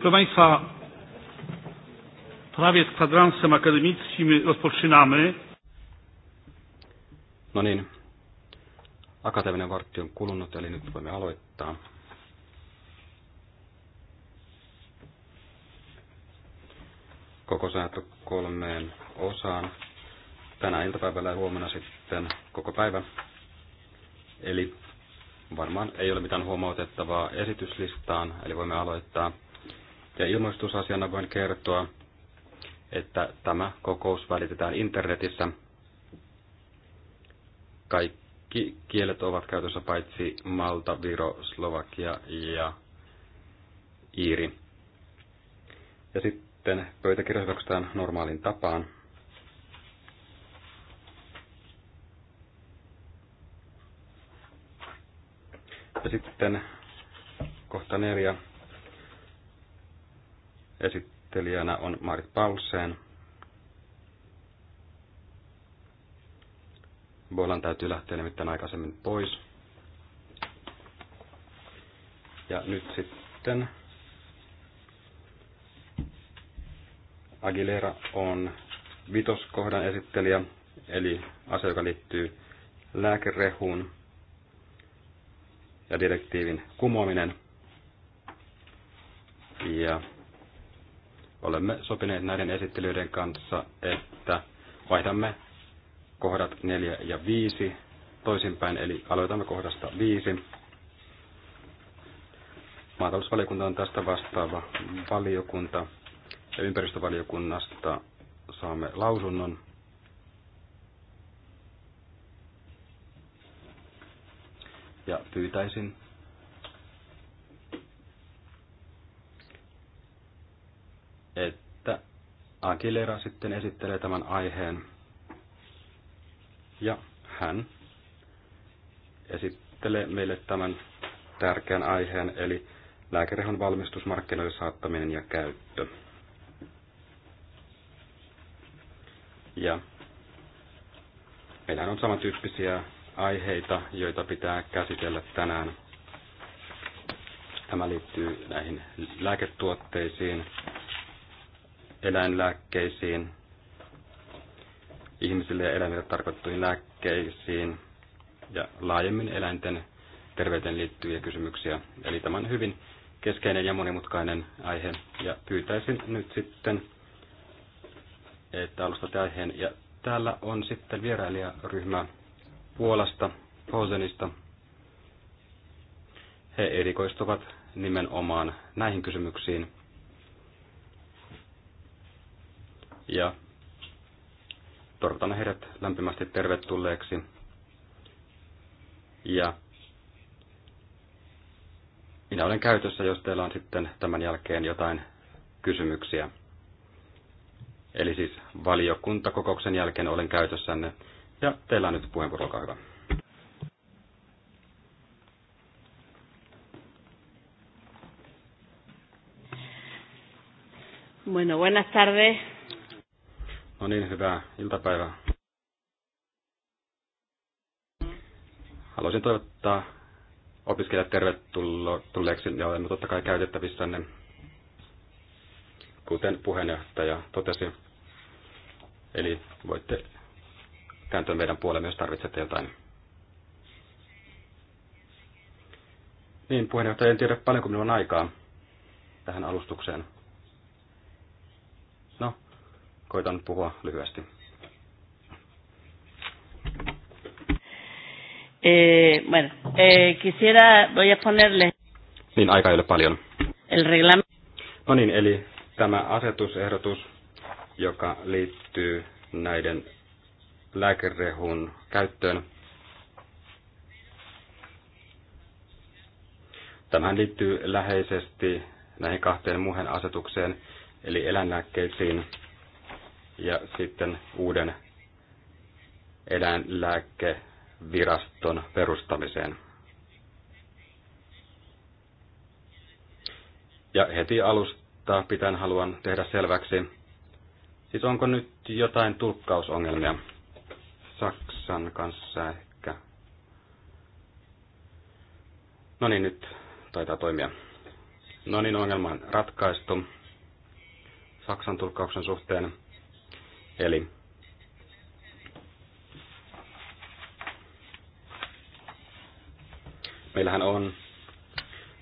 Proszę Państwa, prawie z kwadransem akademickim rozpoczynamy. No niin. akademinen vartti on kulunut, eli nyt voimme aloittaa. Koko sääntö kolmeen osaan. Tänä iltapäivällä ja huomenna sitten koko päivä. Eli varmaan ei ole mitään huomautettavaa esityslistaan, eli voimme aloittaa ja ilmoitusasiana voin kertoa, että tämä kokous välitetään internetissä. Kaikki kielet ovat käytössä paitsi Malta, Viro, Slovakia ja Iiri. Ja sitten pöytäkirja hyväksytään normaalin tapaan. Ja sitten kohta neljä Esittelijänä on Marit Paulsen. Bolan täytyy lähteä nimittäin aikaisemmin pois. Ja nyt sitten Aguilera on vitoskohdan esittelijä, eli asia, joka liittyy lääkerehuun ja direktiivin kumoaminen. Ja Olemme sopineet näiden esittelyiden kanssa, että vaihdamme kohdat 4 ja 5 toisinpäin, eli aloitamme kohdasta 5. Maatalousvaliokunta on tästä vastaava valiokunta ja ympäristövaliokunnasta saamme lausunnon. Ja pyytäisin, Aguilera sitten esittelee tämän aiheen. Ja hän esittelee meille tämän tärkeän aiheen, eli lääkerehon valmistusmarkkinoille saattaminen ja käyttö. Ja meillähän on samantyyppisiä aiheita, joita pitää käsitellä tänään. Tämä liittyy näihin lääketuotteisiin, eläinlääkkeisiin, ihmisille ja eläimille tarkoittuihin lääkkeisiin ja laajemmin eläinten terveyteen liittyviä kysymyksiä. Eli tämä on hyvin keskeinen ja monimutkainen aihe. Ja pyytäisin nyt sitten, että alustatte aiheen. Ja täällä on sitten vierailijaryhmä Puolasta, Posenista. He erikoistuvat nimenomaan näihin kysymyksiin. ja toivotan heidät lämpimästi tervetulleeksi. Ja minä olen käytössä, jos teillä on sitten tämän jälkeen jotain kysymyksiä. Eli siis valiokuntakokouksen jälkeen olen käytössänne. Ja teillä on nyt puheenvuoro, olkaa hyvä. Bueno, buenas tardes. No niin, hyvää iltapäivää. Haluaisin toivottaa opiskelijat tervetulleeksi ja olemme totta kai käytettävissänne. Kuten puheenjohtaja totesi, eli voitte kääntyä meidän puolemme, jos tarvitsette jotain. Niin, puheenjohtaja, en tiedä paljonko minulla on aikaa tähän alustukseen. Koitan puhua lyhyesti. Eh, bueno, eh, quisiera, voy a ponerle... Niin, aika ei ole paljon. El reglam... No niin, eli tämä asetusehdotus, joka liittyy näiden lääkerehun käyttöön. Tämähän liittyy läheisesti näihin kahteen muuhun asetukseen, eli eläinlääkkeisiin ja sitten uuden eläinlääkeviraston perustamiseen. Ja heti alusta pitäen haluan tehdä selväksi, siis onko nyt jotain tulkkausongelmia Saksan kanssa ehkä. No niin, nyt taitaa toimia. No niin, ongelma on ratkaistu Saksan tulkkauksen suhteen. Eli meillähän on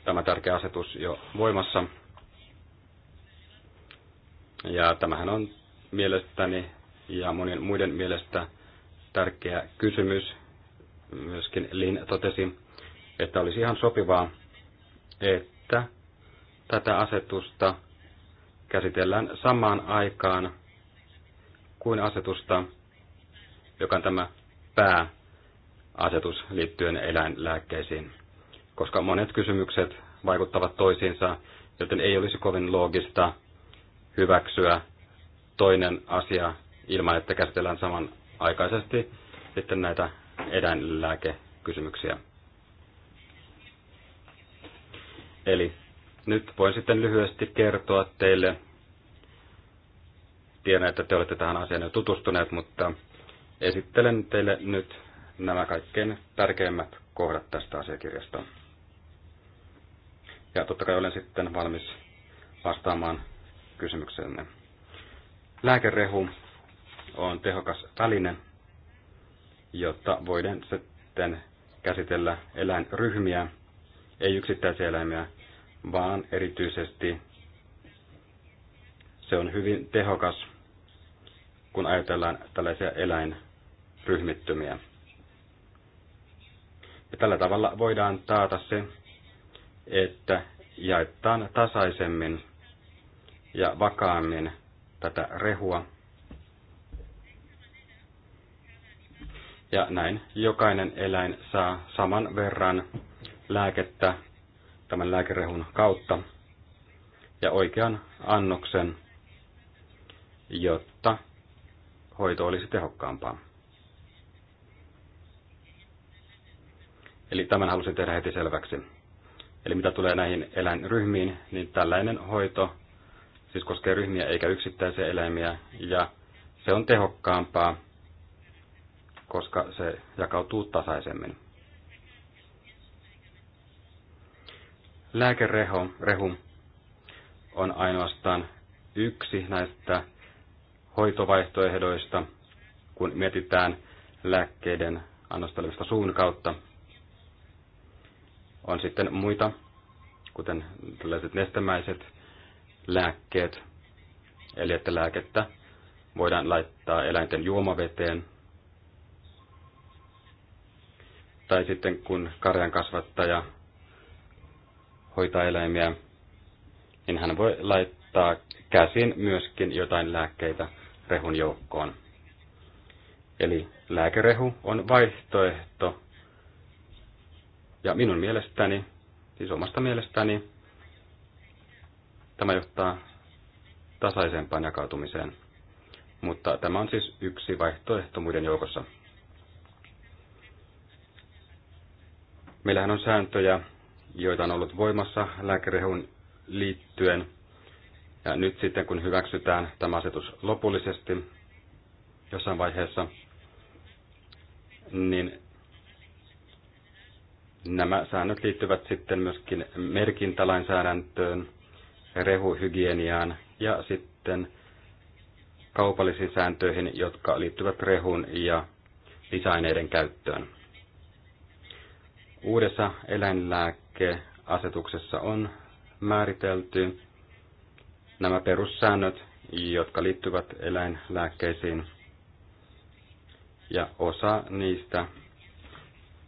tämä tärkeä asetus jo voimassa. Ja tämähän on mielestäni ja monien muiden mielestä tärkeä kysymys. Myöskin Lin totesi, että olisi ihan sopivaa, että tätä asetusta käsitellään samaan aikaan kuin asetusta, joka on tämä pääasetus liittyen eläinlääkkeisiin, koska monet kysymykset vaikuttavat toisiinsa, joten ei olisi kovin loogista hyväksyä toinen asia ilman, että käsitellään samanaikaisesti sitten näitä eläinlääkekysymyksiä. Eli nyt voin sitten lyhyesti kertoa teille Tiedän, että te olette tähän asiaan jo tutustuneet, mutta esittelen teille nyt nämä kaikkein tärkeimmät kohdat tästä asiakirjasta. Ja totta kai olen sitten valmis vastaamaan kysymykseenne. Lääkerehu on tehokas väline, jotta voidaan sitten käsitellä eläinryhmiä, ei yksittäisiä eläimiä, vaan erityisesti se on hyvin tehokas kun ajatellaan tällaisia eläinryhmittymiä. Ja tällä tavalla voidaan taata se, että jaetaan tasaisemmin ja vakaammin tätä rehua. Ja näin jokainen eläin saa saman verran lääkettä tämän lääkerehun kautta ja oikean annoksen, jotta hoito olisi tehokkaampaa. Eli tämän halusin tehdä heti selväksi. Eli mitä tulee näihin eläinryhmiin, niin tällainen hoito siis koskee ryhmiä eikä yksittäisiä eläimiä, ja se on tehokkaampaa, koska se jakautuu tasaisemmin. Lääkerehu rehu on ainoastaan yksi näistä hoitovaihtoehdoista, kun mietitään lääkkeiden annostelemista suun kautta. On sitten muita, kuten tällaiset nestemäiset lääkkeet, eli että lääkettä voidaan laittaa eläinten juomaveteen. Tai sitten kun karjan kasvattaja hoitaa eläimiä, niin hän voi laittaa käsin myöskin jotain lääkkeitä rehun joukkoon. Eli lääkerehu on vaihtoehto. Ja minun mielestäni, siis omasta mielestäni, tämä johtaa tasaisempaan jakautumiseen. Mutta tämä on siis yksi vaihtoehto muiden joukossa. Meillähän on sääntöjä, joita on ollut voimassa lääkerehun liittyen. Ja nyt sitten, kun hyväksytään tämä asetus lopullisesti jossain vaiheessa, niin nämä säännöt liittyvät sitten myöskin merkintälainsäädäntöön, rehuhygieniaan ja sitten kaupallisiin sääntöihin, jotka liittyvät rehun ja lisäaineiden käyttöön. Uudessa eläinlääkeasetuksessa on määritelty nämä perussäännöt, jotka liittyvät eläinlääkkeisiin, ja osa niistä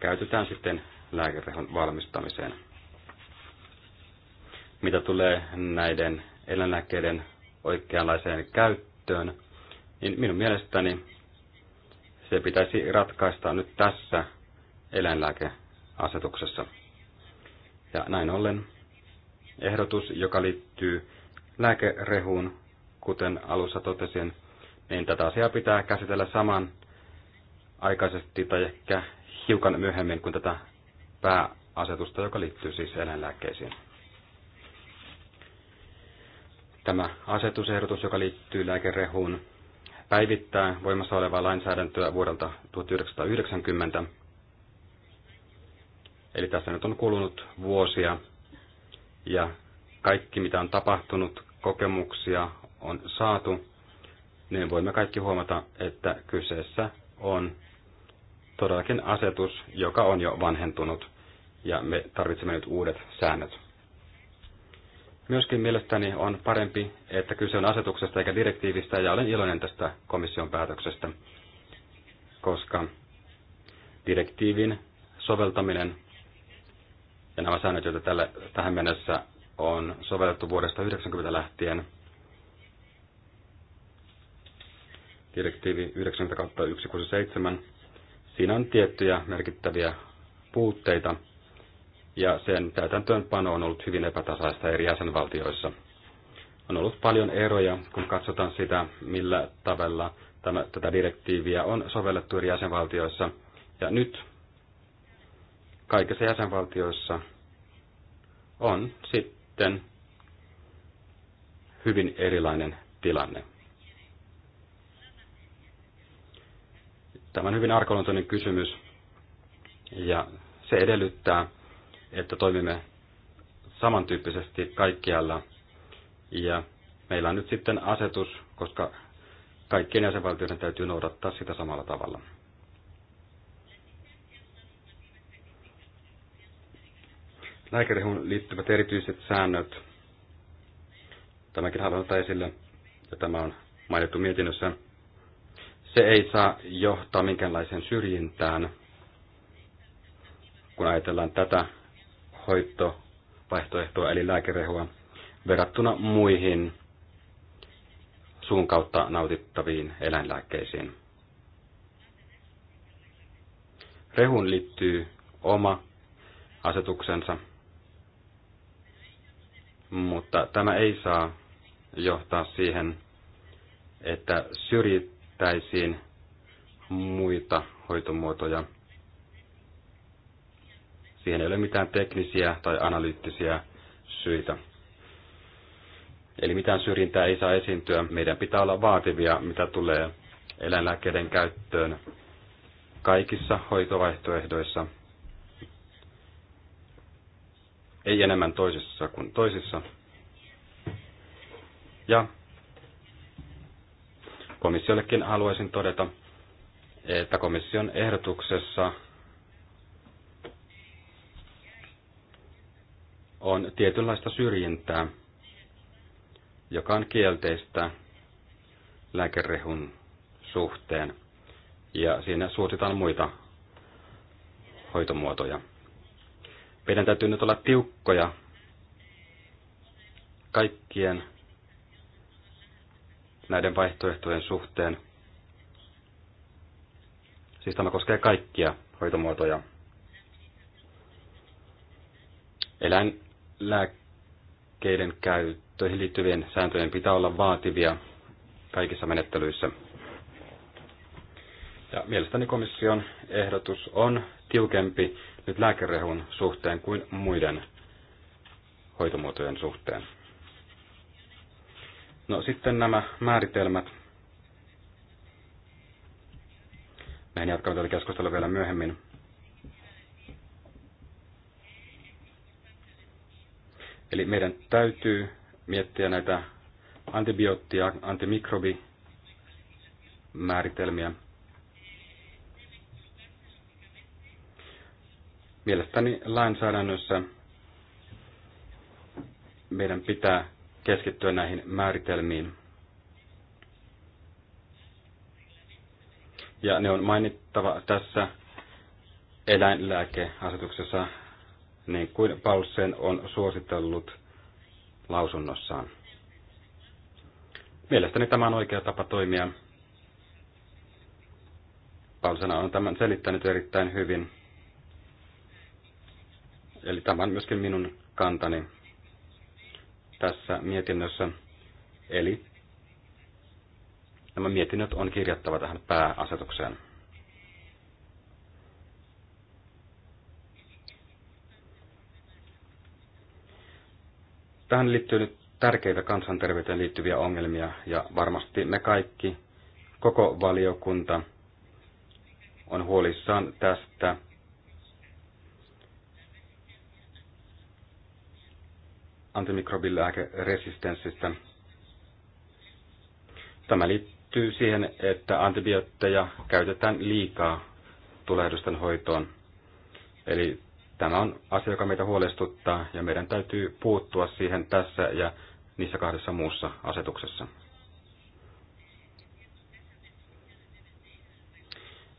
käytetään sitten lääkerehon valmistamiseen. Mitä tulee näiden eläinlääkkeiden oikeanlaiseen käyttöön, niin minun mielestäni se pitäisi ratkaista nyt tässä eläinlääkeasetuksessa. Ja näin ollen ehdotus, joka liittyy lääkerehuun, kuten alussa totesin, niin tätä asiaa pitää käsitellä saman aikaisesti tai ehkä hiukan myöhemmin kuin tätä pääasetusta, joka liittyy siis eläinlääkkeisiin. Tämä asetusehdotus, joka liittyy lääkerehuun, päivittää voimassa olevaa lainsäädäntöä vuodelta 1990. Eli tässä nyt on kulunut vuosia ja kaikki mitä on tapahtunut kokemuksia on saatu, niin voimme kaikki huomata, että kyseessä on todellakin asetus, joka on jo vanhentunut, ja me tarvitsemme nyt uudet säännöt. Myöskin mielestäni on parempi, että kyse on asetuksesta eikä direktiivistä, ja olen iloinen tästä komission päätöksestä, koska direktiivin soveltaminen ja nämä säännöt, joita tälle, tähän mennessä on sovellettu vuodesta 90 lähtien. Direktiivi 90-167. Siinä on tiettyjä merkittäviä puutteita, ja sen täytäntöönpano on ollut hyvin epätasaista eri jäsenvaltioissa. On ollut paljon eroja, kun katsotaan sitä, millä tavalla tämä, tätä direktiiviä on sovellettu eri jäsenvaltioissa. Ja nyt kaikissa jäsenvaltioissa on sitten sitten hyvin erilainen tilanne. Tämä on hyvin arkaluontoinen kysymys ja se edellyttää, että toimimme samantyyppisesti kaikkialla. Ja meillä on nyt sitten asetus, koska kaikkien jäsenvaltioiden täytyy noudattaa sitä samalla tavalla. lääkärihun liittyvät erityiset säännöt. Tämäkin haluan ottaa esille, ja tämä on mainittu mietinnössä. Se ei saa johtaa minkäänlaiseen syrjintään, kun ajatellaan tätä hoitovaihtoehtoa, eli lääkerehua, verrattuna muihin suun kautta nautittaviin eläinlääkkeisiin. Rehun liittyy oma asetuksensa mutta tämä ei saa johtaa siihen, että syrjittäisiin muita hoitomuotoja. Siihen ei ole mitään teknisiä tai analyyttisiä syitä. Eli mitään syrjintää ei saa esiintyä. Meidän pitää olla vaativia, mitä tulee eläinlääkkeiden käyttöön kaikissa hoitovaihtoehdoissa – ei enemmän toisissa kuin toisissa. Ja komissiollekin haluaisin todeta, että komission ehdotuksessa on tietynlaista syrjintää, joka on kielteistä lääkerehun suhteen, ja siinä suositaan muita hoitomuotoja. Meidän täytyy nyt olla tiukkoja kaikkien näiden vaihtoehtojen suhteen. Siis tämä koskee kaikkia hoitomuotoja. Eläinlääkkeiden käyttöihin liittyvien sääntöjen pitää olla vaativia kaikissa menettelyissä. Ja mielestäni komission ehdotus on tiukempi nyt lääkerehun suhteen kuin muiden hoitomuotojen suhteen. No sitten nämä määritelmät. Meidän jatkamme tätä keskustelua vielä myöhemmin. Eli meidän täytyy miettiä näitä antibioottia, antimikrobimääritelmiä. Mielestäni lainsäädännössä meidän pitää keskittyä näihin määritelmiin. Ja ne on mainittava tässä eläinlääkeasetuksessa, niin kuin Paulsen on suositellut lausunnossaan. Mielestäni tämä on oikea tapa toimia. Paulsena on tämän selittänyt erittäin hyvin. Eli tämä on myöskin minun kantani tässä mietinnössä. Eli nämä mietinnöt on kirjattava tähän pääasetukseen. Tähän liittyy nyt tärkeitä kansanterveyteen liittyviä ongelmia ja varmasti me kaikki, koko valiokunta, on huolissaan tästä antimikrobilääkeresistenssistä. Tämä liittyy siihen, että antibiootteja käytetään liikaa tulehdusten hoitoon. Eli tämä on asia, joka meitä huolestuttaa ja meidän täytyy puuttua siihen tässä ja niissä kahdessa muussa asetuksessa.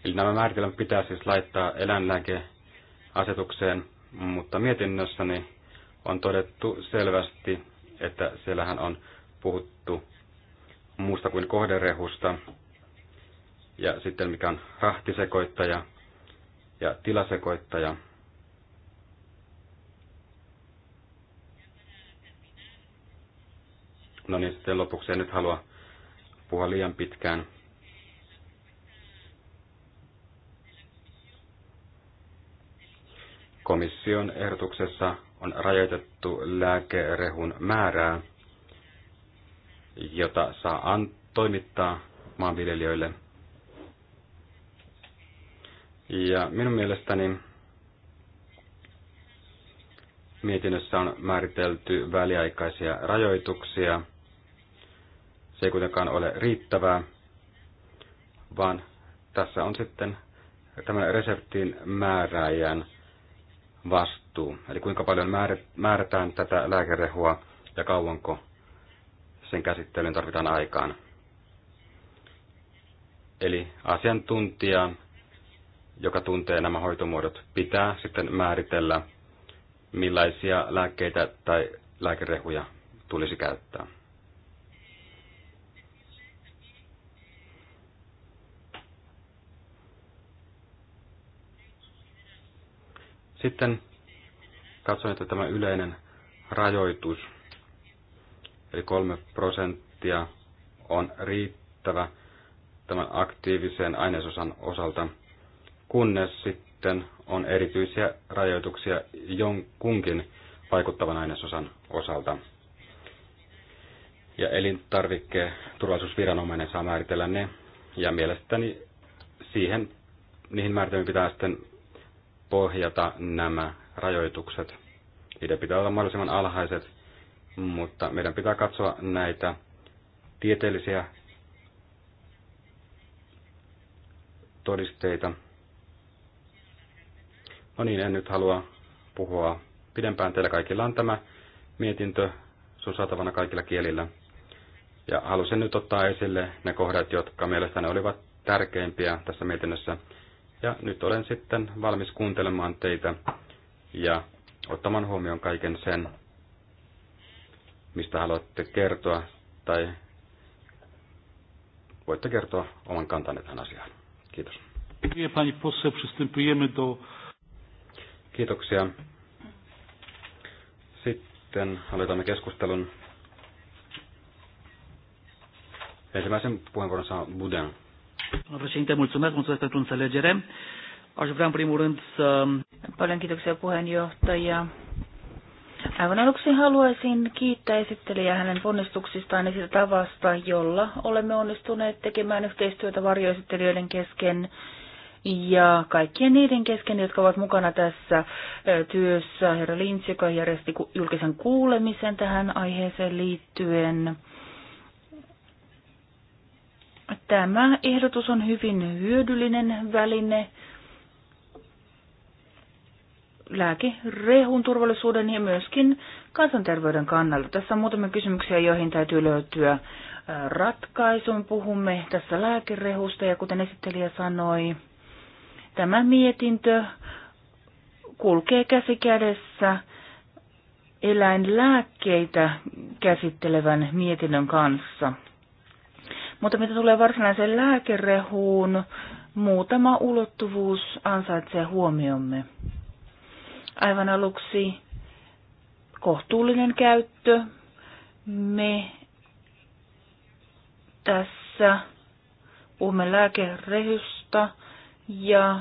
Eli nämä määritelmät pitää siis laittaa eläinlääkeasetukseen, mutta mietinnössäni on todettu selvästi, että siellähän on puhuttu muusta kuin kohderehusta ja sitten mikä on rahtisekoittaja ja tilasekoittaja. No niin, sitten lopuksi en nyt halua puhua liian pitkään. Komission ehdotuksessa on rajoitettu lääkerehun määrää, jota saa an- toimittaa maanviljelijöille. Ja minun mielestäni mietinnössä on määritelty väliaikaisia rajoituksia. Se ei kuitenkaan ole riittävää, vaan tässä on sitten tämän reseptin määräjän vastuu. Eli kuinka paljon määrätään tätä lääkerehua ja kauanko sen käsittelyyn tarvitaan aikaan. Eli asiantuntija, joka tuntee nämä hoitomuodot, pitää sitten määritellä, millaisia lääkkeitä tai lääkerehuja tulisi käyttää. Sitten katsoin, että tämä yleinen rajoitus, eli kolme prosenttia, on riittävä tämän aktiivisen ainesosan osalta, kunnes sitten on erityisiä rajoituksia jonkunkin vaikuttavan ainesosan osalta. Ja elintarvikkeen turvallisuusviranomainen saa määritellä ne, ja mielestäni siihen, niihin määritelmiin pitää sitten pohjata nämä rajoitukset. Niiden pitää olla mahdollisimman alhaiset, mutta meidän pitää katsoa näitä tieteellisiä todisteita. No niin, en nyt halua puhua pidempään. Teillä kaikilla on tämä mietintö sun saatavana kaikilla kielillä. Ja halusin nyt ottaa esille ne kohdat, jotka mielestäni olivat tärkeimpiä tässä mietinnössä. Ja nyt olen sitten valmis kuuntelemaan teitä ja ottamaan huomioon kaiken sen, mistä haluatte kertoa tai voitte kertoa oman kantanne tähän asiaan. Kiitos. Kiitoksia. Sitten aloitamme keskustelun. Ensimmäisen puheenvuoron saa Buden. Domnul președinte, mulțumesc, mulțumesc pentru înțelegere. Aș vrea în primul rând să... Paljon kiitoksia puheenjohtaja. Aivan aluksi haluaisin kiittää esittelijää hänen ponnistuksistaan ja sitä tavasta, jolla olemme onnistuneet tekemään yhteistyötä varjoesittelijöiden kesken ja kaikkien niiden kesken, jotka ovat mukana tässä työssä. Herra Lintz, joka järjesti julkisen kuulemisen tähän aiheeseen liittyen. Tämä ehdotus on hyvin hyödyllinen väline lääkerehun turvallisuuden ja myöskin kansanterveyden kannalta. Tässä on muutamia kysymyksiä, joihin täytyy löytyä ratkaisun. Puhumme tässä lääkerehusta ja kuten esittelijä sanoi, tämä mietintö kulkee käsi kädessä eläinlääkkeitä käsittelevän mietinnön kanssa. Mutta mitä tulee varsinaiseen lääkerehuun, muutama ulottuvuus ansaitsee huomiomme. Aivan aluksi kohtuullinen käyttö. Me tässä puhumme lääkerehystä ja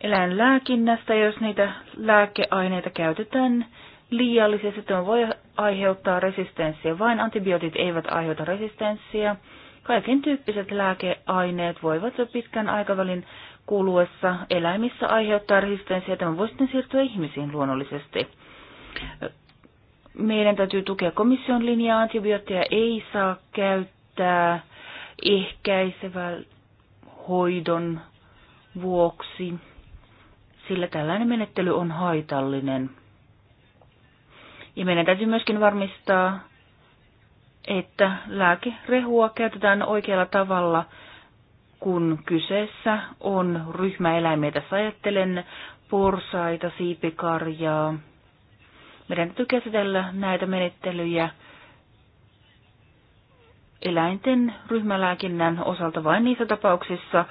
eläinlääkinnästä, jos niitä lääkeaineita käytetään liiallisesti, on voi aiheuttaa resistenssiä. Vain antibiootit eivät aiheuta resistenssiä. Kaiken tyyppiset lääkeaineet voivat jo pitkän aikavälin kuluessa eläimissä aiheuttaa resistenssiä, ja tämä voi sitten siirtyä ihmisiin luonnollisesti. Meidän täytyy tukea komission linjaa, antibiootteja ei saa käyttää ehkäisevän hoidon vuoksi, sillä tällainen menettely on haitallinen. Ja meidän täytyy myöskin varmistaa että lääkerehua käytetään oikealla tavalla, kun kyseessä on ryhmäeläimiä. Tässä ajattelen porsaita, siipikarjaa. Meidän täytyy käsitellä näitä menettelyjä eläinten ryhmälääkinnän osalta vain niissä tapauksissa.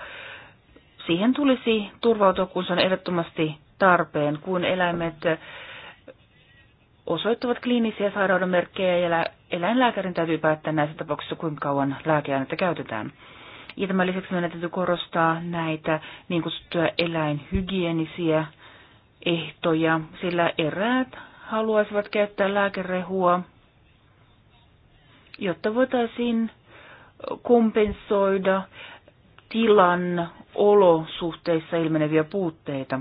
Siihen tulisi turvautua, kun se on ehdottomasti tarpeen, kun eläimet osoittavat kliinisiä sairauden merkkejä ja eläinlääkärin täytyy päättää näissä tapauksissa, kuinka kauan lääkeainetta käytetään. Ja tämän lisäksi meidän täytyy korostaa näitä niin kutsuttuja eläinhygienisiä ehtoja, sillä eräät haluaisivat käyttää lääkerehua, jotta voitaisiin kompensoida tilan olosuhteissa ilmeneviä puutteita.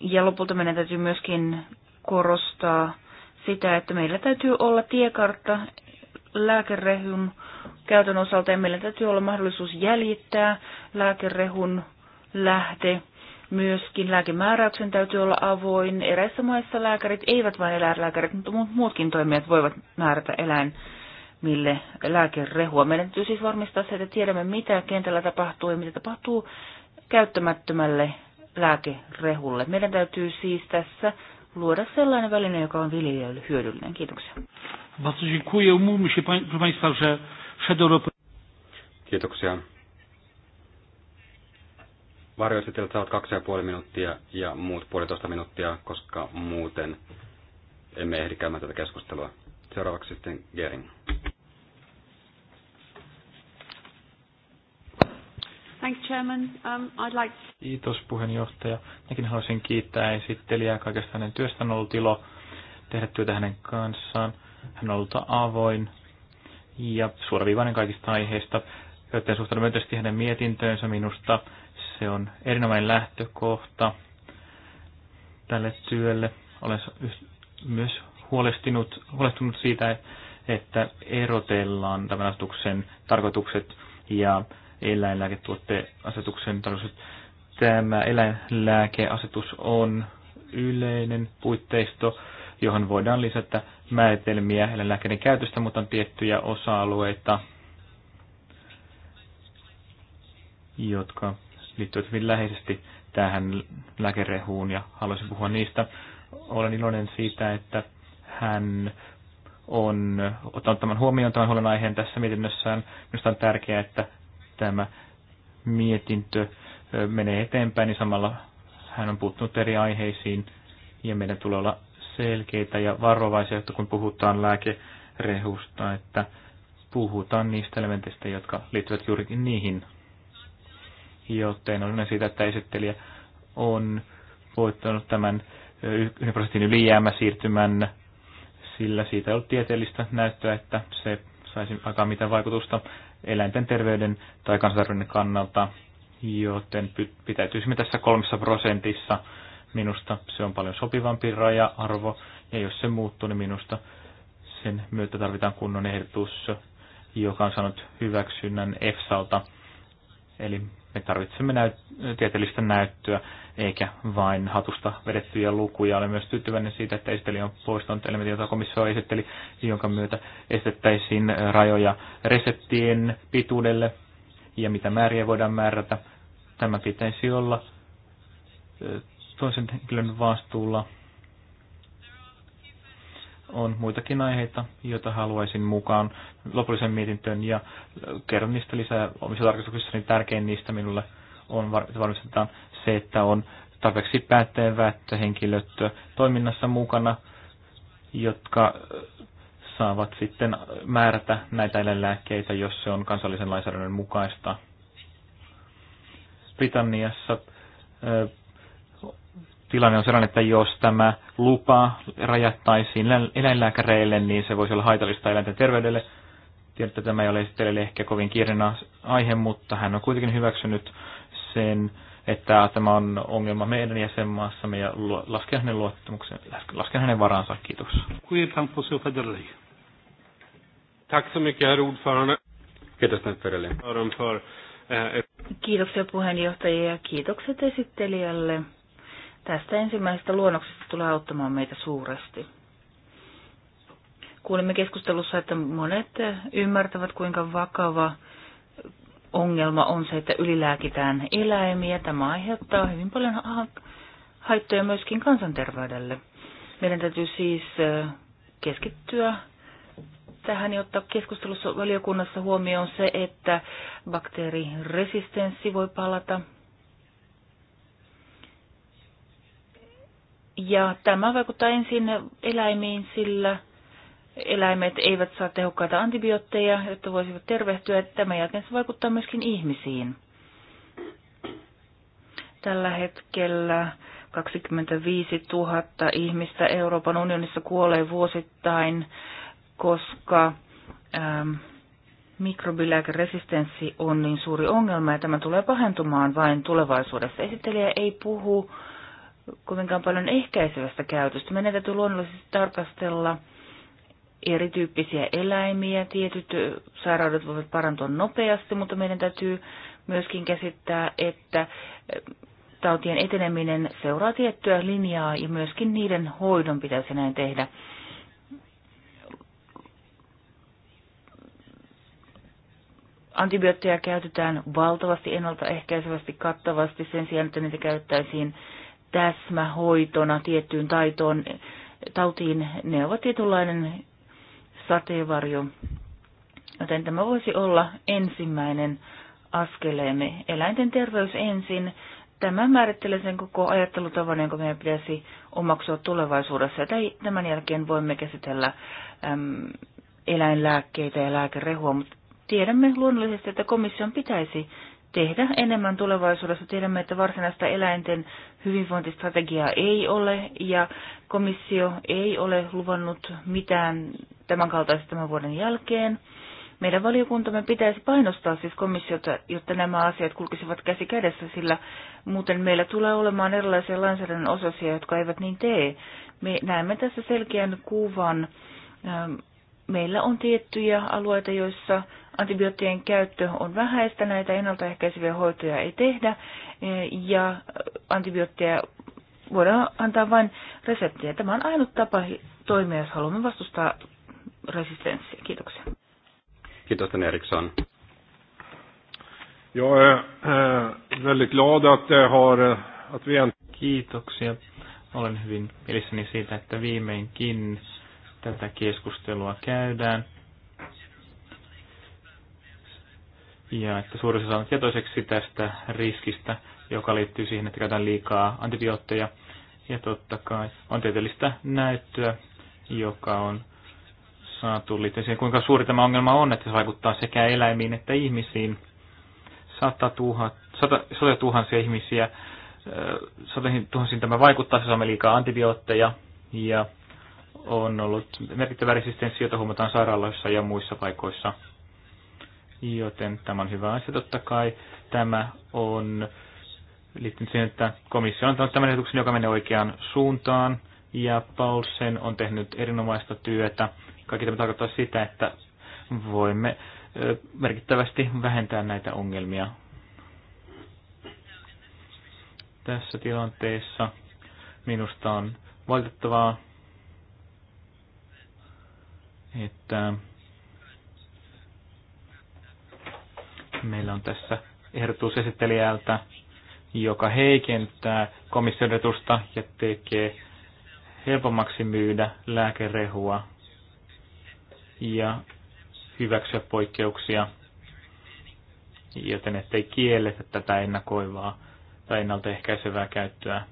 Ja lopulta meidän täytyy myöskin korostaa sitä, että meillä täytyy olla tiekartta lääkerehun käytön osalta ja meillä täytyy olla mahdollisuus jäljittää lääkerehun lähde. Myöskin lääkemääräyksen täytyy olla avoin. Eräissä maissa lääkärit, eivät vain eläinlääkärit, mutta muutkin toimijat voivat määrätä eläin mille lääkerehua. Meidän täytyy siis varmistaa se, että tiedämme, mitä kentällä tapahtuu ja mitä tapahtuu käyttämättömälle lääkerehulle. Meidän täytyy siis tässä luoda sellainen väline, joka on viljelijöille hyödyllinen. Kiitoksia. Kiitoksia. Varjoesittelijät saavat kaksi ja puoli minuuttia ja muut puolitoista minuuttia, koska muuten emme ehdi käymään tätä keskustelua. Seuraavaksi sitten Gering. Thanks, Chairman. Um, I'd like to... Kiitos puheenjohtaja. Minäkin haluaisin kiittää esittelijää kaikesta hänen työstään. On ollut ilo tehdä työtä hänen kanssaan. Hän on ollut avoin ja suoraviivainen kaikista aiheista. Joten suhtaudun myönteisesti hänen mietintöönsä minusta. Se on erinomainen lähtökohta tälle työlle. Olen myös huolestunut, huolestunut siitä, että erotellaan tämän asetuksen tarkoitukset ja eläinlääketuotteasetuksen tarkoitus. Tämä eläinlääkeasetus on yleinen puitteisto, johon voidaan lisätä määritelmiä eläinlääkeiden käytöstä, mutta on tiettyjä osa-alueita, jotka liittyvät hyvin läheisesti tähän lääkerehuun ja haluaisin puhua niistä. Olen iloinen siitä, että hän on ottanut tämän huomioon tämän aiheen tässä mietinnössään. Minusta on tärkeää, että tämä mietintö menee eteenpäin, niin samalla hän on puuttunut eri aiheisiin ja meidän tulee olla selkeitä ja varovaisia, että kun puhutaan lääkerehusta, että puhutaan niistä elementeistä, jotka liittyvät juurikin niihin. Joten olen siitä, että esittelijä on voittanut tämän 1 prosentin ylijäämä siirtymän, sillä siitä ei ollut tieteellistä näyttöä, että se saisi aikaan mitään vaikutusta eläinten terveyden tai kansanterveyden kannalta, joten pitäytyisimme tässä kolmessa prosentissa. Minusta se on paljon sopivampi raja-arvo, ja jos se muuttuu, niin minusta sen myötä tarvitaan kunnon ehdotus, joka on saanut hyväksynnän EFSAlta Eli me tarvitsemme näyt- tieteellistä näyttöä, eikä vain hatusta vedettyjä lukuja. Olen myös tyytyväinen siitä, että esittelijä on poistanut elementin, jota komissio esitteli, jonka myötä estettäisiin rajoja reseptien pituudelle ja mitä määriä voidaan määrätä. Tämä pitäisi olla toisen henkilön vastuulla on muitakin aiheita, joita haluaisin mukaan lopullisen mietintöön ja äh, kerron niistä lisää omissa tarkastuksissani. Niin tärkein niistä minulle on, varmistetaan se, että on tarpeeksi päättäjät henkilöt toiminnassa mukana, jotka äh, saavat sitten määrätä näitä eläinlääkkeitä, jos se on kansallisen lainsäädännön mukaista. Britanniassa äh, tilanne on sellainen, että jos tämä lupa rajattaisiin eläinlääkäreille, niin se voisi olla haitallista eläinten terveydelle. Tiedän, että tämä ei ole esittelijälle ehkä kovin kiireinen aihe, mutta hän on kuitenkin hyväksynyt sen, että tämä on ongelma meidän jäsenmaassamme ja lasken hänen luottamuksen, lasken hänen varansa. Kiitos. Kiitos, e, e- Kiitoksia puheenjohtajia ja kiitokset esittelijälle tästä ensimmäisestä luonnoksesta tulee auttamaan meitä suuresti. Kuulimme keskustelussa, että monet ymmärtävät, kuinka vakava ongelma on se, että ylilääkitään eläimiä. Tämä aiheuttaa hyvin paljon haittoja myöskin kansanterveydelle. Meidän täytyy siis keskittyä tähän ja ottaa keskustelussa valiokunnassa huomioon se, että bakteeriresistenssi voi palata Ja tämä vaikuttaa ensin eläimiin, sillä eläimet eivät saa tehokkaita antibiootteja, jotta voisivat tervehtyä. Tämän jälkeen se vaikuttaa myöskin ihmisiin. Tällä hetkellä 25 000 ihmistä Euroopan unionissa kuolee vuosittain, koska ähm, mikrobilääkeresistenssi on niin suuri ongelma ja tämä tulee pahentumaan vain tulevaisuudessa. Esittelijä ei puhu äh, kovinkaan paljon ehkäisevästä käytöstä. Meidän täytyy luonnollisesti tarkastella erityyppisiä eläimiä. Tietyt sairaudet voivat parantua nopeasti, mutta meidän täytyy myöskin käsittää, että tautien eteneminen seuraa tiettyä linjaa ja myöskin niiden hoidon pitäisi näin tehdä. Antibiootteja käytetään valtavasti ennaltaehkäisevästi, kattavasti sen sijaan, että niitä käyttäisiin täsmähoitona tiettyyn taitoon, tautiin, ne ovat tietynlainen sateenvarjo. Joten tämä voisi olla ensimmäinen askeleemme. Eläinten terveys ensin. Tämä määrittelee sen koko ajattelutavan, jonka meidän pitäisi omaksua tulevaisuudessa. Ja tämän jälkeen voimme käsitellä äm, eläinlääkkeitä ja lääkerehua, mutta tiedämme luonnollisesti, että komission pitäisi tehdä enemmän tulevaisuudessa. Tiedämme, että varsinaista eläinten hyvinvointistrategiaa ei ole ja komissio ei ole luvannut mitään kaltaista tämän vuoden jälkeen. Meidän valiokuntamme pitäisi painostaa siis komissiota, jotta nämä asiat kulkisivat käsi kädessä, sillä muuten meillä tulee olemaan erilaisia lainsäädännön osasia, jotka eivät niin tee. Me näemme tässä selkeän kuvan. Meillä on tiettyjä alueita, joissa antibioottien käyttö on vähäistä, näitä ennaltaehkäiseviä hoitoja ei tehdä e, ja antibiootteja voidaan antaa vain reseptiä. Tämä on ainut tapa toimia, jos haluamme vastustaa resistenssiä. Kiitoksia. Kiitos, Dan Eriksson. Jag är eh, väldigt glad att, eh, har, eh, att vi Kiitoksia. Olen hyvin mielissäni siitä, että viimeinkin tätä keskustelua käydään ja että suurin osa on tietoiseksi tästä riskistä, joka liittyy siihen, että käytetään liikaa antibiootteja. Ja totta kai on tieteellistä näyttöä, joka on saatu liittyen siihen, kuinka suuri tämä ongelma on, että se vaikuttaa sekä eläimiin että ihmisiin. Sata, tuhat, sata, sata tuhansia ihmisiä, satoihin tuhansiin tämä vaikuttaa, se saamme liikaa antibiootteja ja on ollut merkittävä resistenssi, jota huomataan sairaaloissa ja muissa paikoissa joten tämä on hyvä asia. Totta kai tämä on liittynyt siihen, että komissio on antanut tämän ehdotuksen, joka menee oikeaan suuntaan, ja Paulsen on tehnyt erinomaista työtä. Kaikki tämä tarkoittaa sitä, että voimme merkittävästi vähentää näitä ongelmia tässä tilanteessa. Minusta on valitettavaa, että Meillä on tässä ehdotus esittelijältä, joka heikentää komissiodetusta ja tekee helpommaksi myydä lääkerehua ja hyväksyä poikkeuksia, joten ettei kielletä tätä ennakoivaa tai ennaltaehkäisevää käyttöä.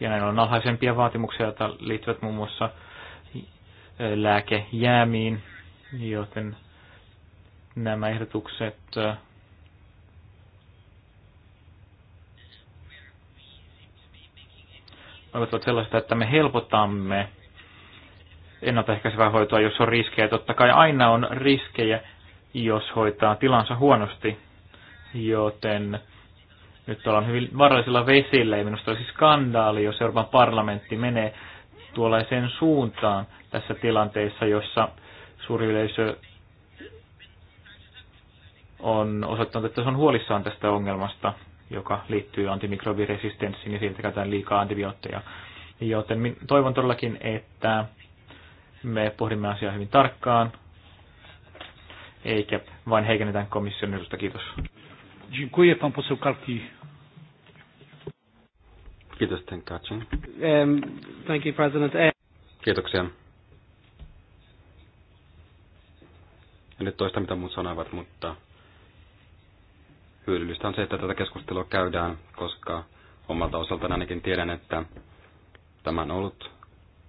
Ja näillä on alhaisempia vaatimuksia, joita liittyvät muun muassa lääkejäämiin, joten nämä ehdotukset äh, ovat sellaista, että me helpotamme ennaltaehkäisevää hoitoa, jos on riskejä. Totta kai aina on riskejä, jos hoitaa tilansa huonosti, joten nyt ollaan hyvin vaarallisilla vesillä ja minusta olisi skandaali, jos Euroopan parlamentti menee tuollaiseen suuntaan tässä tilanteessa, jossa suuri yleisö on osoittanut, että se on huolissaan tästä ongelmasta, joka liittyy antimikrobiresistenssiin ja siltä käytetään liikaa antibiootteja. Joten toivon todellakin, että me pohdimme asiaa hyvin tarkkaan, eikä vain heikennetään komission edusta. Kiitos. Kiitos, Ten Katsin. Um, thank you, President. Uh, Kiitoksia. En nyt toista, mitä muut sanoivat, mutta hyödyllistä on se, että tätä keskustelua käydään, koska omalta osaltani ainakin tiedän, että tämä on ollut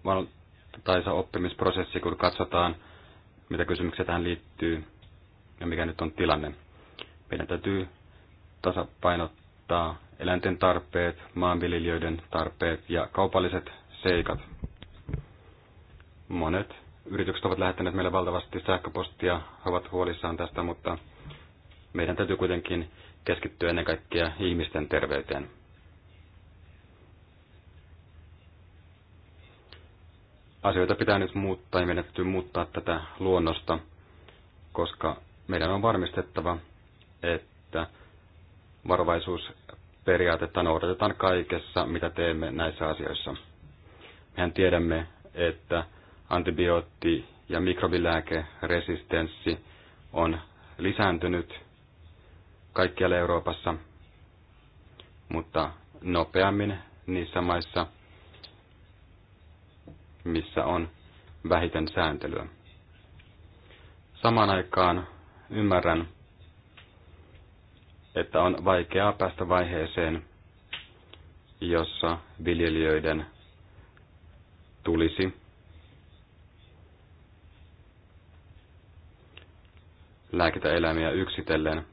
valtaisa oppimisprosessi, kun katsotaan, mitä kysymyksiä tähän liittyy ja mikä nyt on tilanne. Meidän täytyy tasapainottaa eläinten tarpeet, maanviljelijöiden tarpeet ja kaupalliset seikat. Monet yritykset ovat lähettäneet meille valtavasti sähköpostia, ovat huolissaan tästä, mutta meidän täytyy kuitenkin keskittyy ennen kaikkea ihmisten terveyteen. Asioita pitää nyt muuttaa ja meidän täytyy muuttaa tätä luonnosta, koska meidän on varmistettava, että varovaisuusperiaatetta noudatetaan kaikessa, mitä teemme näissä asioissa. Mehän tiedämme, että antibiootti- ja mikrobilääkeresistenssi on lisääntynyt kaikkialla Euroopassa, mutta nopeammin niissä maissa, missä on vähiten sääntelyä. Samaan aikaan ymmärrän, että on vaikeaa päästä vaiheeseen, jossa viljelijöiden tulisi lääkitä eläimiä yksitellen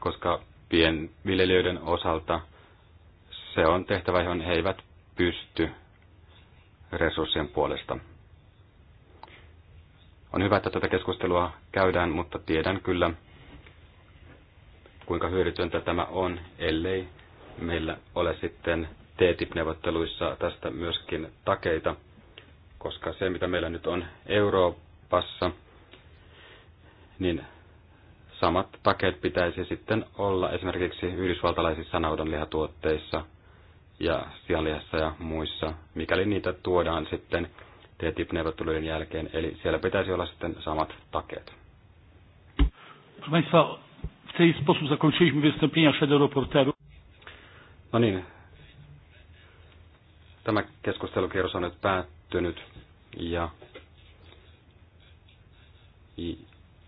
koska pienviljelijöiden osalta se on tehtävä, johon he eivät pysty resurssien puolesta. On hyvä, että tätä keskustelua käydään, mutta tiedän kyllä, kuinka hyödytöntä tämä on, ellei meillä ole sitten TTIP-neuvotteluissa tästä myöskin takeita, koska se, mitä meillä nyt on Euroopassa, niin samat takeet pitäisi sitten olla esimerkiksi yhdysvaltalaisissa naudanlihatuotteissa ja sianlihassa ja muissa, mikäli niitä tuodaan sitten ttip neuvottelujen jälkeen. Eli siellä pitäisi olla sitten samat takeet. No niin. Tämä keskustelukierros on nyt päättynyt ja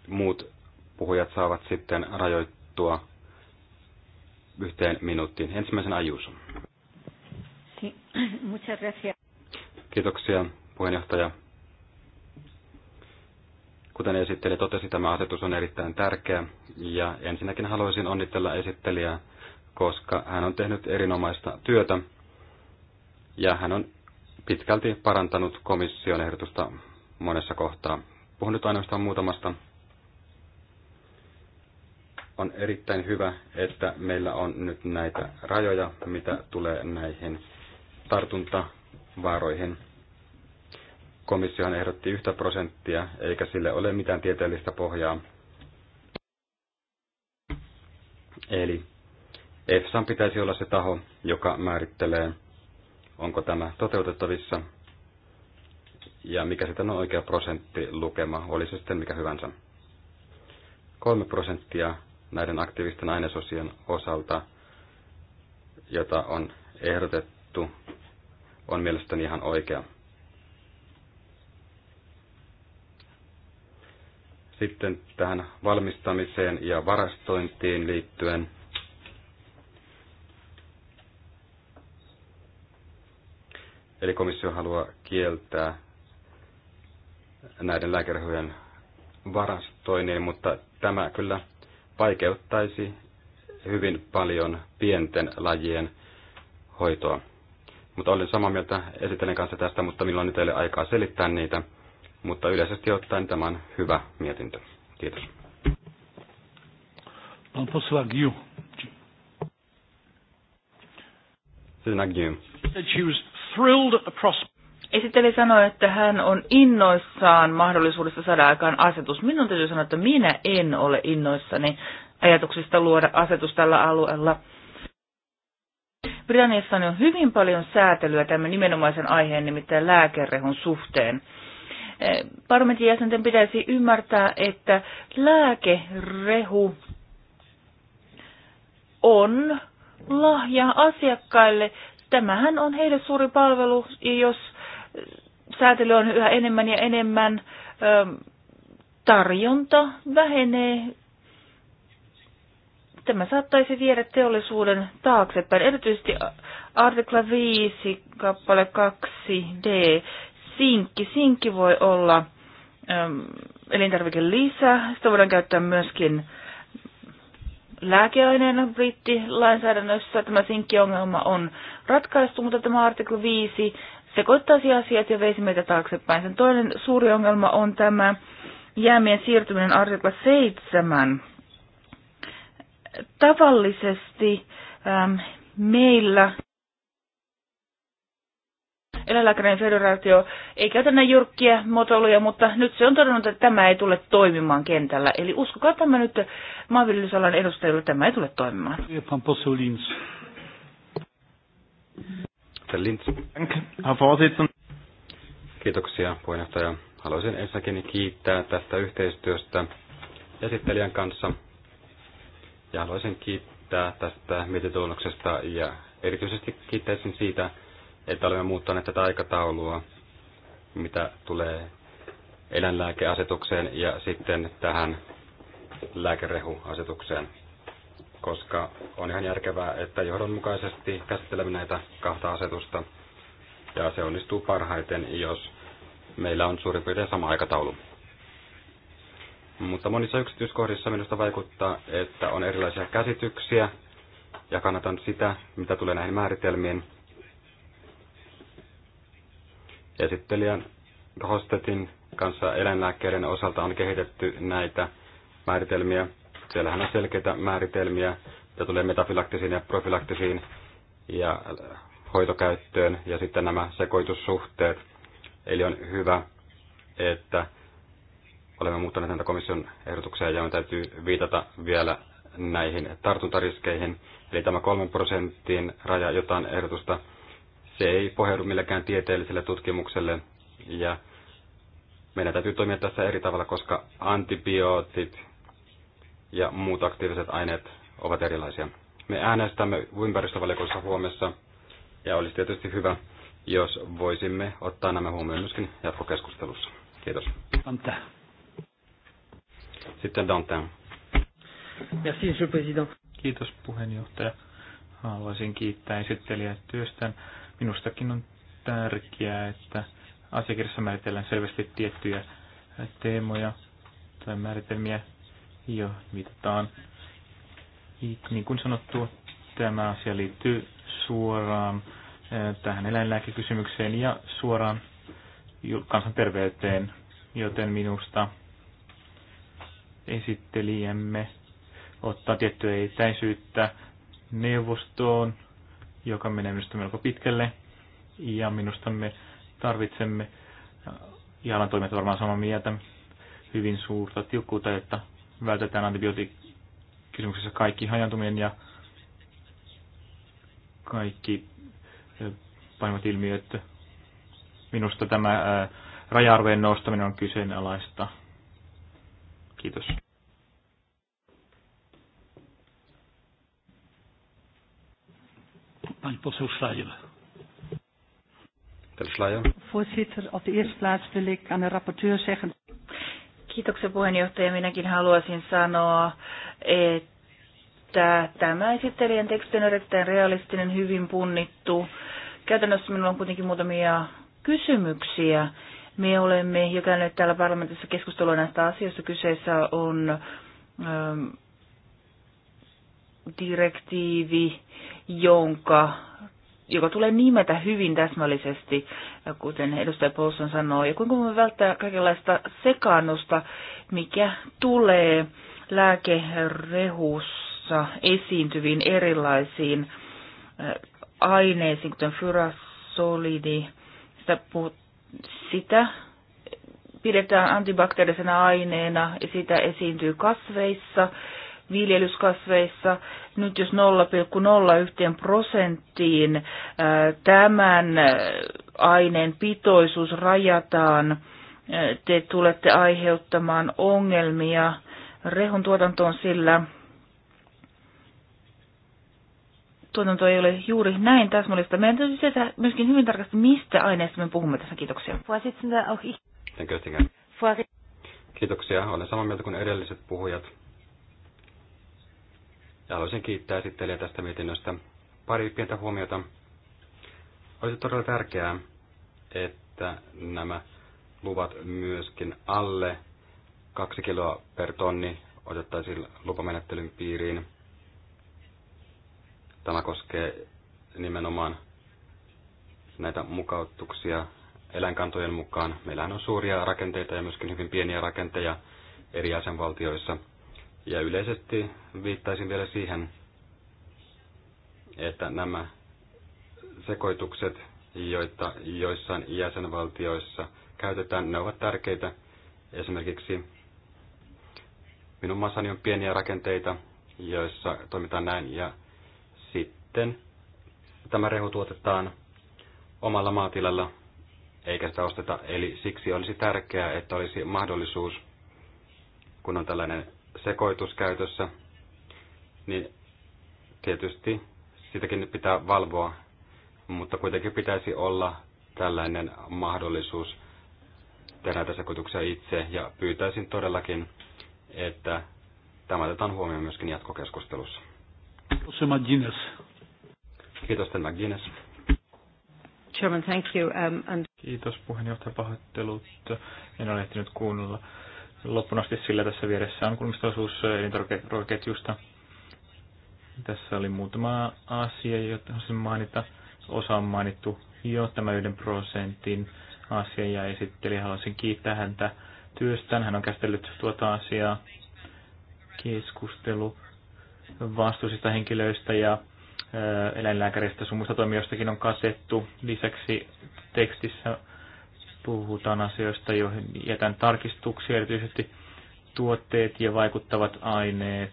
muut puhujat saavat sitten rajoittua yhteen minuuttiin. Ensimmäisen Ajuus. Kiitoksia puheenjohtaja. Kuten esittelijä totesi, tämä asetus on erittäin tärkeä ja ensinnäkin haluaisin onnitella esittelijää, koska hän on tehnyt erinomaista työtä ja hän on pitkälti parantanut komission ehdotusta monessa kohtaa. Puhun nyt ainoastaan muutamasta on erittäin hyvä, että meillä on nyt näitä rajoja, mitä tulee näihin tartuntavaaroihin. Komissiohan ehdotti yhtä prosenttia, eikä sille ole mitään tieteellistä pohjaa. Eli EFSAn pitäisi olla se taho, joka määrittelee, onko tämä toteutettavissa ja mikä sitten on oikea prosenttilukema, oli se sitten mikä hyvänsä. 3 prosenttia näiden aktiivisten ainesosien osalta, jota on ehdotettu, on mielestäni ihan oikea. Sitten tähän valmistamiseen ja varastointiin liittyen. Eli komissio haluaa kieltää näiden lääkerhojen varastoinnin, mutta tämä kyllä vaikeuttaisi hyvin paljon pienten lajien hoitoa. Mutta olen samaa mieltä esittelen kanssa tästä, mutta milloin nyt teille aikaa selittää niitä. Mutta yleisesti ottaen tämä on hyvä mietintö. Kiitos. Siinä posła siis She was thrilled across Esitteli sanoi, että hän on innoissaan mahdollisuudesta saada aikaan asetus. Minun täytyy sanoa, että minä en ole innoissani ajatuksista luoda asetus tällä alueella. Britanniassa on hyvin paljon säätelyä tämän nimenomaisen aiheen, nimittäin lääkerehun suhteen. Eh, parlamentin jäsenten pitäisi ymmärtää, että lääkerehu on lahja asiakkaille. Tämähän on heille suuri palvelu, jos säätely on yhä enemmän ja enemmän, tarjonta vähenee. Tämä saattaisi viedä teollisuuden taaksepäin, erityisesti artikla 5, kappale 2d, sinkki. Sinkki voi olla elintarviken lisä, sitä voidaan käyttää myöskin lääkeaineena brittilainsäädännössä tämä sinkkiongelma on ratkaistu, mutta tämä artikla 5 sekoittaisi asiat ja veisi meitä taaksepäin. Sen toinen suuri ongelma on tämä jäämien siirtyminen artikla 7. Tavallisesti ähm, meillä eläinlääkärien federaatio ei käytä näin jyrkkiä motoluja, mutta nyt se on todennut, että tämä ei tule toimimaan kentällä. Eli uskokaa tämä nyt maanviljelysalan edustajille, tämä ei tule toimimaan. Sitten Lintz. Kiitoksia puheenjohtaja. Haluaisin ensinnäkin kiittää tästä yhteistyöstä esittelijän kanssa. Ja haluaisin kiittää tästä mietintöluonnoksesta ja erityisesti kiittäisin siitä, että olemme muuttaneet tätä aikataulua, mitä tulee eläinlääkeasetukseen ja sitten tähän lääkerehuasetukseen koska on ihan järkevää, että johdonmukaisesti käsittelemme näitä kahta asetusta. Ja se onnistuu parhaiten, jos meillä on suurin piirtein sama aikataulu. Mutta monissa yksityiskohdissa minusta vaikuttaa, että on erilaisia käsityksiä ja kannatan sitä, mitä tulee näihin määritelmiin. Esittelijän Hostetin kanssa eläinlääkkeiden osalta on kehitetty näitä määritelmiä. Siellähän on selkeitä määritelmiä, mitä tulee metafilaktisiin ja profilaktisiin ja äh, hoitokäyttöön ja sitten nämä sekoitussuhteet. Eli on hyvä, että olemme muuttaneet näitä komission ehdotuksia ja on täytyy viitata vielä näihin tartuntariskeihin. Eli tämä kolmen prosentin raja, jotain ehdotusta, se ei pohjaudu millekään tieteelliselle tutkimukselle ja meidän täytyy toimia tässä eri tavalla, koska antibiootit ja muut aktiiviset aineet ovat erilaisia. Me äänestämme ympäristövaliokunnassa huomessa ja olisi tietysti hyvä, jos voisimme ottaa nämä huomioon myöskin jatkokeskustelussa. Kiitos. Dante. Sitten Dante. Merci, monsieur président. Kiitos puheenjohtaja. Haluaisin kiittää esittelijää työstään. Minustakin on tärkeää, että asiakirjassa määritellään selvästi tiettyjä teemoja tai määritelmiä jo viitataan. Niin kuin sanottu, tämä asia liittyy suoraan eh, tähän eläinlääkekysymykseen ja suoraan kansanterveyteen, joten minusta esittelijämme ottaa tiettyä etäisyyttä neuvostoon, joka menee minusta melko pitkälle, ja minusta me tarvitsemme, ja alan toimijat varmaan samaa mieltä, hyvin suurta tiukkuutta, jotta vältetään antibioottikysymyksessä kaikki hajantuminen ja kaikki pahimmat ilmiöt. Minusta tämä raja-arvojen nostaminen on kyseenalaista. Kiitos. Pani poseł Schleier. Voorzitter, op de eerste plaats wil ik aan de rapporteur zeggen. Kiitoksia puheenjohtaja. Minäkin haluaisin sanoa, että tämä esittelijän teksti on erittäin realistinen, hyvin punnittu. Käytännössä minulla on kuitenkin muutamia kysymyksiä. Me olemme jo käyneet täällä parlamentissa keskustelua näistä asioista. Kyseessä on ähm, direktiivi, jonka joka tulee nimetä hyvin täsmällisesti, kuten edustaja Paulson sanoo, ja kuinka voimme välttää kaikenlaista sekaannusta, mikä tulee lääkerehussa esiintyviin erilaisiin aineisiin, kuten fyrasolidi, sitä, sitä pidetään antibakteerisena aineena ja sitä esiintyy kasveissa, viljelyskasveissa. Nyt jos 0,01 prosenttiin äh, tämän äh, aineen pitoisuus rajataan, äh, te tulette aiheuttamaan ongelmia rehun tuotantoon, sillä tuotanto ei ole juuri näin täsmällistä. Meidän täytyy tietää myöskin hyvin tarkasti, mistä aineesta me puhumme tässä. Kiitoksia. Oh, Kiitoksia. Olen samaa mieltä kuin edelliset puhujat. Ja haluaisin kiittää esittelijä tästä mietinnöstä. Pari pientä huomiota. Olisi todella tärkeää, että nämä luvat myöskin alle 2 kiloa per tonni otettaisiin lupamenettelyn piiriin. Tämä koskee nimenomaan näitä mukautuksia eläinkantojen mukaan. Meillähän on suuria rakenteita ja myöskin hyvin pieniä rakenteja eri jäsenvaltioissa – ja yleisesti viittaisin vielä siihen, että nämä sekoitukset, joita joissain jäsenvaltioissa käytetään, ne ovat tärkeitä. Esimerkiksi minun maassani on pieniä rakenteita, joissa toimitaan näin, ja sitten tämä rehu tuotetaan omalla maatilalla, eikä sitä osteta. Eli siksi olisi tärkeää, että olisi mahdollisuus, kun on tällainen sekoituskäytössä, niin tietysti sitäkin pitää valvoa, mutta kuitenkin pitäisi olla tällainen mahdollisuus tehdä näitä sekoituksia itse ja pyytäisin todellakin, että tämä otetaan huomioon myöskin jatkokeskustelussa. Kiitos, Sten McGuinness. Chairman, thank you. Um, and... Kiitos puheenjohtaja, pahoittelut. En ole ehtinyt kuunnella loppuun asti sillä tässä vieressä on kulmistoisuus äh, elintarvikeketjusta. Tässä oli muutama asia, jota haluaisin mainita. Osa on mainittu jo tämä yhden prosentin asia ja esitteli. Haluaisin kiittää häntä työstään. Hän on käsitellyt tuota asiaa keskustelu vastuusista henkilöistä ja äh, eläinlääkäristä sun muista toimijoistakin on kasettu. Lisäksi tekstissä puhutaan asioista, joihin jätän tarkistuksia, erityisesti tuotteet ja vaikuttavat aineet.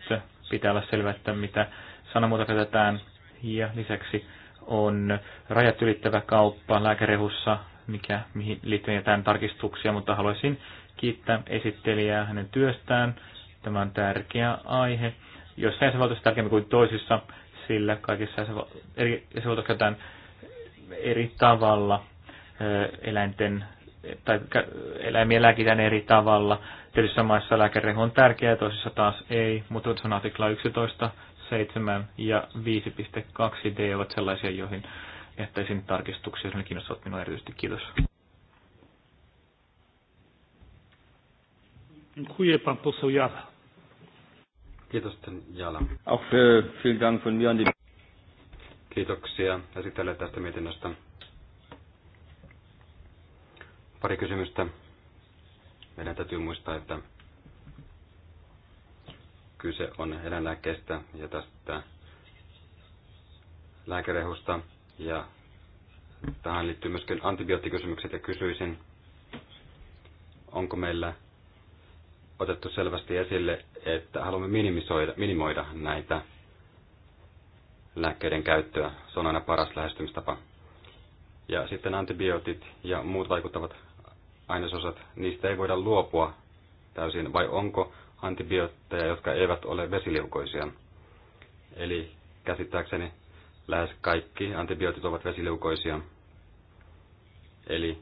Pitää olla selvää, että mitä sanamuuta käytetään. Ja lisäksi on rajat ylittävä kauppa lääkärehussa, mikä, mihin liittyen jätän tarkistuksia, mutta haluaisin kiittää esittelijää hänen työstään. Tämä on tärkeä aihe. Jossain jäsenvaltiossa tärkeämpi kuin toisissa, sillä kaikissa jäsenvaltioissa eri, käytetään eri tavalla eläinten tai eläimiä lääkitään eri tavalla. Tietyissä maissa lääkärehu on tärkeää, toisissa taas ei, mutta se on artikla 11, 7 ja 5.2d ovat sellaisia, joihin jättäisin tarkistuksia, jos ne kiinnostavat minua erityisesti. Kiitos. Kiitos Jala. Äh, Kiitoksia Esittelen tästä mietinnöstä. Pari kysymystä. Meidän täytyy muistaa, että kyse on eläinlääkkeestä ja tästä lääkerehusta. Ja tähän liittyy myöskin antibioottikysymykset ja kysyisin, onko meillä otettu selvästi esille, että haluamme minimisoida, minimoida näitä lääkkeiden käyttöä. Se on aina paras lähestymistapa. Ja sitten antibiootit ja muut vaikuttavat ainesosat, niistä ei voida luopua täysin, vai onko antibiootteja, jotka eivät ole vesiliukoisia? Eli käsittääkseni lähes kaikki antibiootit ovat vesiliukoisia. Eli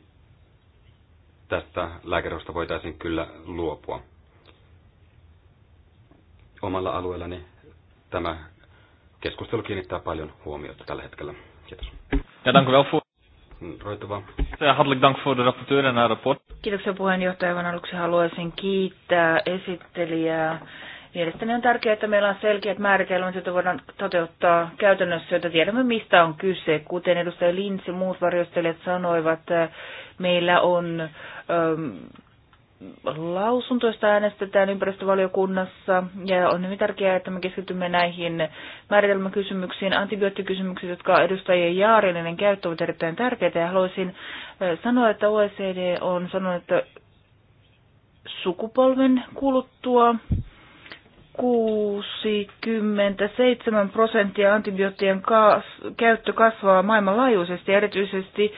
tästä lääkerosta voitaisiin kyllä luopua. Omalla alueellani tämä keskustelu kiinnittää paljon huomiota tällä hetkellä. Kiitos. Ja Mm, roituva. Hartelijk dank voor de rapporteur en haar rapport. Kiitoksia puheenjohtaja. Aivan aluksi haluaisin kiittää esittelijää. Mielestäni on tärkeää, että meillä on selkeät määritelmät, joita voidaan toteuttaa käytännössä, joita tiedämme, mistä on kyse. Kuten edustaja Linsi muut varjostelijat sanoivat, meillä on ähm, lausuntoista äänestetään ympäristövaliokunnassa ja on hyvin tärkeää, että me keskitymme näihin määritelmäkysymyksiin. antibioottikysymyksiin, jotka edustajien jaarillinen käyttö ovat erittäin tärkeitä ja haluaisin sanoa, että OECD on sanonut, että sukupolven kuluttua 67 prosenttia antibioottien käyttö kasvaa maailmanlaajuisesti, erityisesti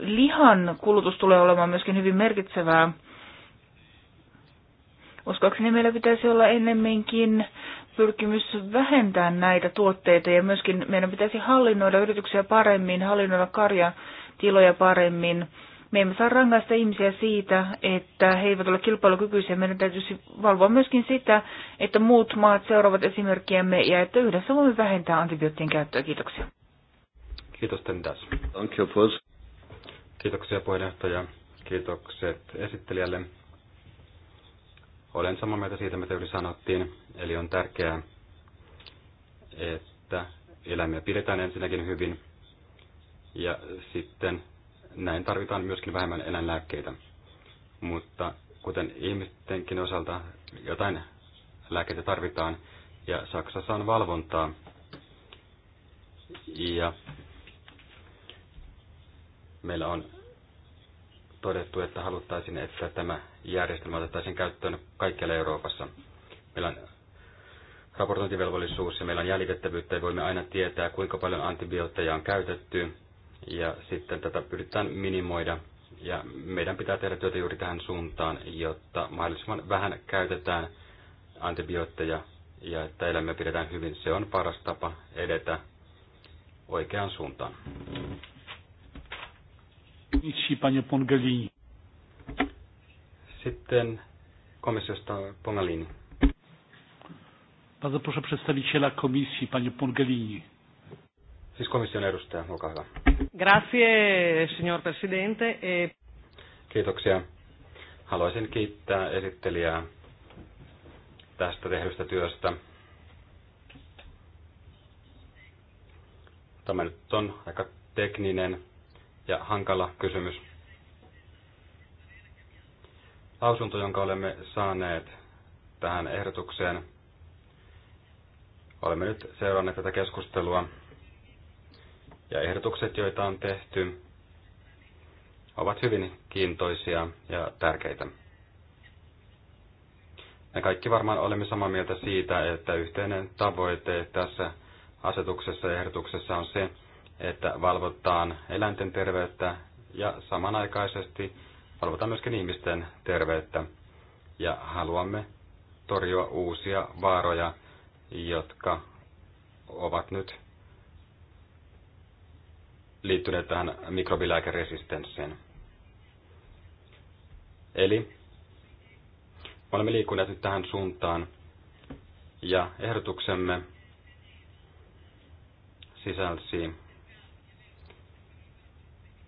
lihan kulutus tulee olemaan myöskin hyvin merkitsevää. Uskoakseni meillä pitäisi olla ennemminkin pyrkimys vähentää näitä tuotteita ja myöskin meidän pitäisi hallinnoida yrityksiä paremmin, hallinnoida karjatiloja paremmin. Me emme saa rangaista ihmisiä siitä, että he eivät ole kilpailukykyisiä. Meidän täytyisi valvoa myöskin sitä, että muut maat seuraavat esimerkkiämme ja että yhdessä voimme vähentää antibioottien käyttöä. Kiitoksia. Kiitos, Tendas. Kiitoksia puheenjohtaja. Kiitokset esittelijälle. Olen samaa mieltä siitä, mitä yli sanottiin. Eli on tärkeää, että eläimiä pidetään ensinnäkin hyvin ja sitten näin tarvitaan myöskin vähemmän eläinlääkkeitä. Mutta kuten ihmistenkin osalta jotain lääkettä tarvitaan ja Saksassa on valvontaa ja meillä on todettu, että haluttaisiin, että tämä järjestelmä otettaisiin käyttöön kaikkialla Euroopassa. Meillä on raportointivelvollisuus ja meillä on jäljitettävyyttä ja voimme aina tietää, kuinka paljon antibiootteja on käytetty ja sitten tätä pyritään minimoida. Ja meidän pitää tehdä työtä juuri tähän suuntaan, jotta mahdollisimman vähän käytetään antibiootteja ja että elämme pidetään hyvin. Se on paras tapa edetä oikeaan suuntaan. Sitten komissiosta Pongalini. Bardzo proszę przedstawiciela komisji, panie Pongalini. Siis komission edustaja, olkaa hyvä. Grazie, signor presidente. E- Kiitoksia. Haluaisin kiittää esittelijää tästä tehdystä työstä. Tämä nyt on aika tekninen ja hankala kysymys. Lausunto, jonka olemme saaneet tähän ehdotukseen, olemme nyt seuranneet tätä keskustelua ja ehdotukset, joita on tehty, ovat hyvin kiintoisia ja tärkeitä. Me kaikki varmaan olemme samaa mieltä siitä, että yhteinen tavoite tässä asetuksessa ja ehdotuksessa on se, että valvotaan eläinten terveyttä ja samanaikaisesti valvotaan myöskin ihmisten terveyttä. Ja haluamme torjua uusia vaaroja, jotka ovat nyt liittyneet tähän mikrobilääkeresistenssiin. Eli olemme liikkuneet nyt tähän suuntaan ja ehdotuksemme sisälsi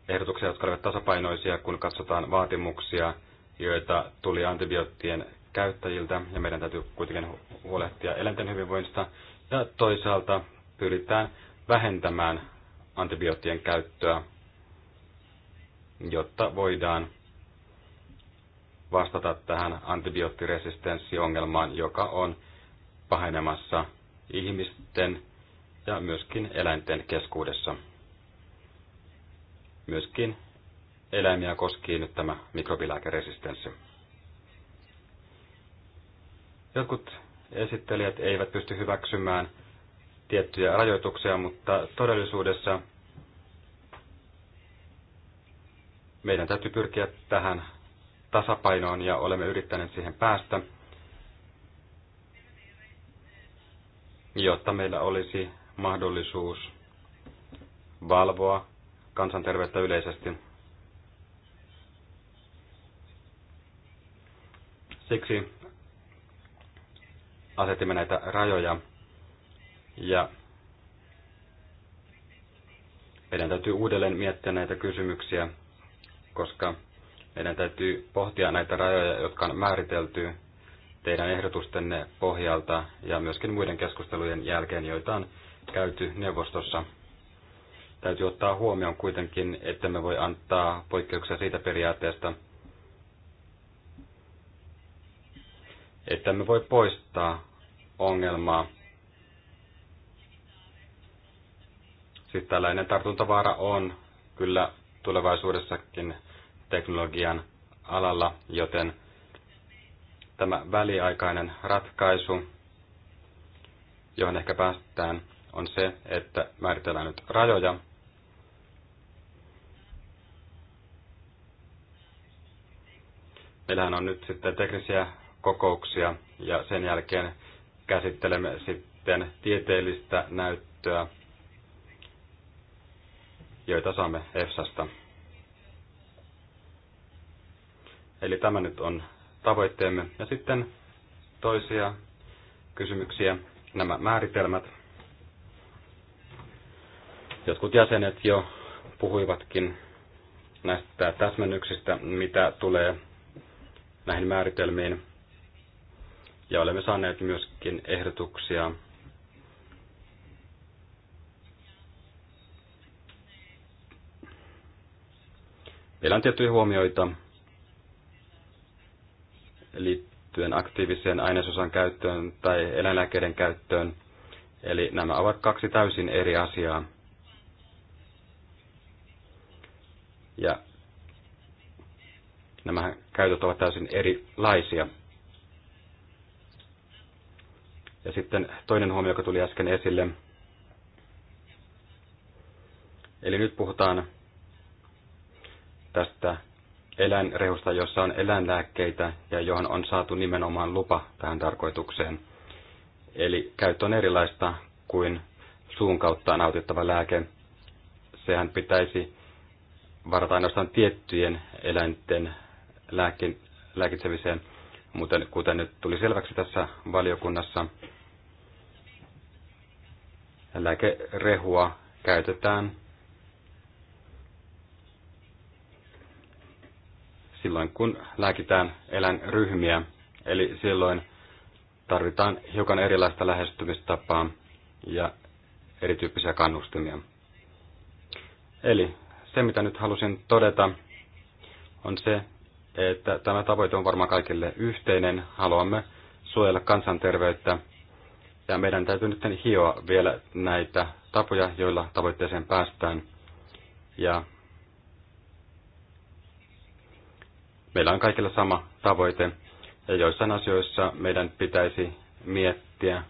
ehdotuksia, jotka olivat tasapainoisia, kun katsotaan vaatimuksia, joita tuli antibioottien käyttäjiltä, ja meidän täytyy kuitenkin huolehtia eläinten hyvinvoinnista, ja toisaalta pyritään vähentämään antibioottien käyttöä, jotta voidaan vastata tähän antibioottiresistenssiongelmaan, joka on pahenemassa ihmisten ja myöskin eläinten keskuudessa myöskin eläimiä koskee nyt tämä mikrobilääkeresistenssi. Jotkut esittelijät eivät pysty hyväksymään tiettyjä rajoituksia, mutta todellisuudessa meidän täytyy pyrkiä tähän tasapainoon ja olemme yrittäneet siihen päästä, jotta meillä olisi mahdollisuus valvoa kansanterveyttä yleisesti. Siksi asetimme näitä rajoja ja meidän täytyy uudelleen miettiä näitä kysymyksiä, koska meidän täytyy pohtia näitä rajoja, jotka on määritelty teidän ehdotustenne pohjalta ja myöskin muiden keskustelujen jälkeen, joita on käyty neuvostossa Täytyy ottaa huomioon kuitenkin, että me voi antaa poikkeuksia siitä periaatteesta, että me voi poistaa ongelmaa. Sitten siis tällainen tartuntavaara on kyllä tulevaisuudessakin teknologian alalla, joten tämä väliaikainen ratkaisu, johon ehkä päästään, on se, että määritellään nyt rajoja Meillähän on nyt sitten teknisiä kokouksia ja sen jälkeen käsittelemme sitten tieteellistä näyttöä, joita saamme EFSAsta. Eli tämä nyt on tavoitteemme. Ja sitten toisia kysymyksiä, nämä määritelmät. Jotkut jäsenet jo puhuivatkin näistä täsmennyksistä, mitä tulee näihin määritelmiin. Ja olemme saaneet myöskin ehdotuksia Meillä on tiettyjä huomioita liittyen aktiiviseen ainesosan käyttöön tai eläinlääkkeiden käyttöön. Eli nämä ovat kaksi täysin eri asiaa. Ja Nämä käytöt ovat täysin erilaisia. Ja sitten toinen huomio, joka tuli äsken esille. Eli nyt puhutaan tästä eläinrehusta, jossa on eläinlääkkeitä ja johon on saatu nimenomaan lupa tähän tarkoitukseen. Eli käyttö on erilaista kuin suun kautta nautittava lääke. Sehän pitäisi varata ainoastaan tiettyjen eläinten lääke, lääkitsemiseen, mutta kuten nyt tuli selväksi tässä valiokunnassa, lääkerehua käytetään silloin, kun lääkitään eläinryhmiä, eli silloin tarvitaan hiukan erilaista lähestymistapaa ja erityyppisiä kannustimia. Eli se, mitä nyt halusin todeta, on se, että tämä tavoite on varmaan kaikille yhteinen. Haluamme suojella kansanterveyttä ja meidän täytyy nyt hioa vielä näitä tapoja, joilla tavoitteeseen päästään. Ja meillä on kaikilla sama tavoite ja joissain asioissa meidän pitäisi miettiä,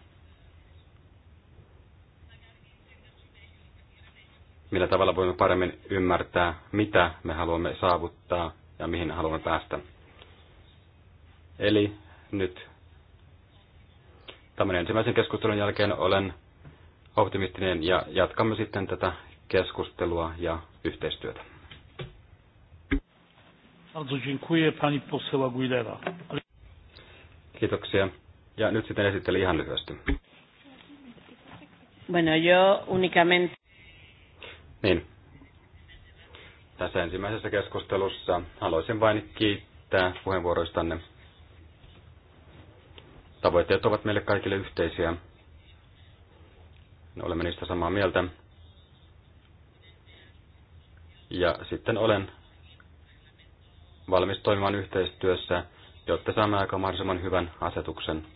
millä tavalla voimme paremmin ymmärtää, mitä me haluamme saavuttaa – ja mihin haluamme päästä. Eli nyt tämän ensimmäisen keskustelun jälkeen olen optimistinen ja jatkamme sitten tätä keskustelua ja yhteistyötä. Kiitoksia. Ja nyt sitten esittelen ihan lyhyesti. Bueno, yo únicamente. Niin tässä ensimmäisessä keskustelussa. Haluaisin vain kiittää puheenvuoroistanne. Tavoitteet ovat meille kaikille yhteisiä. Olemme niistä samaa mieltä. Ja sitten olen valmis toimimaan yhteistyössä, jotta saamme aika mahdollisimman hyvän asetuksen.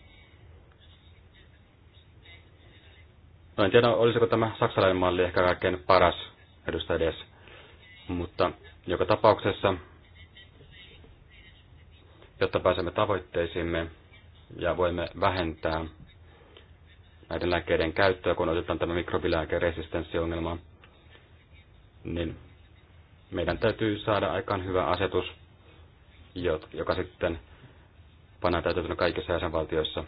No en tiedä, olisiko tämä saksalainen malli ehkä kaikkein paras, edustajadessa. Mutta joka tapauksessa, jotta pääsemme tavoitteisiimme ja voimme vähentää näiden lääkkeiden käyttöä, kun otetaan tämä mikrobilääkeresistenssiongelma, niin meidän täytyy saada aikaan hyvä asetus, joka sitten pannaan täytäntöön kaikissa jäsenvaltioissa.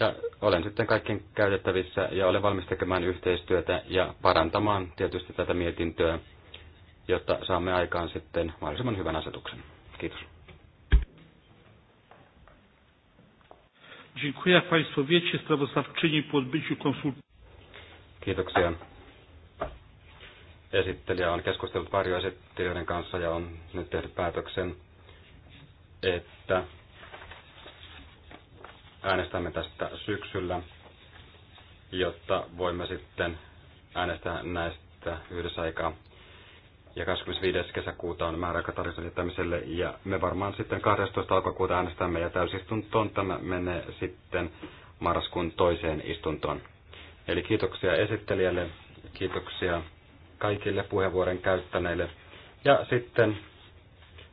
Ja olen sitten kaikkien käytettävissä ja olen valmis tekemään yhteistyötä ja parantamaan tietysti tätä mietintöä, jotta saamme aikaan sitten mahdollisimman hyvän asetuksen. Kiitos. Kiitoksia. Esittelijä on keskustellut varjoesittelijöiden kanssa ja on nyt tehnyt päätöksen, että äänestämme tästä syksyllä, jotta voimme sitten äänestää näistä yhdessä aikaa. Ja 25. kesäkuuta on määräaika tarkistusjättämiselle ja me varmaan sitten 12. alkukuuta äänestämme ja täysistuntoon tämä menee sitten marraskuun toiseen istuntoon. Eli kiitoksia esittelijälle, kiitoksia kaikille puheenvuoron käyttäneille. Ja sitten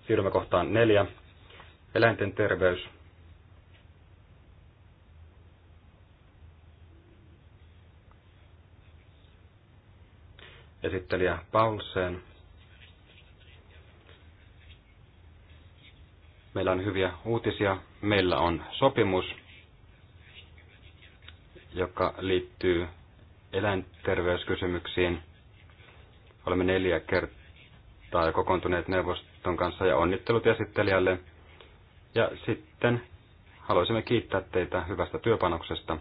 siirrymme kohtaan neljä, eläinten terveys esittelijä Paulsen. Meillä on hyviä uutisia. Meillä on sopimus, joka liittyy eläinterveyskysymyksiin. Olemme neljä kertaa kokoontuneet neuvoston kanssa ja onnittelut esittelijälle. Ja sitten haluaisimme kiittää teitä hyvästä työpanoksesta.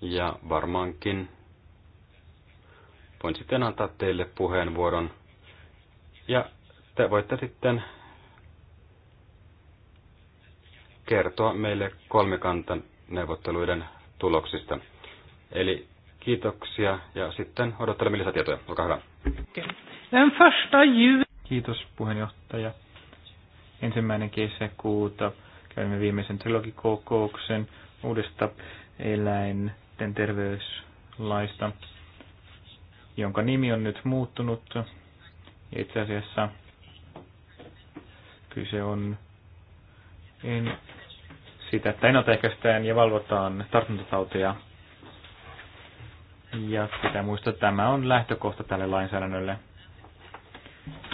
Ja varmaankin Voin sitten antaa teille puheenvuoron. Ja te voitte sitten kertoa meille kolmikantan neuvotteluiden tuloksista. Eli kiitoksia ja sitten odottelemme lisätietoja. Olkaa hyvä. Kiitos puheenjohtaja. Ensimmäinen kesäkuuta kävimme viimeisen trilogikokouksen uudesta eläinten terveyslaista jonka nimi on nyt muuttunut. Ja itse asiassa kyse on en, sitä, että ennaltaehkäistään ja valvotaan tartuntatauteja. Ja pitää muistaa, että tämä on lähtökohta tälle lainsäädännölle.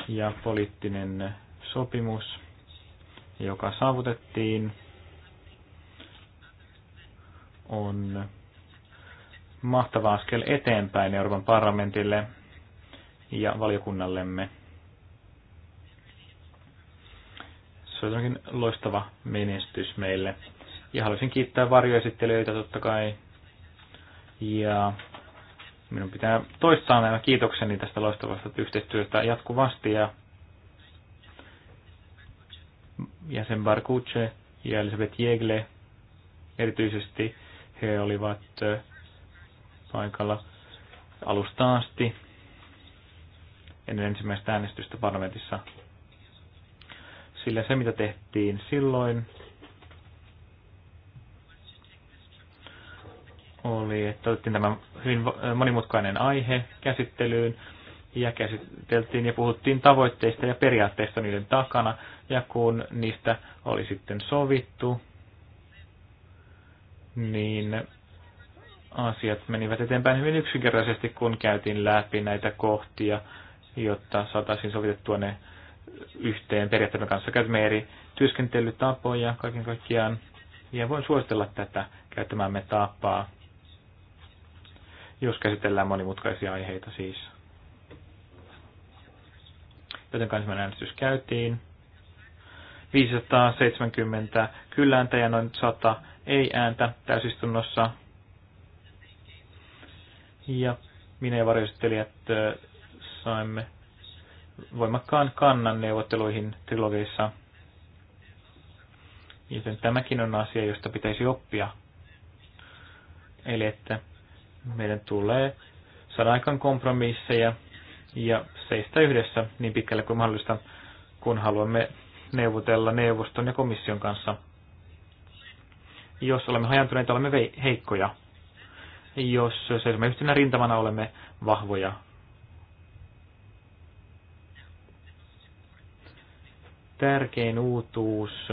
Ja poliittinen sopimus, joka saavutettiin, on mahtava askel eteenpäin Euroopan parlamentille ja valiokunnallemme. Se on loistava menestys meille. Ja haluaisin kiittää varjoesittelijöitä totta kai. Ja minun pitää toistaa nämä kiitokseni tästä loistavasta yhteistyöstä jatkuvasti. Ja jäsen Barkuche ja Elisabeth Jegle erityisesti he olivat paikalla alusta asti ennen ensimmäistä äänestystä parlamentissa. Sillä se, mitä tehtiin silloin, oli, että otettiin tämä hyvin monimutkainen aihe käsittelyyn ja käsiteltiin ja puhuttiin tavoitteista ja periaatteista niiden takana. Ja kun niistä oli sitten sovittu, niin asiat menivät eteenpäin hyvin yksinkertaisesti, kun käytiin läpi näitä kohtia, jotta saataisiin sovitettua ne yhteen periaatteiden kanssa. Käytämme eri työskentelytapoja kaiken kaikkiaan, ja voin suositella tätä käyttämäämme tapaa, jos käsitellään monimutkaisia aiheita siis. Joten kansainvälinen äänestys käytiin. 570 kyllä ääntä ja noin 100 ei ääntä täysistunnossa ja minä ja että saimme voimakkaan kannan neuvotteluihin trilogeissa. Joten tämäkin on asia, josta pitäisi oppia. Eli että meidän tulee saada aikaan kompromisseja ja seistä yhdessä niin pitkälle kuin mahdollista, kun haluamme neuvotella neuvoston ja komission kanssa. Jos olemme hajantuneita, olemme heikkoja jos seisomme yhtenä rintamana, olemme vahvoja. Tärkein uutuus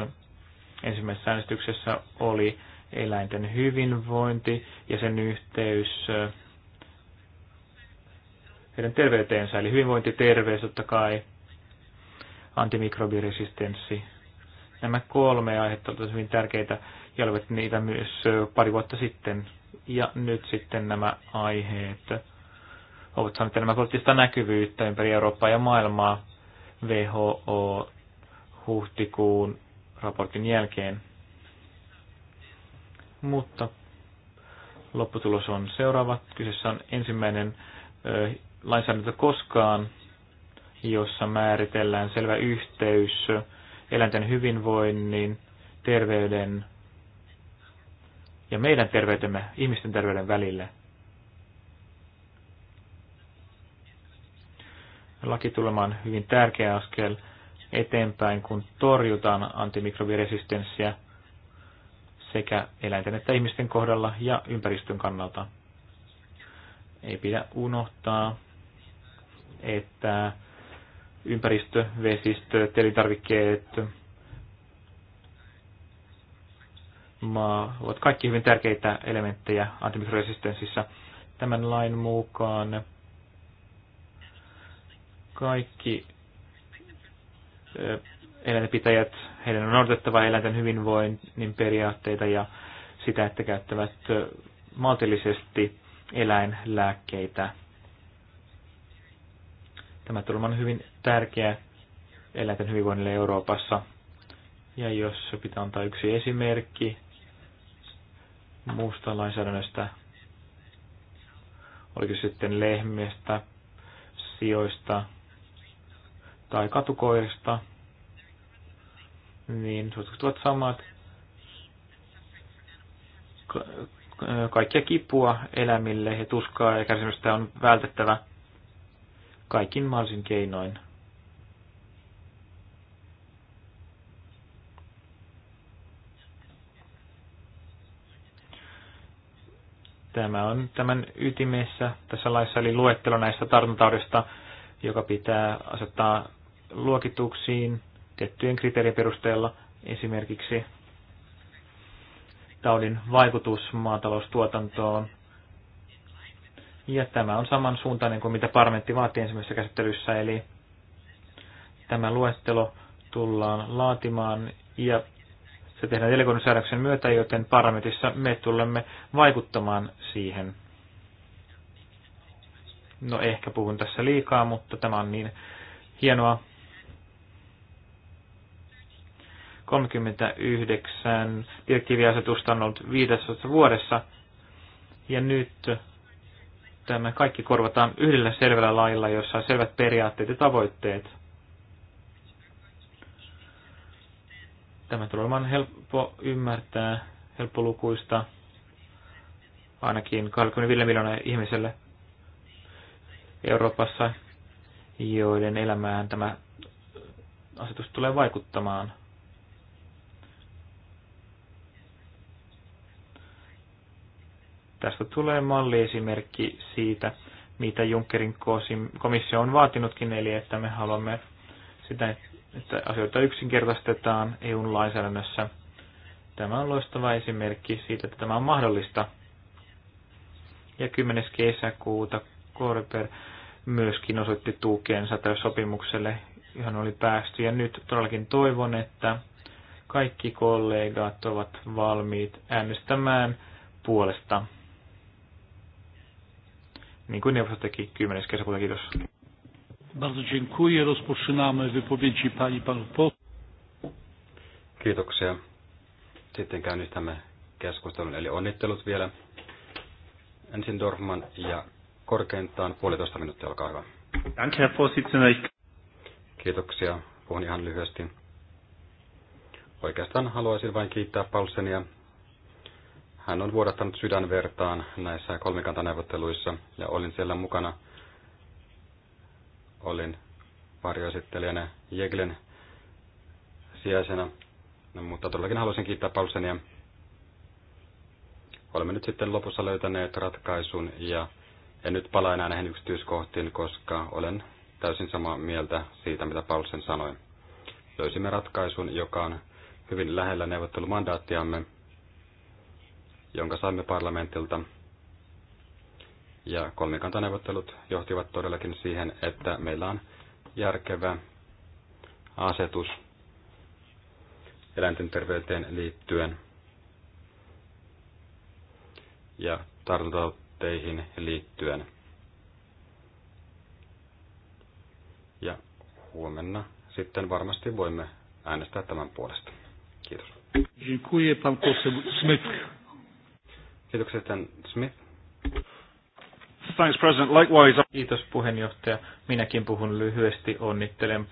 ensimmäisessä äänestyksessä oli eläinten hyvinvointi ja sen yhteys eh, heidän terveyteensä, eli hyvinvointi, terveys totta kai, antimikrobiresistenssi. Nämä kolme aihetta ovat hyvin tärkeitä ja olivat niitä myös eh, pari vuotta sitten ja nyt sitten nämä aiheet ovat saaneet enemmän poliittista näkyvyyttä ympäri Eurooppaa ja maailmaa WHO huhtikuun raportin jälkeen. Mutta lopputulos on seuraava. Kyseessä on ensimmäinen ö, lainsäädäntö koskaan, jossa määritellään selvä yhteys eläinten hyvinvoinnin, terveyden ja meidän terveytemme, ihmisten terveyden välille. Laki tulemaan hyvin tärkeä askel eteenpäin, kun torjutaan antimikrobiresistenssiä sekä eläinten että ihmisten kohdalla ja ympäristön kannalta. Ei pidä unohtaa, että ympäristö, vesistö, elintarvikkeet, maa ovat kaikki hyvin tärkeitä elementtejä antimikroresistenssissä. Tämän lain mukaan kaikki eh, eläinpitäjät, heidän on odotettava eläinten hyvinvoinnin periaatteita ja sitä, että käyttävät eh, maltillisesti eläinlääkkeitä. Tämä tulee on hyvin tärkeä eläinten hyvinvoinnille Euroopassa. Ja jos pitää antaa yksi esimerkki, muusta lainsäädännöstä, oliko sitten lehmistä, sijoista tai katukoirista, niin suosittuvat samat. Kaikkia kipua elämille ja tuskaa ja kärsimystä on vältettävä kaikin mahdollisin keinoin. Tämä on tämän ytimessä tässä laissa, eli luettelo näistä tartuntataudista, joka pitää asettaa luokituksiin tiettyjen kriteerien perusteella, esimerkiksi taudin vaikutus maataloustuotantoon. Ja tämä on samansuuntainen kuin mitä parlamentti vaatii ensimmäisessä käsittelyssä, eli tämä luettelo tullaan laatimaan ja se tehdään delegoinnin myötä, joten parametissa me tulemme vaikuttamaan siihen. No ehkä puhun tässä liikaa, mutta tämä on niin hienoa. 39 direktiiviasetusta on ollut 15 vuodessa, ja nyt tämä kaikki korvataan yhdellä selvällä lailla, jossa on selvät periaatteet ja tavoitteet. Tämä tulee olemaan helppo ymmärtää, lukuista ainakin 25 miljoonaa ihmiselle Euroopassa, joiden elämään tämä asetus tulee vaikuttamaan. Tästä tulee malliesimerkki siitä, mitä Junckerin komissio on vaatinutkin, eli että me haluamme sitä, että että asioita yksinkertaistetaan EUn lainsäädännössä. Tämä on loistava esimerkki siitä, että tämä on mahdollista. Ja 10. kesäkuuta Korper myöskin osoitti tukensa tälle sopimukselle, johon oli päästy. Ja nyt todellakin toivon, että kaikki kollegat ovat valmiit äänestämään puolesta. Niin kuin neuvosto teki 10. kesäkuuta. Kiitos. Bardzo dziękuję. Rozpoczynamy wypowiedzi pani panów posłów. Kiitoksia. Sitten käynnistämme keskustelun, eli onnittelut vielä. Ensin Dorfman ja korkeintaan puolitoista minuuttia, olkaa hyvä. Danke, Herr Vorsitzender. Kiitoksia, puhun ihan lyhyesti. Oikeastaan haluaisin vain kiittää Paulsenia. Hän on vuodattanut sydänvertaan näissä kolmikantaneuvotteluissa ja olin siellä mukana – olin varjoesittelijänä Jeglen sijaisena, no, mutta todellakin haluaisin kiittää Paulsenia. Olemme nyt sitten lopussa löytäneet ratkaisun ja en nyt palaa enää näihin yksityiskohtiin, koska olen täysin samaa mieltä siitä, mitä Paulsen sanoi. Löysimme ratkaisun, joka on hyvin lähellä neuvottelumandaattiamme, jonka saimme parlamentilta ja kolmikantaneuvottelut johtivat todellakin siihen, että meillä on järkevä asetus eläinten terveyteen liittyen ja tartuntatauteihin liittyen. Ja huomenna sitten varmasti voimme äänestää tämän puolesta. Kiitos. Smith. Kiitoksia, Smith. Thanks, President. Likewise. Kiitos puheenjohtaja. Minäkin puhun lyhyesti. Onnittelen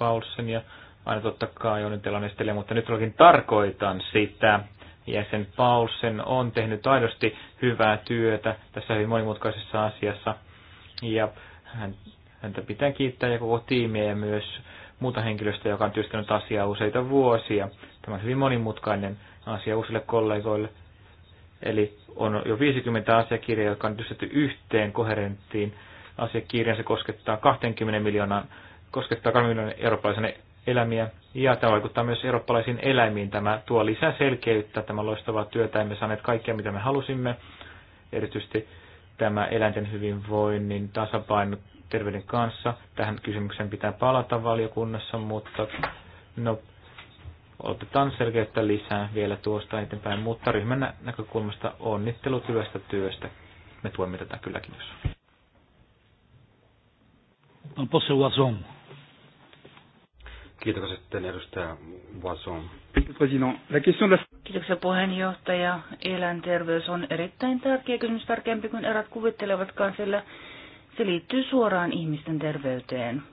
ja Aina totta kai onnittelen esittelijä, mutta nyt olikin tarkoitan sitä. Jäsen Paulsen on tehnyt aidosti hyvää työtä tässä hyvin monimutkaisessa asiassa. Ja häntä pitää kiittää ja koko tiimiä ja myös muuta henkilöstä, joka on työstänyt asiaa useita vuosia. Tämä on hyvin monimutkainen asia uusille kollegoille Eli on jo 50 asiakirjaa, jotka on yhdistetty yhteen koherenttiin asiakirjaan. Se koskettaa 20 miljoonaa, koskettaa 2 miljoonaa eurooppalaisen elämiä. Ja tämä vaikuttaa myös eurooppalaisiin eläimiin. Tämä tuo lisää selkeyttä, tämä loistavaa työtä. Emme saaneet kaikkea, mitä me halusimme. Erityisesti tämä eläinten hyvinvoinnin tasapaino terveyden kanssa. Tähän kysymykseen pitää palata valiokunnassa, mutta no, otetaan selkeyttä lisää vielä tuosta eteenpäin, mutta ryhmän näkökulmasta onnittelut hyvästä työstä. Me tuemme tätä kylläkin. On Kiitos sitten edustaja Wazon. Kiitoksia puheenjohtaja. Eläinterveys on erittäin tärkeä kysymys, tärkeämpi kuin erät kuvittelevatkaan, sillä se liittyy suoraan ihmisten terveyteen.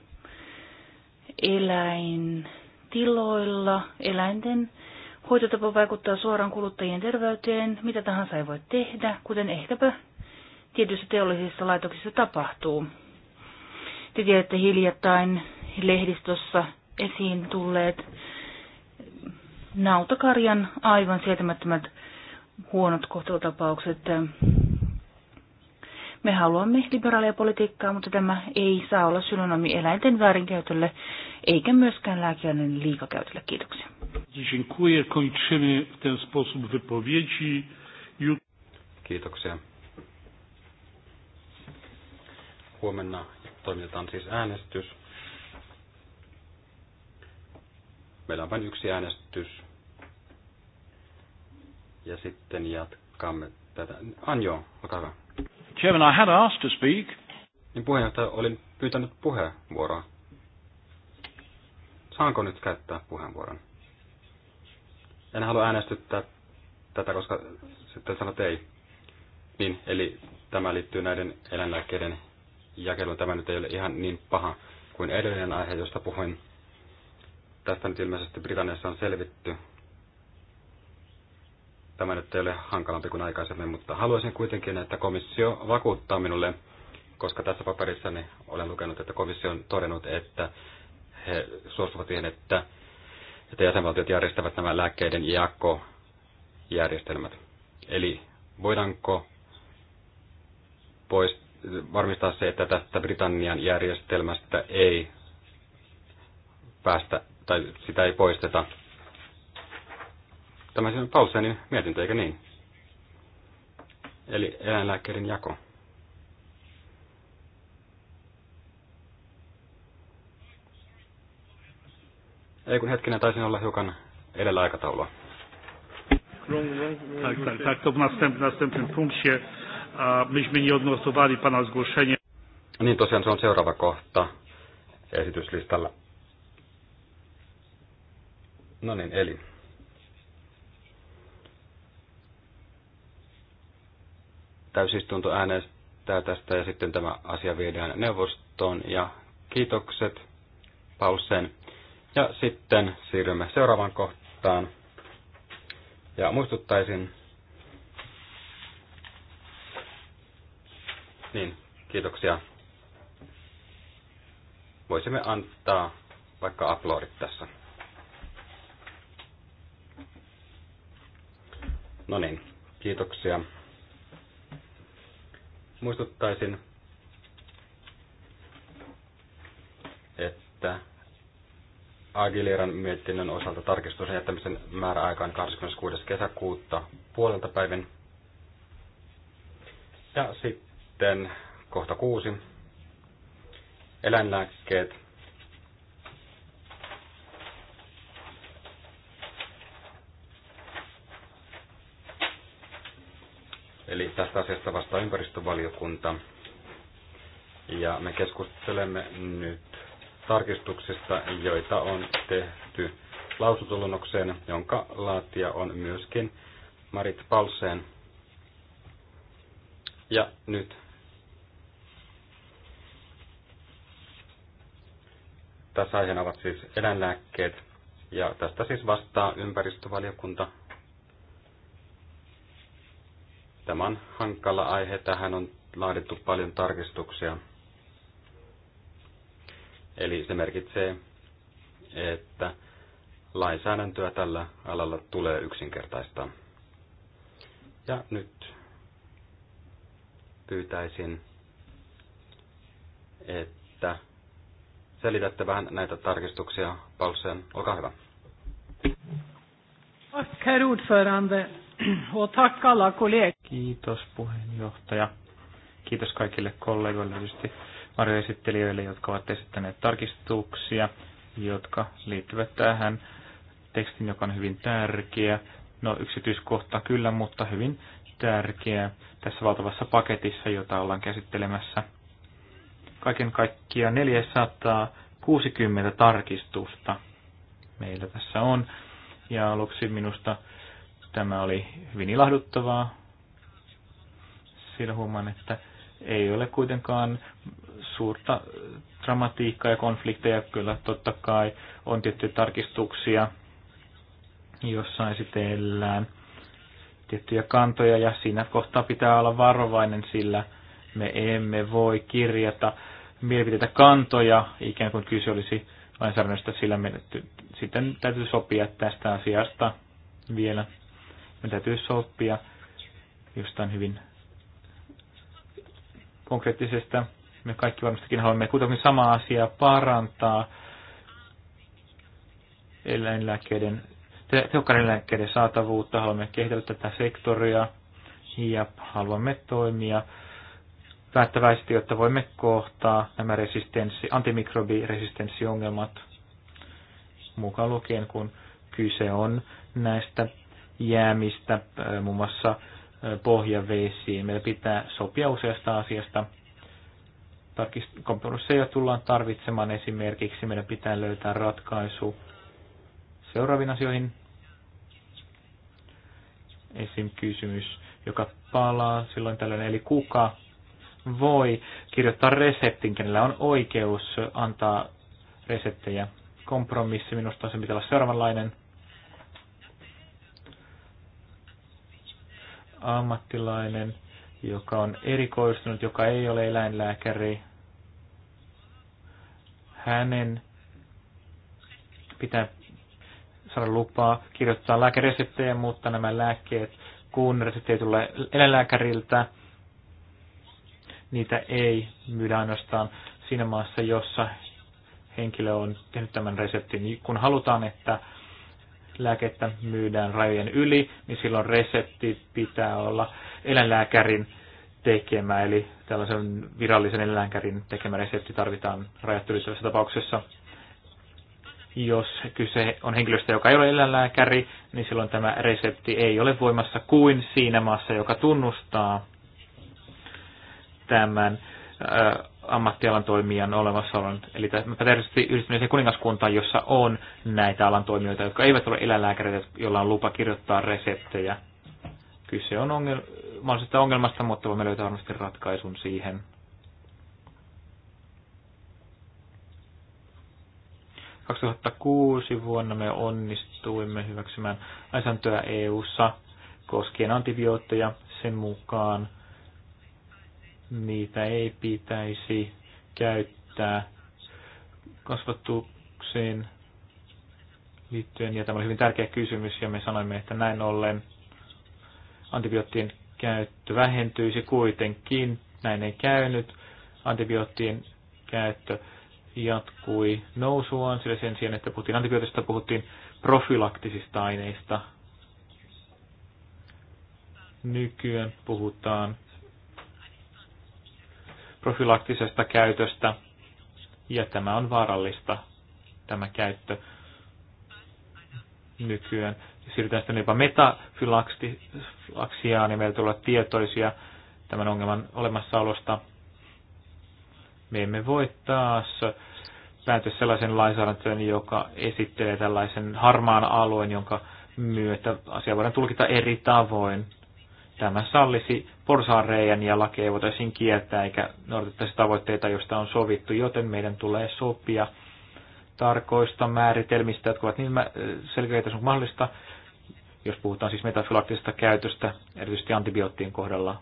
Eläin tiloilla eläinten hoitotapa vaikuttaa suoraan kuluttajien terveyteen, mitä tahansa ei voi tehdä, kuten ehkäpä tietyissä teollisissa laitoksissa tapahtuu. Te tiedätte hiljattain lehdistössä esiin tulleet nautakarjan aivan sietämättömät huonot kohtelutapaukset me haluamme liberaalia politiikkaa, mutta tämä ei saa olla synonymi eläinten väärinkäytölle eikä myöskään lääkeaineen liikakäytölle. Kiitoksia. Kiitoksia. Huomenna toimitetaan siis äänestys. Meillä on vain yksi äänestys. Ja sitten jatkamme tätä. Anjo, olkaa hyvä. Chairman, I had asked to speak. Niin puheenjohtaja, olin pyytänyt puheenvuoroa. Saanko nyt käyttää puheenvuoron? En halua äänestyttää tätä, koska sitten sanot ei. Niin, eli tämä liittyy näiden eläinlääkkeiden jakeluun. Tämä nyt ei ole ihan niin paha kuin edellinen aihe, josta puhuin. Tästä nyt ilmeisesti Britanniassa on selvitty Tämä nyt ei ole hankalampi kuin aikaisemmin, mutta haluaisin kuitenkin, että komissio vakuuttaa minulle, koska tässä paperissani olen lukenut, että komissio on todennut, että he suostuvat siihen, että, että jäsenvaltiot järjestävät nämä lääkkeiden jakojärjestelmät. Eli voidaanko pois, varmistaa se, että tästä Britannian järjestelmästä ei päästä, tai sitä ei poisteta, Tämä on Paulsenin mietintö, eikö niin? Eli eläinlääkärin jako. Ei kun hetkinen, taisin olla hiukan edellä aikataulua. Niin tosiaan se on seuraava kohta esityslistalla. No niin, eli täysistunto äänestää tästä ja sitten tämä asia viedään neuvostoon. Ja kiitokset Paulsen. Ja sitten siirrymme seuraavaan kohtaan. Ja muistuttaisin, niin, kiitoksia. Voisimme antaa vaikka aplodit tässä. No niin, kiitoksia. Muistuttaisin, että agiliran mietinnön osalta tarkistuksen jättämisen määräaika on 26. kesäkuuta puolelta päivin. Ja sitten kohta kuusi. Eläinlääkkeet Eli tästä asiasta vastaa ympäristövaliokunta. Ja me keskustelemme nyt tarkistuksista, joita on tehty lausuntolunnokseen, jonka laatija on myöskin Marit Palseen. Ja nyt tässä aiheena ovat siis eläinlääkkeet, ja tästä siis vastaa ympäristövaliokunta Tämä on hankala aihe. Tähän on laadittu paljon tarkistuksia. Eli se merkitsee, että lainsäädäntöä tällä alalla tulee yksinkertaistaa. Ja nyt pyytäisin, että selitätte vähän näitä tarkistuksia. Paulsen, olkaa hyvä. Tack herr ordförande och tack alla kollegor. Kiitos puheenjohtaja. Kiitos kaikille kollegoille, tietysti varjoesittelijöille, jotka ovat esittäneet tarkistuksia, jotka liittyvät tähän tekstin, joka on hyvin tärkeä. No yksityiskohta kyllä, mutta hyvin tärkeä tässä valtavassa paketissa, jota ollaan käsittelemässä. Kaiken kaikkiaan 460 tarkistusta meillä tässä on. Ja aluksi minusta tämä oli hyvin ilahduttavaa, Siinä huomaan, että ei ole kuitenkaan suurta dramatiikkaa ja konflikteja. Kyllä totta kai on tiettyjä tarkistuksia, jossa esitellään tiettyjä kantoja ja siinä kohtaa pitää olla varovainen, sillä me emme voi kirjata mielipiteitä kantoja, ikään kuin kyse olisi lainsäädännöstä sillä menetty. Sitten täytyy sopia tästä asiasta vielä. Me täytyy sopia jostain hyvin konkreettisesta. Me kaikki varmastikin haluamme kuitenkin samaa asiaa parantaa eläinlääkkeiden, te, tehokkaiden eläinlääkkeiden saatavuutta, haluamme kehitellä tätä sektoria ja haluamme toimia päättäväisesti, jotta voimme kohtaa nämä resistenssi, antimikrobiresistenssiongelmat mukaan lukien, kun kyse on näistä jäämistä, äh, muun muassa pohjavesiin. Meillä pitää sopia useasta asiasta. Kompromisseja tullaan tarvitsemaan esimerkiksi. Meidän pitää löytää ratkaisu seuraaviin asioihin. Esim. kysymys, joka palaa silloin tällöin, eli kuka voi kirjoittaa reseptin, kenellä on oikeus antaa reseptejä. Kompromissi minusta on se, pitää olla seuraavanlainen – ammattilainen, joka on erikoistunut, joka ei ole eläinlääkäri, hänen pitää saada lupaa kirjoittaa lääkereseptejä, mutta nämä lääkkeet, kun resepti ei tule eläinlääkäriltä, niitä ei myydä ainoastaan siinä maassa, jossa henkilö on tehnyt tämän reseptin. Kun halutaan, että lääkettä myydään rajojen yli, niin silloin resepti pitää olla eläinlääkärin tekemä, eli tällaisen virallisen eläinlääkärin tekemä resepti tarvitaan rajat ylittävässä tapauksessa. Jos kyse on henkilöstä, joka ei ole eläinlääkäri, niin silloin tämä resepti ei ole voimassa kuin siinä maassa, joka tunnustaa tämän Äh, ammattialan toimijan olemassaolon. Eli mä tietysti yhdistyneeseen kuningaskuntaan, jossa on näitä alan toimijoita, jotka eivät ole eläinlääkäreitä, joilla on lupa kirjoittaa reseptejä. Kyse on ongel- mahdollisesta ongelmasta, mutta voimme löytää varmasti ratkaisun siihen. kuusi vuonna me onnistuimme hyväksymään lainsäädäntöä EU-ssa koskien antibiootteja sen mukaan niitä ei pitäisi käyttää kasvatukseen liittyen, ja tämä oli hyvin tärkeä kysymys, ja me sanoimme, että näin ollen antibioottien käyttö vähentyisi kuitenkin. Näin ei käynyt. Antibioottien käyttö jatkui nousuaan, sillä sen sijaan, että puhuttiin antibiootista, puhuttiin profilaktisista aineista. Nykyään puhutaan profilaktisesta käytöstä, ja tämä on vaarallista, tämä käyttö nykyään. Siirrytään sitten jopa metafylaksiaan, niin meillä tulee tietoisia tämän ongelman olemassaolosta. Me emme voi taas päätyä sellaisen lainsäädäntöön, joka esittelee tällaisen harmaan alueen, jonka myötä asia voidaan tulkita eri tavoin. Tämä sallisi porsaanreijän ja lakeja voitaisiin kieltää eikä noudattaisi tavoitteita, joista on sovittu, joten meidän tulee sopia tarkoista määritelmistä, jotka ovat niin selkeitä kuin mahdollista, jos puhutaan siis metafylaktisesta käytöstä, erityisesti antibioottien kohdalla.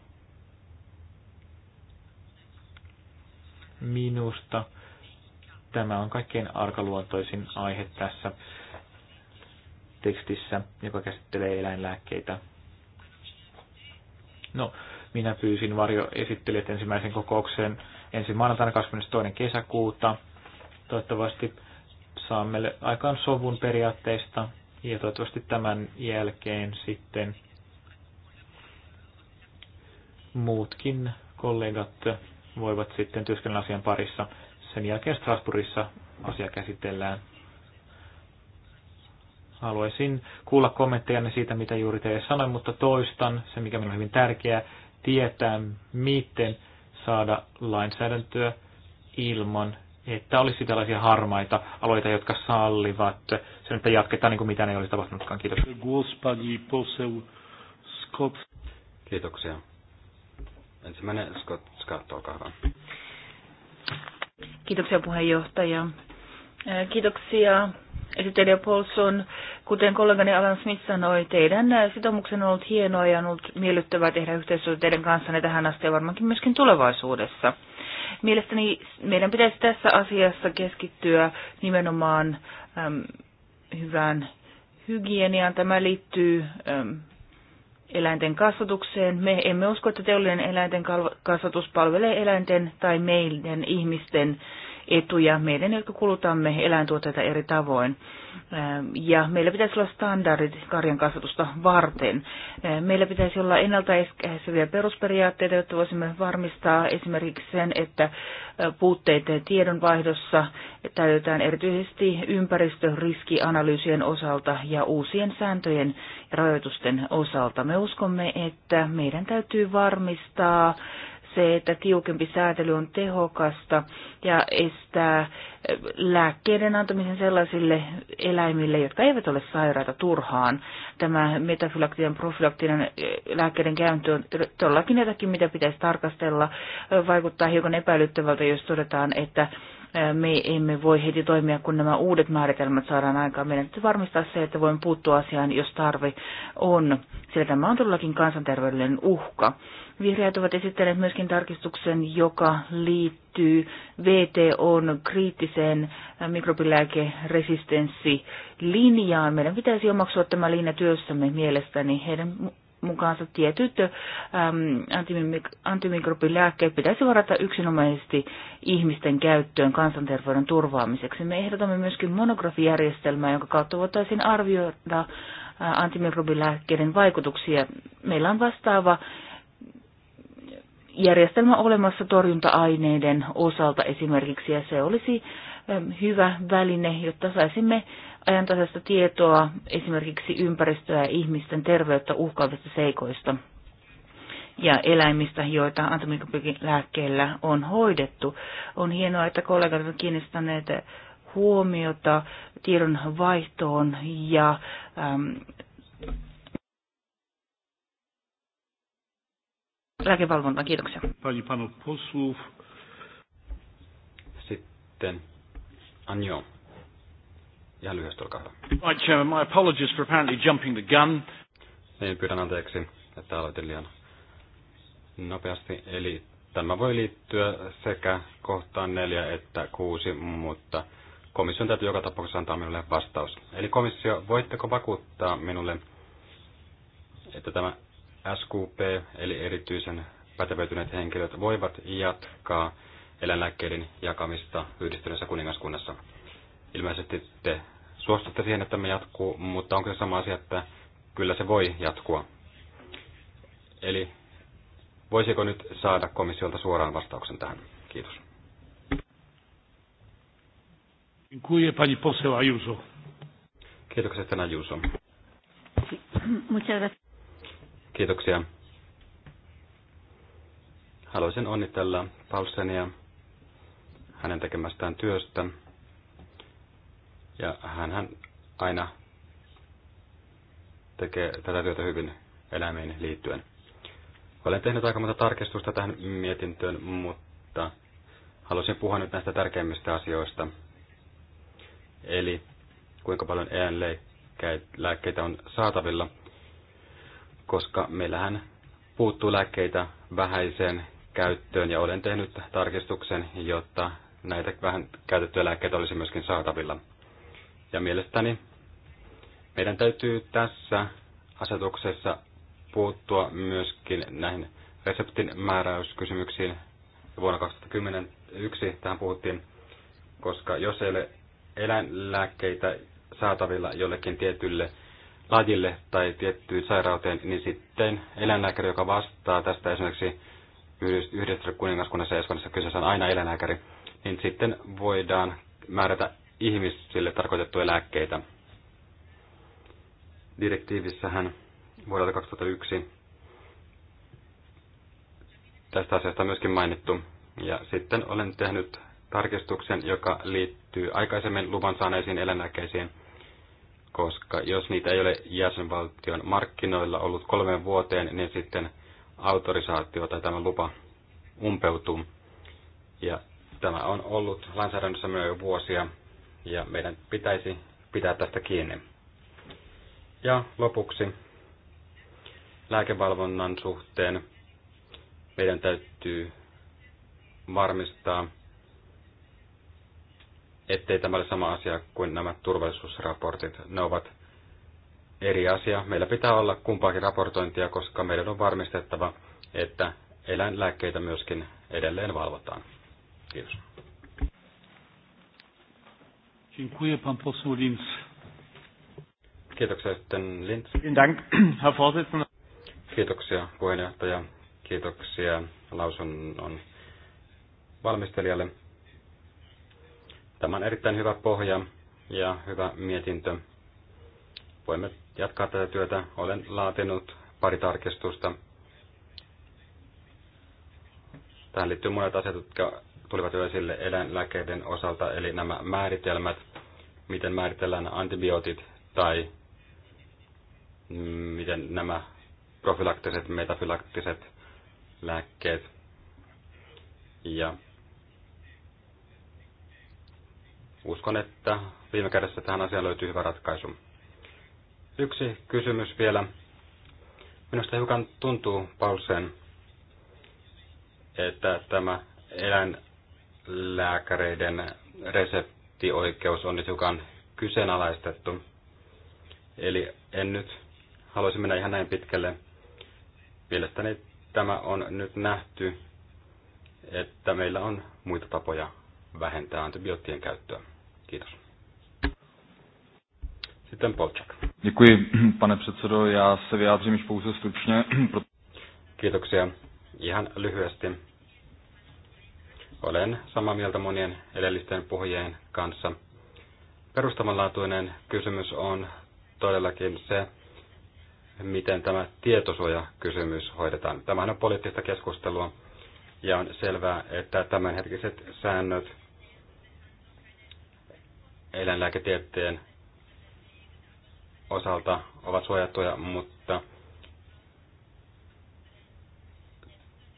Minusta tämä on kaikkein arkaluontoisin aihe tässä tekstissä, joka käsittelee eläinlääkkeitä. No, minä pyysin varjo esittelijät ensimmäisen kokouksen ensi maanantaina 22. kesäkuuta. Toivottavasti saamme aikaan sovun periaatteista ja toivottavasti tämän jälkeen sitten muutkin kollegat voivat sitten työskennellä asian parissa. Sen jälkeen Strasbourgissa asia käsitellään Haluaisin kuulla kommenttejanne siitä, mitä juuri teille sanoin, mutta toistan se, mikä minulle on hyvin tärkeää, tietää, miten saada lainsäädäntöä ilman, että olisi tällaisia harmaita aloita, jotka sallivat sen, että jatketaan niin kuin mitään ei olisi tapahtunutkaan. Kiitos. Kiitoksia. Ensimmäinen Scott, Scott olkaa hyvä. Kiitoksia puheenjohtaja. Kiitoksia esittelijä Paulson, kuten kollegani Alan Smith sanoi, teidän sitoumuksen on ollut hienoa ja on ollut miellyttävää tehdä yhteistyötä teidän kanssanne tähän asti ja varmaankin myöskin tulevaisuudessa. Mielestäni meidän pitäisi tässä asiassa keskittyä nimenomaan äm, hyvään hygieniaan. Tämä liittyy äm, eläinten kasvatukseen. Me emme usko, että teollinen eläinten kasvatus palvelee eläinten tai meidän ihmisten äh, etuja meidän, jotka kulutamme eläintuotteita eri tavoin. Ja meillä pitäisi olla standardit karjan kasvatusta varten. Meillä pitäisi olla ennaltaehkäiseviä perusperiaatteita, jotta voisimme varmistaa esimerkiksi sen, että puutteet tiedonvaihdossa täytetään erityisesti ympäristöriskianalyysien osalta ja uusien sääntöjen ja rajoitusten osalta. Me uskomme, että meidän täytyy varmistaa se, että tiukempi säätely on tehokasta ja estää lääkkeiden antamisen sellaisille eläimille, jotka eivät ole sairaita turhaan. Tämä metafylaktinen profilaktinen eh, lääkkeiden käyntö on todellakin jotakin, mitä pitäisi tarkastella. Vaikuttaa hiukan epäilyttävältä, jos todetaan, että eh, me emme voi heti toimia, kun nämä uudet määritelmät saadaan aikaan. Meidän täytyy varmistaa se, että voimme puuttua asiaan, jos tarve on, sillä tämä on todellakin kansanterveydellinen uhka. Vihreät ovat esittäneet myöskin tarkistuksen, joka liittyy VTOn kriittiseen äh, mikrobilääkeresistenssilinjaan. Meidän pitäisi omaksua tämä linja työssämme mielestäni. Heidän mukaansa tietyt äm, antimikrobilääkkeet pitäisi varata yksinomaisesti ihmisten käyttöön kansanterveyden turvaamiseksi. Me ehdotamme myöskin monografijärjestelmää, jonka kautta voitaisiin arvioida antimikrobilääkkeiden vaikutuksia. Meillä on vastaava järjestelmä olemassa torjunta-aineiden osalta esimerkiksi, ja se olisi ähm, hyvä väline, jotta saisimme ajantasaista tietoa esimerkiksi ympäristöä ja ihmisten terveyttä uhkaavista seikoista ja eläimistä, joita antimikrobilääkkeillä on hoidettu. On hienoa, että kollegat ovat kiinnostaneet huomiota tiedon vaihtoon ja ähm, lääkevalvontaan. Kiitoksia. Pani panu posluv. Sitten Anjo. Ihan lyhyesti, olkaa hyvä. Right, Chairman, my apologies for apparently jumping the gun. Niin, pyydän anteeksi, että aloitin liian nopeasti. Eli tämä voi liittyä sekä kohtaan neljä että kuusi, mutta komission täytyy joka tapauksessa antaa minulle vastaus. Eli komissio, voitteko vakuuttaa minulle, että tämä SQP, eli erityisen pätevöityneet henkilöt, voivat jatkaa eläinlääkkeiden jakamista yhdistyneessä kuningaskunnassa. Ilmeisesti te suostutte siihen, että me jatkuu, mutta onko se sama asia, että kyllä se voi jatkua? Eli voisiko nyt saada komissiolta suoraan vastauksen tähän? Kiitos. Dziękuję pani poseł Ajuso. Kiitokset tänä Muchas gracias. Kiitoksia. Haluaisin onnitella Paulsenia hänen tekemästään työstä. Ja hän aina tekee tätä työtä hyvin eläimiin liittyen. Olen tehnyt aika monta tarkistusta tähän mietintöön, mutta haluaisin puhua nyt näistä tärkeimmistä asioista. Eli kuinka paljon eläinlääkkeitä on saatavilla koska meillähän puuttuu lääkkeitä vähäiseen käyttöön ja olen tehnyt tarkistuksen, jotta näitä vähän käytettyjä lääkkeitä olisi myöskin saatavilla. Ja mielestäni meidän täytyy tässä asetuksessa puuttua myöskin näihin reseptin määräyskysymyksiin. Vuonna 2011 tähän puhuttiin, koska jos ei ole eläinlääkkeitä saatavilla jollekin tietylle lajille tai tiettyyn sairauteen, niin sitten eläinlääkäri, joka vastaa tästä esimerkiksi yhdessä kuningaskunnassa ja Espanjassa kyseessä on aina eläinlääkäri, niin sitten voidaan määrätä ihmisille tarkoitettuja lääkkeitä. Direktiivissähän vuodelta 2001 tästä asiasta on myöskin mainittu. Ja sitten olen tehnyt tarkistuksen, joka liittyy aikaisemmin luvan saaneisiin eläinlääkkeisiin – koska jos niitä ei ole jäsenvaltion markkinoilla ollut kolmeen vuoteen, niin sitten autorisaatio tai tämä lupa umpeutuu. Ja tämä on ollut lainsäädännössä jo vuosia, ja meidän pitäisi pitää tästä kiinni. Ja lopuksi lääkevalvonnan suhteen meidän täytyy varmistaa, ettei tämä ole sama asia kuin nämä turvallisuusraportit. Ne ovat eri asia. Meillä pitää olla kumpaakin raportointia, koska meidän on varmistettava, että eläinlääkkeitä myöskin edelleen valvotaan. Kiitos. Kiitoksia sitten Linz. Kiitoksia puheenjohtaja. Kiitoksia lausunnon valmistelijalle. Tämä on erittäin hyvä pohja ja hyvä mietintö. Voimme jatkaa tätä työtä. Olen laatinut pari tarkistusta. Tähän liittyy monet asiat, jotka tulivat jo esille eläinlääkeiden osalta, eli nämä määritelmät, miten määritellään antibiootit tai miten nämä profylaktiset, metafylaktiset lääkkeet ja uskon, että viime kädessä tähän asiaan löytyy hyvä ratkaisu. Yksi kysymys vielä. Minusta hiukan tuntuu, Paulsen, että tämä eläinlääkäreiden reseptioikeus on nyt hiukan kyseenalaistettu. Eli en nyt haluaisi mennä ihan näin pitkälle. Mielestäni tämä on nyt nähty, että meillä on muita tapoja vähentää antibioottien käyttöä. Kiitos. Sitten Polčak. Děkuji, pane předsedo. Já se vyjádřím již pouze stručně. Kiitoksia. Ihan lyhyesti. Olen samaa mieltä monien edellisten puhujien kanssa. Perustavanlaatuinen kysymys on todellakin se, miten tämä tietosuojakysymys hoidetaan. Tämähän on poliittista keskustelua ja on selvää, että tämänhetkiset säännöt – eläinlääketieteen osalta ovat suojattuja, mutta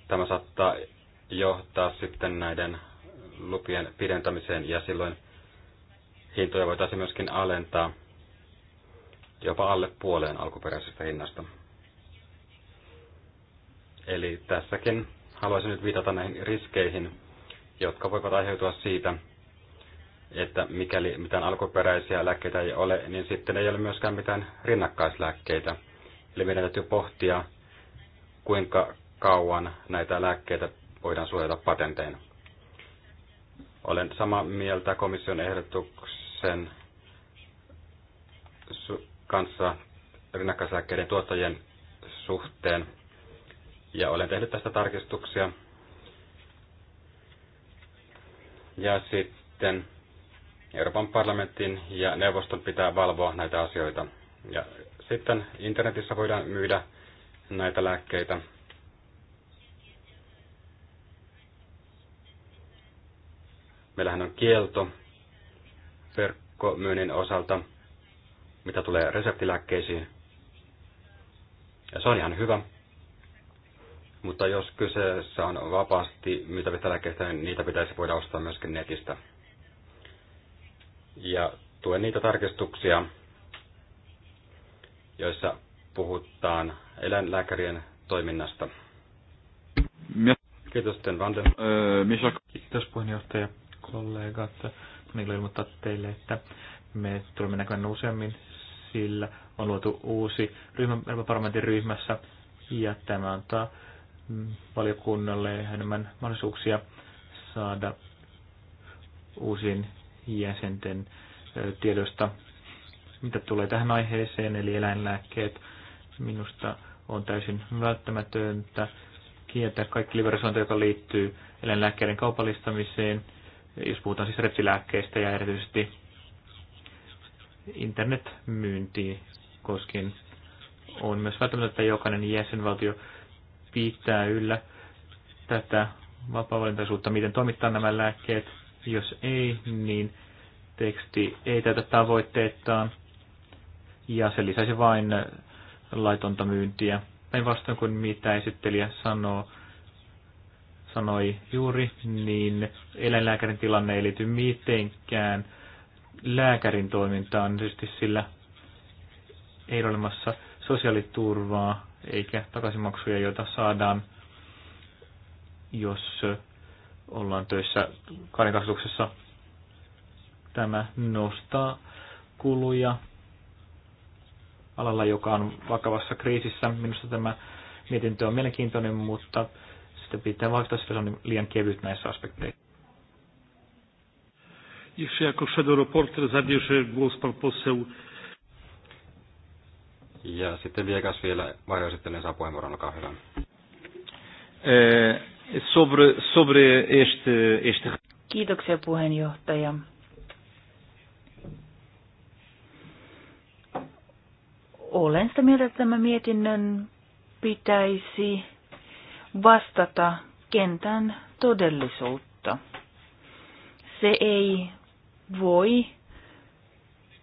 tämä saattaa johtaa sitten näiden lupien pidentämiseen ja silloin hintoja voitaisiin myöskin alentaa jopa alle puoleen alkuperäisestä hinnasta. Eli tässäkin haluaisin nyt viitata näihin riskeihin, jotka voivat aiheutua siitä, että mikäli mitään alkuperäisiä lääkkeitä ei ole, niin sitten ei ole myöskään mitään rinnakkaislääkkeitä. Eli meidän täytyy pohtia, kuinka kauan näitä lääkkeitä voidaan suojata patenteina. Olen samaa mieltä komission ehdotuksen kanssa rinnakkaislääkkeiden tuottajien suhteen. Ja olen tehnyt tästä tarkistuksia. Ja sitten Euroopan parlamentin ja neuvoston pitää valvoa näitä asioita. Ja sitten internetissä voidaan myydä näitä lääkkeitä. Meillähän on kielto verkkomyynnin osalta, mitä tulee reseptilääkkeisiin. Ja se on ihan hyvä. Mutta jos kyseessä on vapaasti myytävistä lääkkeistä, niin niitä pitäisi voida ostaa myöskin netistä ja tuen niitä tarkistuksia, joissa puhutaan eläinlääkärien toiminnasta. Kiitos, Sten Vanden. Kiitos puheenjohtaja, kollegat. Niillä ilmoittaa teille, että me tulemme näkemään useammin, sillä on luotu uusi ryhmä, parlamentin ryhmässä, ja tämä antaa mm, valiokunnalle enemmän mahdollisuuksia saada uusiin jäsenten tiedosta, Mitä tulee tähän aiheeseen, eli eläinlääkkeet, minusta on täysin välttämätöntä kieltää kaikki liberalisointi, joka liittyy eläinlääkkeiden kaupallistamiseen, jos puhutaan siis reptilääkkeistä ja erityisesti internetmyyntiin koskien on myös välttämätöntä, että jokainen jäsenvaltio pitää yllä tätä vapaa miten toimittaa nämä lääkkeet jos ei, niin teksti ei täytä tavoitteettaan ja se lisäisi vain laitonta myyntiä. Päinvastoin kuin mitä esittelijä sanoo, sanoi juuri, niin eläinlääkärin tilanne ei liity mitenkään lääkärin toimintaan, tietysti sillä ei ole olemassa sosiaaliturvaa eikä takaisinmaksuja, joita saadaan, jos ollaan töissä kanikasvatuksessa. Tämä nostaa kuluja alalla, joka on vakavassa kriisissä. Minusta tämä mietintö on mielenkiintoinen, mutta sitä pitää vahvistaa, sillä se on liian kevyt näissä aspekteissa. Jeszcze jako reporter zabierze głos pan poseł. Ja sitten Viekas vielä varjoesittelijän saa puheenvuoron, olkaa hyvä. Eh, sobre, sobre este, este... Kiitoksia puheenjohtaja. Olen sitä mieltä, että tämä mietinnön pitäisi vastata kentän todellisuutta. Se ei voi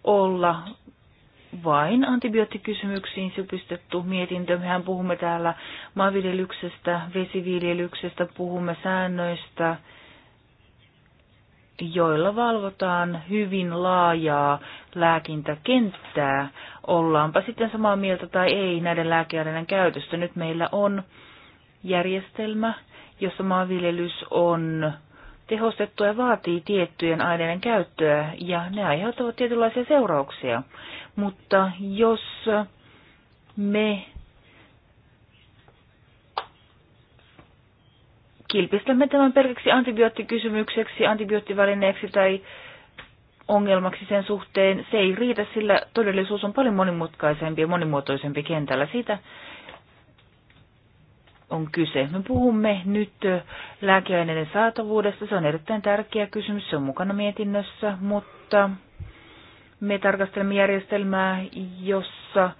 olla vain antibioottikysymyksiin supistettu mietintö. Mehän puhumme täällä maanviljelyksestä, vesiviljelyksestä, puhumme säännöistä, joilla valvotaan hyvin laajaa lääkintäkenttää. Ollaanpa sitten samaa mieltä tai ei näiden lääkeaineiden käytöstä. Nyt meillä on järjestelmä, jossa maanviljelys on tehostettua ja vaatii tiettyjen aineiden käyttöä ja ne aiheuttavat tietynlaisia seurauksia. Mutta jos me kilpistämme tämän pelkäksi antibioottikysymykseksi, antibioottivälineeksi tai ongelmaksi sen suhteen, se ei riitä, sillä todellisuus on paljon monimutkaisempi ja monimuotoisempi kentällä. Siitä on kyse. Me puhumme nyt lääkeaineiden saatavuudesta. Se on erittäin tärkeä kysymys, se on mukana mietinnössä, mutta me tarkastelemme järjestelmää, jossa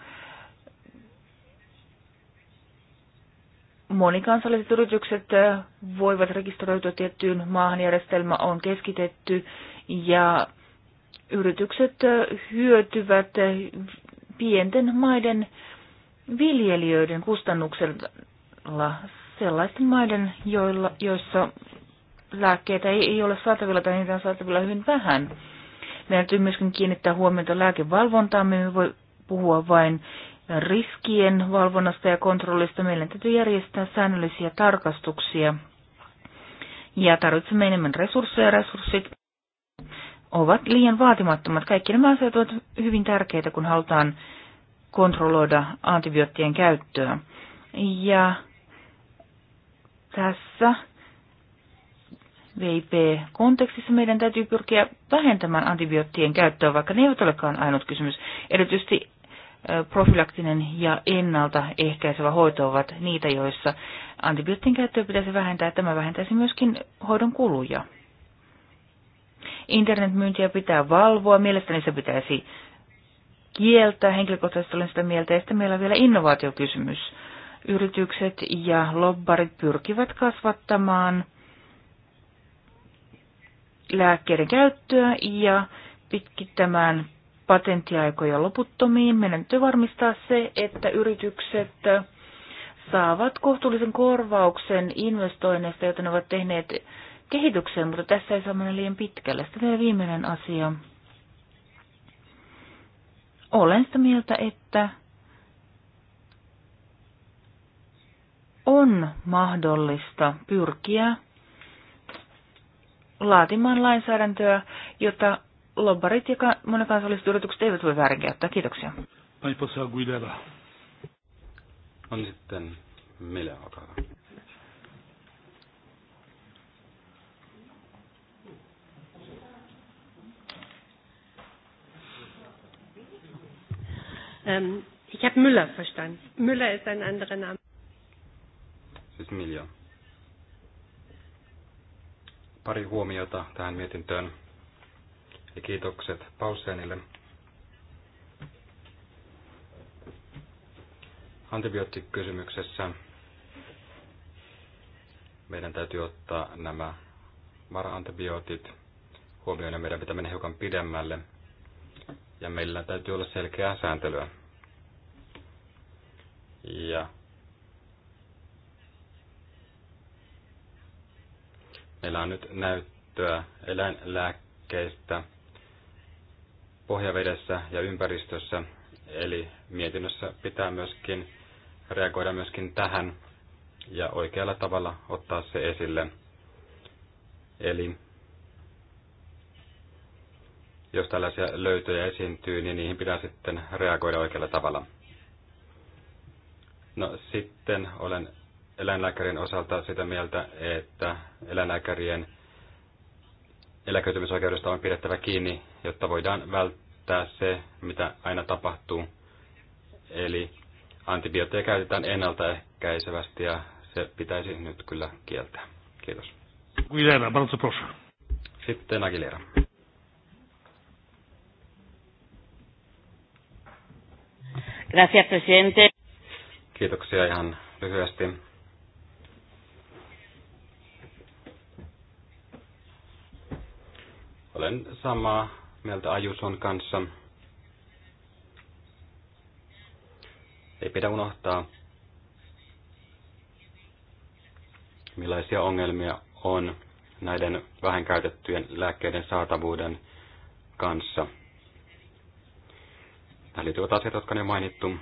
monikansalliset yritykset voivat rekisteröityä tiettyyn maahan. Järjestelmä on keskitetty ja yritykset hyötyvät pienten maiden viljelijöiden kustannukselta olla sellaisten maiden, joilla, joissa lääkkeitä ei, ei ole saatavilla tai niitä on saatavilla hyvin vähän. Meidän täytyy myöskin kiinnittää huomiota lääkevalvontaan. Me voi puhua vain riskien valvonnasta ja kontrollista. Meidän täytyy järjestää säännöllisiä tarkastuksia ja tarvitsemme enemmän resursseja. Resurssit ovat liian vaatimattomat. Kaikki nämä asiat ovat hyvin tärkeitä, kun halutaan kontrolloida antibioottien käyttöä. Ja tässä VIP-kontekstissa meidän täytyy pyrkiä vähentämään antibioottien käyttöä, vaikka ne eivät olekaan ainut kysymys. Erityisesti profilaktinen ja ennaltaehkäisevä hoito ovat niitä, joissa antibioottien käyttöä pitäisi vähentää. Tämä vähentäisi myöskin hoidon kuluja. Internetmyyntiä pitää valvoa. Mielestäni se pitäisi kieltää. Henkilökohtaisesti olen sitä mieltä. Ja sitten meillä on vielä innovaatiokysymys yritykset ja lobbarit pyrkivät kasvattamaan lääkkeiden käyttöä ja pitkittämään patenttiaikoja loputtomiin. Meidän täytyy varmistaa se, että yritykset saavat kohtuullisen korvauksen investoinneista, joita ne ovat tehneet kehitykseen, mutta tässä ei saa mennä liian pitkälle. Sitten vielä viimeinen asia. Olen sitä mieltä, että on mahdollista pyrkiä laatimaan lainsäädäntöä, jota lobbarit ja monikansalliset yritykset eivät voi väärinkäyttää. Kiitoksia. On sitten Mille, olkaa ähm, ich habe Müller verstanden. Müller ist ein anderer Name siis miljoona. Pari huomiota tähän mietintöön. Ja kiitokset Pausseenille. Antibioottikysymyksessä meidän täytyy ottaa nämä vara-antibiootit huomioon ja meidän pitää mennä hiukan pidemmälle. Ja meillä täytyy olla selkeää sääntelyä. Ja Meillä on nyt näyttöä eläinlääkkeistä pohjavedessä ja ympäristössä, eli mietinnössä pitää myöskin reagoida myöskin tähän ja oikealla tavalla ottaa se esille. Eli jos tällaisia löytöjä esiintyy, niin niihin pitää sitten reagoida oikealla tavalla. No sitten olen eläinlääkärin osalta sitä mieltä, että eläinlääkärien eläköitymisoikeudesta on pidettävä kiinni, jotta voidaan välttää se, mitä aina tapahtuu. Eli antibiootteja käytetään ennaltaehkäisevästi ja se pitäisi nyt kyllä kieltää. Kiitos. Sitten Aguilera. Gracias, presidente. Kiitoksia ihan lyhyesti. Olen samaa mieltä Ajuson kanssa. Ei pidä unohtaa, millaisia ongelmia on näiden vähän käytettyjen lääkkeiden saatavuuden kanssa. Tähän liittyvät asiat, jotka on jo mainittu,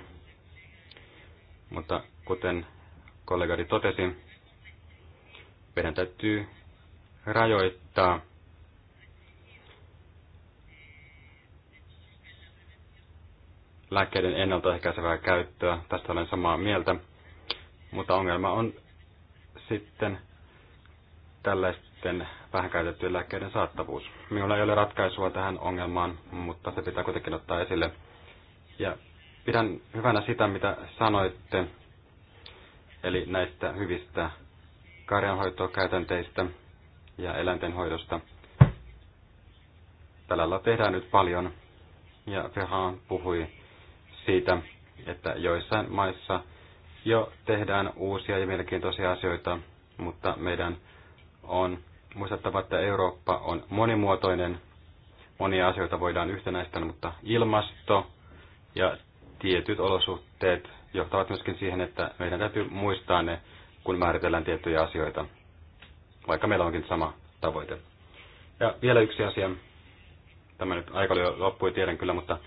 mutta kuten kollegani totesi, meidän täytyy rajoittaa lääkkeiden ennaltaehkäisevää käyttöä. Tästä olen samaa mieltä. Mutta ongelma on sitten tällaisten vähän käytettyjen lääkkeiden saattavuus. Minulla ei ole ratkaisua tähän ongelmaan, mutta se pitää kuitenkin ottaa esille. Ja pidän hyvänä sitä, mitä sanoitte, eli näistä hyvistä karjanhoitokäytänteistä ja eläintenhoidosta. Tällä tehdään nyt paljon, ja Fehan puhui siitä, että joissain maissa jo tehdään uusia ja mielenkiintoisia asioita, mutta meidän on muistettava, että Eurooppa on monimuotoinen. Monia asioita voidaan yhtenäistää, mutta ilmasto ja tietyt olosuhteet johtavat myöskin siihen, että meidän täytyy muistaa ne, kun määritellään tiettyjä asioita, vaikka meillä onkin sama tavoite. Ja vielä yksi asia. Tämä nyt aika loppui, tiedän kyllä, mutta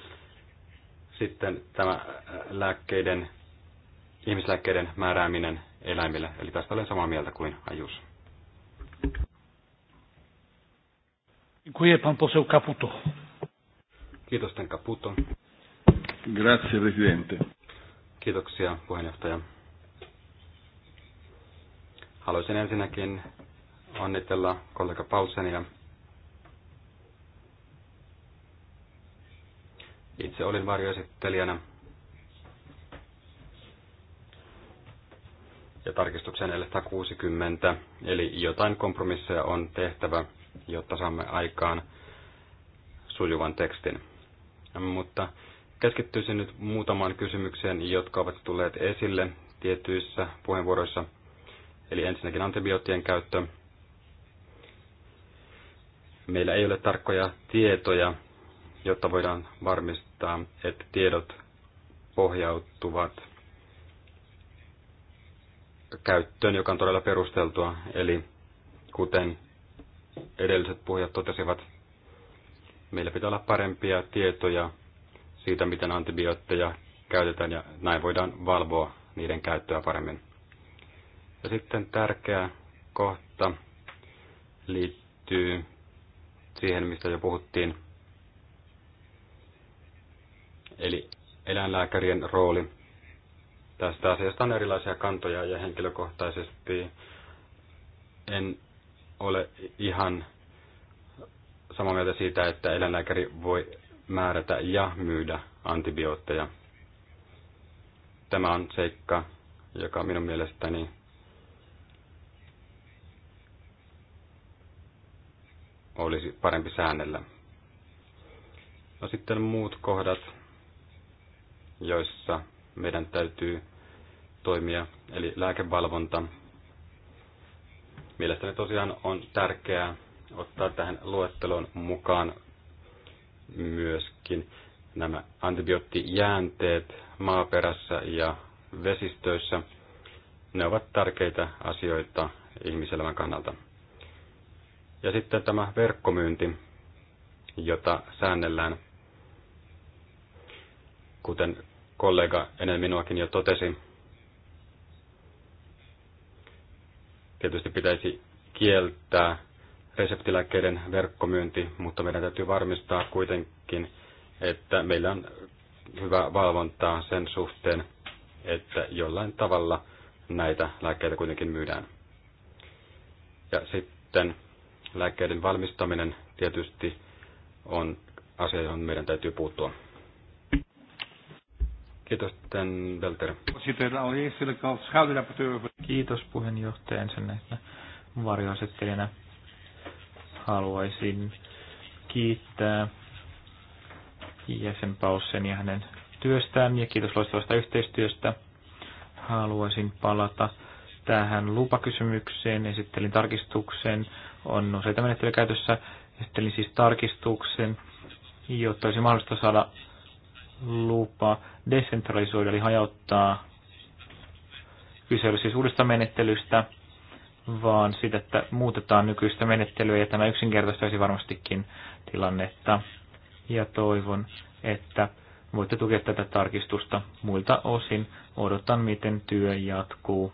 sitten tämä äh, lääkkeiden, ihmislääkkeiden määrääminen eläimille. Eli tästä olen samaa mieltä kuin Ajus. Kiitos, Tenka Puto. Grazie, Presidente. Kiitoksia, puheenjohtaja. Haluaisin ensinnäkin onnitella kollega Paulsenia Itse olin varjoesittelijänä. Ja tarkistuksen 460, eli jotain kompromisseja on tehtävä, jotta saamme aikaan sujuvan tekstin. Mutta keskittyisin nyt muutamaan kysymykseen, jotka ovat tulleet esille tietyissä puheenvuoroissa. Eli ensinnäkin antibioottien käyttö. Meillä ei ole tarkkoja tietoja jotta voidaan varmistaa, että tiedot pohjautuvat käyttöön, joka on todella perusteltua. Eli kuten edelliset puhujat totesivat, meillä pitää olla parempia tietoja siitä, miten antibiootteja käytetään ja näin voidaan valvoa niiden käyttöä paremmin. Ja sitten tärkeä kohta liittyy siihen, mistä jo puhuttiin, eli eläinlääkärien rooli. Tästä asiasta on erilaisia kantoja ja henkilökohtaisesti en ole ihan samaa mieltä siitä, että eläinlääkäri voi määrätä ja myydä antibiootteja. Tämä on seikka, joka minun mielestäni olisi parempi säännellä. No sitten muut kohdat joissa meidän täytyy toimia, eli lääkevalvonta. Mielestäni tosiaan on tärkeää ottaa tähän luetteloon mukaan myöskin nämä antibioottijäänteet maaperässä ja vesistöissä. Ne ovat tärkeitä asioita ihmiselämän kannalta. Ja sitten tämä verkkomyynti, jota säännellään. Kuten kollega ennen minuakin jo totesi, tietysti pitäisi kieltää reseptilääkkeiden verkkomyynti, mutta meidän täytyy varmistaa kuitenkin, että meillä on hyvä valvontaa sen suhteen, että jollain tavalla näitä lääkkeitä kuitenkin myydään. Ja sitten lääkkeiden valmistaminen tietysti on asia, johon meidän täytyy puuttua. Kiitos, Dan Belter. Kiitos puheenjohtaja ensinnäkin varjoasettelijana. Haluaisin kiittää jäsen Paussen ja hänen työstään ja kiitos loistavasta yhteistyöstä. Haluaisin palata tähän lupakysymykseen, esittelin tarkistuksen, on useita menettelyä käytössä, esittelin siis tarkistuksen, jotta olisi mahdollista saada lupa decentralisoida, eli hajauttaa. Kyse siis uudesta menettelystä, vaan siitä, että muutetaan nykyistä menettelyä ja tämä yksinkertaistaisi varmastikin tilannetta. Ja toivon, että voitte tukea tätä tarkistusta muilta osin. Odotan, miten työ jatkuu.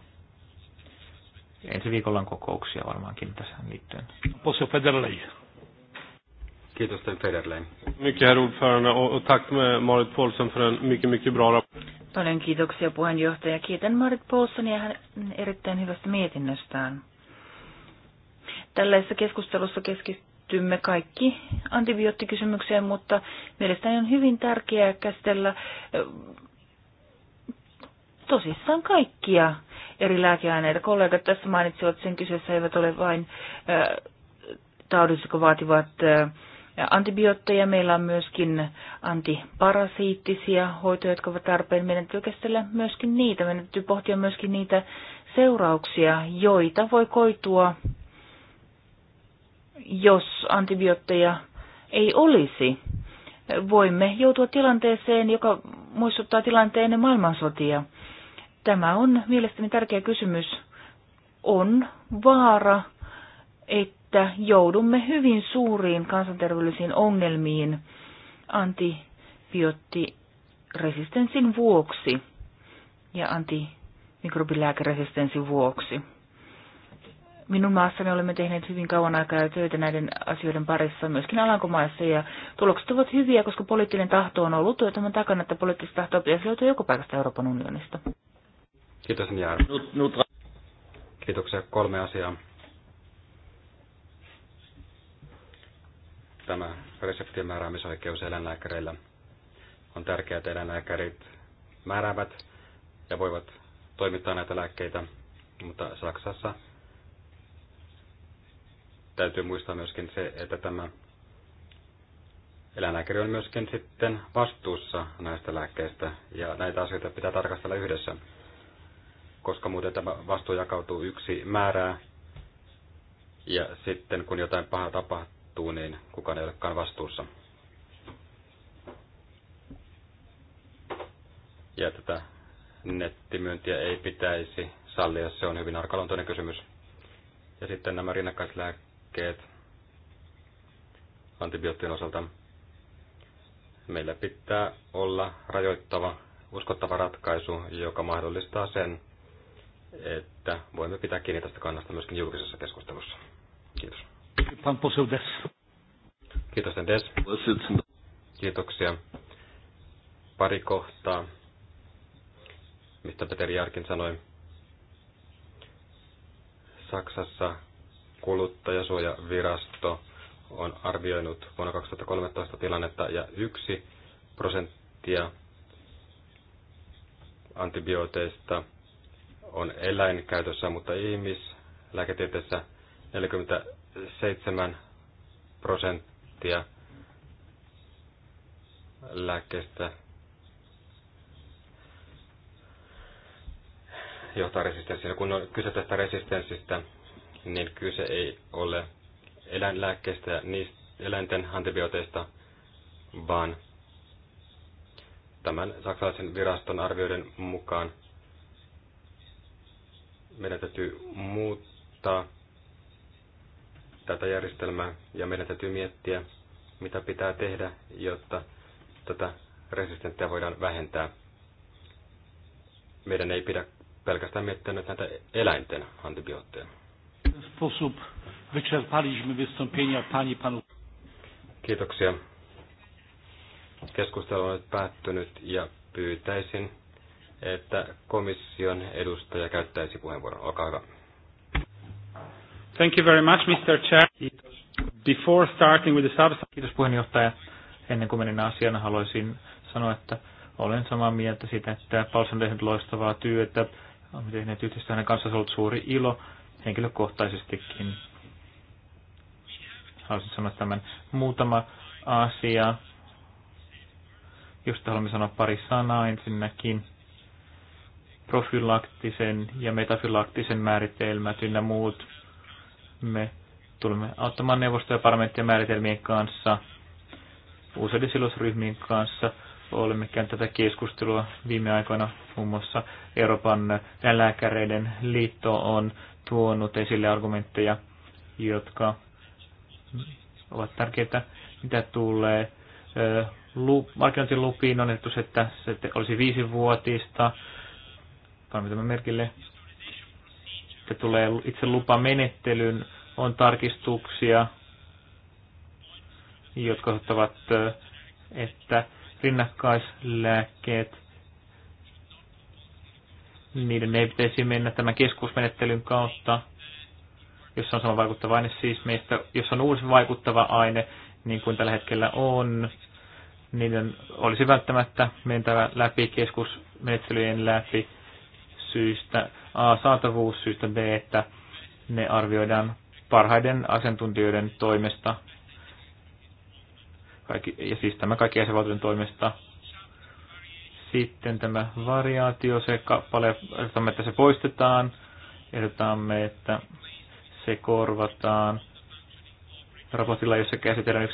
Ensi viikolla on kokouksia varmaankin tässä liittyen. Posso Kiitos teille Federlein. Mycket herr ordförande och tack Marit Paulsen för en mycket, mycket bra rapport. Paljon kiitoksia puheenjohtaja. Kiitän Marit Paulsen ja hän erittäin hyvästä mietinnöstään. Tällaisessa keskustelussa keskittymme kaikki antibioottikysymykseen, mutta mielestäni on hyvin tärkeää käsitellä tosissaan kaikkia eri lääkeaineita. Kollegat tässä mainitsivat sen kyseessä eivät ole vain taudissa vaativat antibiootteja, meillä on myöskin antiparasiittisia hoitoja, jotka ovat tarpeen. Meidän täytyy käsitellä myöskin niitä. Meidän täytyy pohtia myöskin niitä seurauksia, joita voi koitua, jos antibiootteja ei olisi. Voimme joutua tilanteeseen, joka muistuttaa tilanteen ennen maailmansotia. Tämä on mielestäni tärkeä kysymys. On vaara, että että joudumme hyvin suuriin kansanterveellisiin ongelmiin antibioottiresistenssin vuoksi ja antimikrobilääkeresistenssin vuoksi. Minun maassani olemme tehneet hyvin kauan aikaa ja töitä näiden asioiden parissa, myöskin Alankomaissa, ja tulokset ovat hyviä, koska poliittinen tahto on ollut jo tämän takana, että poliittista tahtoa pitäisi löytyä joko paikasta Euroopan unionista. Kiitos, Njaar. Kiitoksia. Kolme asiaa. tämä reseptien määräämisoikeus eläinlääkäreillä. On tärkeää, että eläinlääkärit määräävät ja voivat toimittaa näitä lääkkeitä, mutta Saksassa täytyy muistaa myöskin se, että tämä eläinlääkäri on myöskin sitten vastuussa näistä lääkkeistä ja näitä asioita pitää tarkastella yhdessä, koska muuten tämä vastuu jakautuu yksi määrää ja sitten kun jotain pahaa tapahtuu, sattuu, niin kukaan ei olekaan vastuussa. Ja tätä nettimyyntiä ei pitäisi sallia, se on hyvin arkaluontoinen kysymys. Ja sitten nämä rinnakkaislääkkeet antibioottien osalta. Meillä pitää olla rajoittava, uskottava ratkaisu, joka mahdollistaa sen, että voimme pitää kiinni tästä kannasta myöskin julkisessa keskustelussa. Kiitos. Pan poseł Des. Kiitos, Des. Kiitoksia. Pari kohtaa, mistä Peter Jarkin sanoi. Saksassa kuluttajasuojavirasto on arvioinut vuonna 2013 tilannetta ja yksi prosenttia antibiooteista on eläinkäytössä, mutta ihmislääketieteessä 40 7 prosenttia lääkkeestä johtaa resistenssiin. No, kun on kyse tästä resistenssistä, niin kyse ei ole eläinlääkkeistä ja niistä eläinten antibiooteista, vaan tämän saksalaisen viraston arvioiden mukaan meidän täytyy muuttaa tätä järjestelmää ja meidän täytyy miettiä, mitä pitää tehdä, jotta tätä resistenttiä voidaan vähentää. Meidän ei pidä pelkästään miettiä nyt näitä eläinten antibiootteja. Kiitoksia. Keskustelu on nyt päättynyt ja pyytäisin, että komission edustaja käyttäisi puheenvuoron. Olkaa hyvä. Thank you very much, Mr. Chair. Kiitos. Before starting with the substance. Kiitos puheenjohtaja. Ennen kuin menen asiaan, haluaisin sanoa, että olen samaa mieltä siitä, että Pauls on tehnyt loistavaa työtä. Olemme tehneet yhteistyötä hänen kanssaan, se on ollut suuri ilo henkilökohtaisestikin. Haluaisin sanoa tämän muutama asia, josta haluamme sanoa pari sanaa ensinnäkin. Profylaktisen ja metafylaktisen määritelmät ynnä muut me tulemme auttamaan neuvostoja parlamenttien määritelmien kanssa, useiden kanssa. Olemme käyneet tätä keskustelua viime aikoina muun muassa Euroopan lääkäreiden liitto on tuonut esille argumentteja, jotka ovat tärkeitä, mitä tulee markkinointilupiin on ehdotus, että se olisi viisivuotista. Panemme tämä merkille. Se tulee itse lupamenettelyn on tarkistuksia, jotka osoittavat, että rinnakkaislääkkeet, niiden ei pitäisi mennä tämän keskusmenettelyn kautta, jossa on sama vaikuttava aine siis meistä, jos on uusi vaikuttava aine, niin kuin tällä hetkellä on, niiden olisi välttämättä mentävä läpi keskusmenettelyjen läpi syystä A, syystä B, että ne arvioidaan parhaiden asiantuntijoiden toimesta. Kaikki, ja siis tämä kaikki jäsenvaltioiden toimesta. Sitten tämä variaatio, se kappale, ehdotamme, että se poistetaan. Ehdotamme, että se korvataan raportilla, jossa käsitellään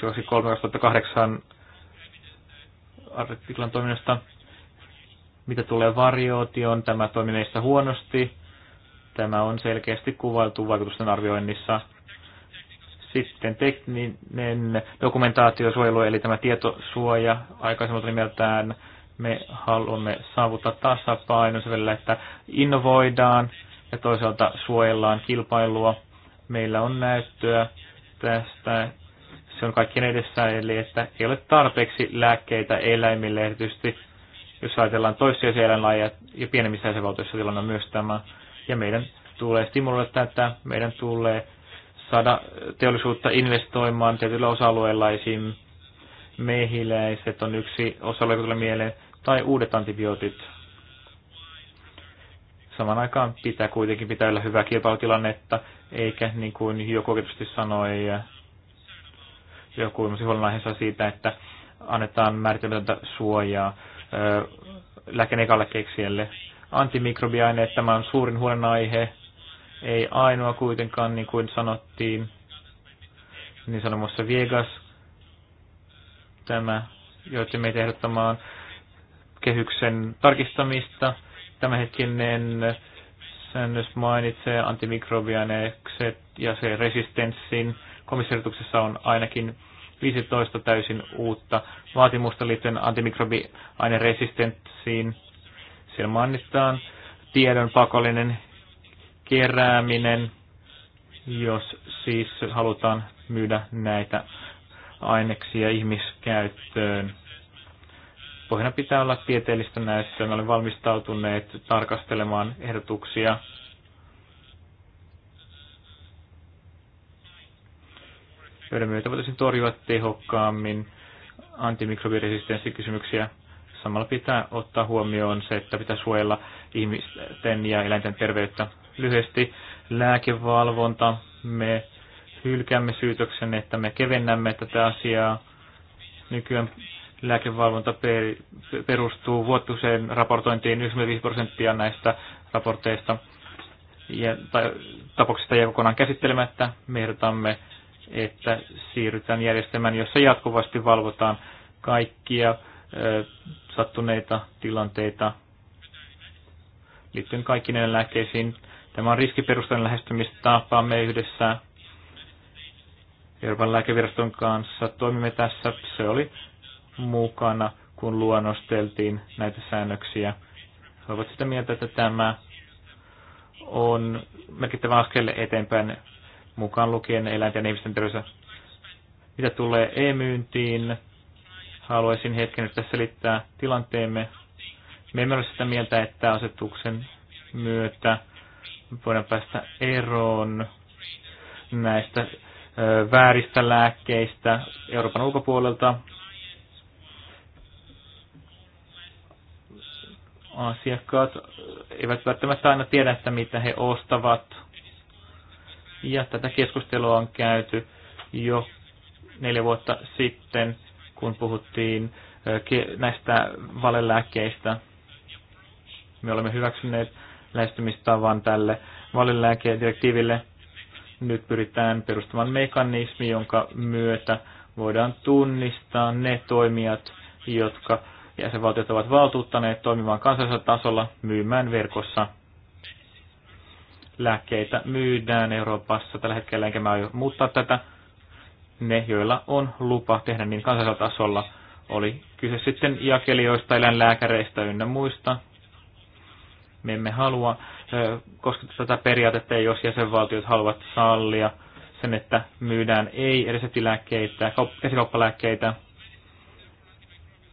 1.2.3.2008 artiklan toiminnasta. Mitä tulee variootioon, tämä toimii meistä huonosti. Tämä on selkeästi kuvailtu vaikutusten arvioinnissa. Sitten tekninen dokumentaatiosuojelu, eli tämä tietosuoja aikaisemmalta nimeltään. Me haluamme saavuttaa tasapainon välillä, että innovoidaan ja toisaalta suojellaan kilpailua. Meillä on näyttöä tästä. Se on kaikkien edessä, eli että ei ole tarpeeksi lääkkeitä eläimille erityisesti jos ajatellaan toissijaisia eläinlajeja ja pienemmissä jäsenvaltioissa tilanne on myös tämä ja meidän tulee stimuloida tätä, meidän tulee saada teollisuutta investoimaan tietyillä osa-alueilla, esim. mehiläiset on yksi osa-alue, joka tulee mieleen, tai uudet antibiootit. Saman aikaan pitää kuitenkin pitää yllä hyvää kilpailutilannetta, eikä niin kuin joku oikeasti sanoi, joku huolenaiheensa siitä, että annetaan määritelmätöntä suojaa lääkeen ekalle keksijälle antimikrobiaineet. Tämä on suurin huolenaihe, ei ainoa kuitenkaan, niin kuin sanottiin, niin sanomassa Viegas. Tämä joitte meitä ehdottamaan kehyksen tarkistamista. Tämänhetkinen säännös mainitsee antimikrobianeekset ja se resistenssin. Komissiotuksessa on ainakin 15 täysin uutta vaatimusta liittyen antimikrobiaineresistenssiin. Siellä mainitaan tiedon pakollinen kerääminen, jos siis halutaan myydä näitä aineksia ihmiskäyttöön. Pohjana pitää olla tieteellistä näyttöä. Me olemme valmistautuneet tarkastelemaan ehdotuksia joiden myötä voitaisiin torjua tehokkaammin antimikrobiresistenssikysymyksiä Samalla pitää ottaa huomioon se, että pitää suojella ihmisten ja eläinten terveyttä. Lyhyesti lääkevalvonta. Me hylkäämme syytöksen, että me kevennämme tätä asiaa. Nykyään lääkevalvonta perustuu vuotuiseen raportointiin 95 prosenttia näistä raporteista ja, tai, tapauksista jää kokonaan käsittelemättä. Me ehdotamme, että siirrytään järjestelmään, jossa jatkuvasti valvotaan kaikkia sattuneita tilanteita liittyen kaikkiin eläkkeisiin. Tämä on riskiperustainen lähestymistapa. Me yhdessä Euroopan lääkeviraston kanssa toimimme tässä. Se oli mukana, kun luonnosteltiin näitä säännöksiä. He ovat sitä mieltä, että tämä on merkittävä askel eteenpäin mukaan lukien eläinten ja ihmisten terveys. Mitä tulee e-myyntiin, haluaisin hetken nyt tässä selittää tilanteemme. Me emme ole sitä mieltä, että asetuksen myötä voidaan päästä eroon näistä vääristä lääkkeistä Euroopan ulkopuolelta. Asiakkaat eivät välttämättä aina tiedä, että mitä he ostavat. Ja tätä keskustelua on käyty jo neljä vuotta sitten kun puhuttiin näistä valelääkkeistä. Me olemme hyväksyneet lähestymistavan tälle valelääkedirektiiville. Nyt pyritään perustamaan mekanismi, jonka myötä voidaan tunnistaa ne toimijat, jotka jäsenvaltiot ovat valtuuttaneet toimimaan kansallisella tasolla myymään verkossa. Lääkkeitä myydään Euroopassa tällä hetkellä, enkä mä aio muuttaa tätä ne, joilla on lupa tehdä niin kansallisella tasolla, oli kyse sitten jakelijoista, eläinlääkäreistä ynnä muista. Me emme halua, koska tätä periaatetta ei, jos jäsenvaltiot haluavat sallia sen, että myydään ei-reseptilääkkeitä, käsikauppalääkkeitä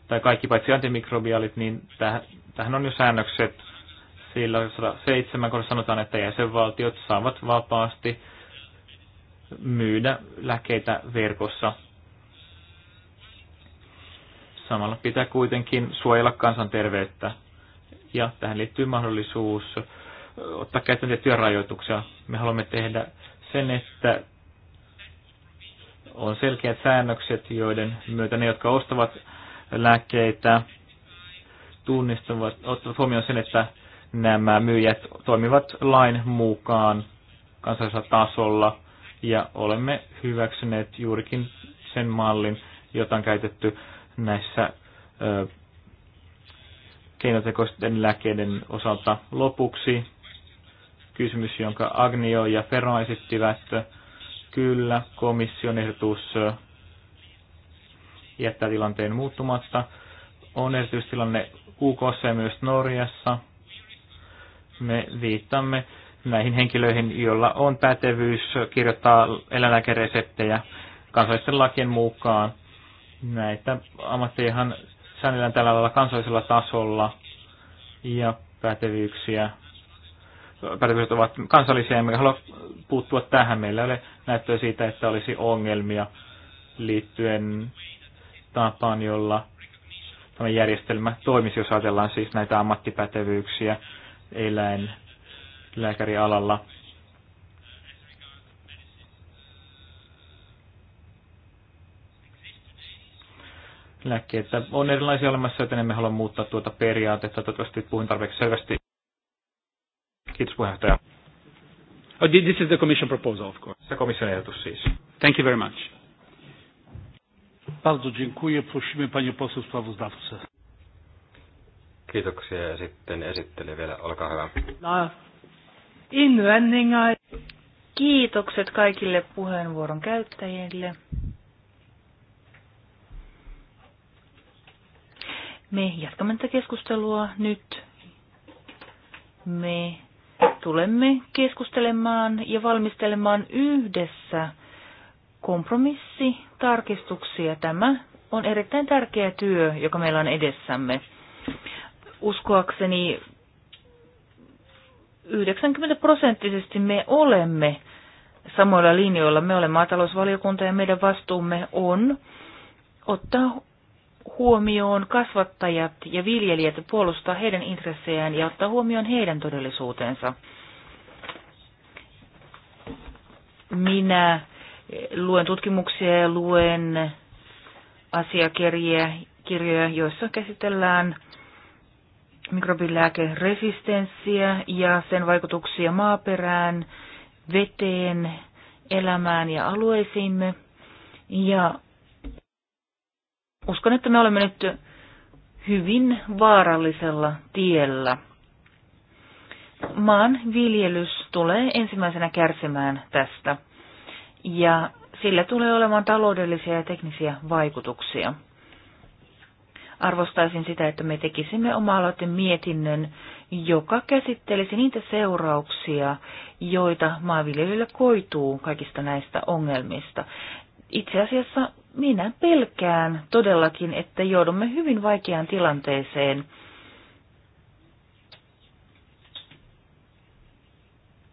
tai kaikki paitsi antimikrobiaalit, niin tähän on jo säännökset. Sillä 107, kun sanotaan, että jäsenvaltiot saavat vapaasti myydä lääkkeitä verkossa. Samalla pitää kuitenkin suojella kansanterveyttä. Ja tähän liittyy mahdollisuus ottaa käyttöön tiettyjä rajoituksia. Me haluamme tehdä sen, että on selkeät säännökset, joiden myötä ne, jotka ostavat lääkkeitä, tunnistavat, ottavat huomioon sen, että nämä myyjät toimivat lain mukaan kansallisella tasolla – ja olemme hyväksyneet juurikin sen mallin, jota on käytetty näissä ö, keinotekoisten lääkkeiden osalta lopuksi. Kysymys, jonka Agnio ja Ferro esittivät, kyllä, komission ehdotus jättää tilanteen muuttumatta. On erityistilanne UK ja myös Norjassa. Me viittamme näihin henkilöihin, joilla on pätevyys kirjoittaa eläinlääkereseptejä kansallisten lakien mukaan. Näitä ammattejahan säännellään tällä lailla kansallisella tasolla ja pätevyyksiä pätevyydet ovat kansallisia, emmekä halua puuttua tähän. Meillä ei ole näyttöä siitä, että olisi ongelmia liittyen tapaan, jolla tämä järjestelmä toimisi, jos ajatellaan siis näitä ammattipätevyyksiä eläin lääkärialalla. Lääkkeitä on erilaisia olemassa, joten emme halua muuttaa tuota periaatetta. Toivottavasti puhuin tarpeeksi selvästi. Kiitos puheenjohtaja. Oh, this is the commission proposal, of course. Se komission ehdotus siis. Thank you very much. Bardzo dziękuję. Prosimy panią poseł sprawozdawcę. Kiitoksia ja sitten esittely vielä. Olkaa hyvä. No, invändningar. Kiitokset kaikille puheenvuoron käyttäjille. Me jatkamme tätä keskustelua nyt. Me tulemme keskustelemaan ja valmistelemaan yhdessä kompromissitarkistuksia. Tämä on erittäin tärkeä työ, joka meillä on edessämme. Uskoakseni 90 prosenttisesti me olemme samoilla linjoilla. Me olemme maatalousvaliokunta ja meidän vastuumme on ottaa huomioon kasvattajat ja viljelijät ja puolustaa heidän intressejään ja ottaa huomioon heidän todellisuutensa. Minä luen tutkimuksia ja luen asiakirjoja, joissa käsitellään mikrobilääkeresistenssiä ja sen vaikutuksia maaperään, veteen, elämään ja alueisiimme. Ja uskon, että me olemme nyt hyvin vaarallisella tiellä. Maan viljelys tulee ensimmäisenä kärsimään tästä ja sillä tulee olemaan taloudellisia ja teknisiä vaikutuksia arvostaisin sitä, että me tekisimme oma mietinnön, joka käsittelisi niitä seurauksia, joita maanviljelijöillä koituu kaikista näistä ongelmista. Itse asiassa minä pelkään todellakin, että joudumme hyvin vaikeaan tilanteeseen.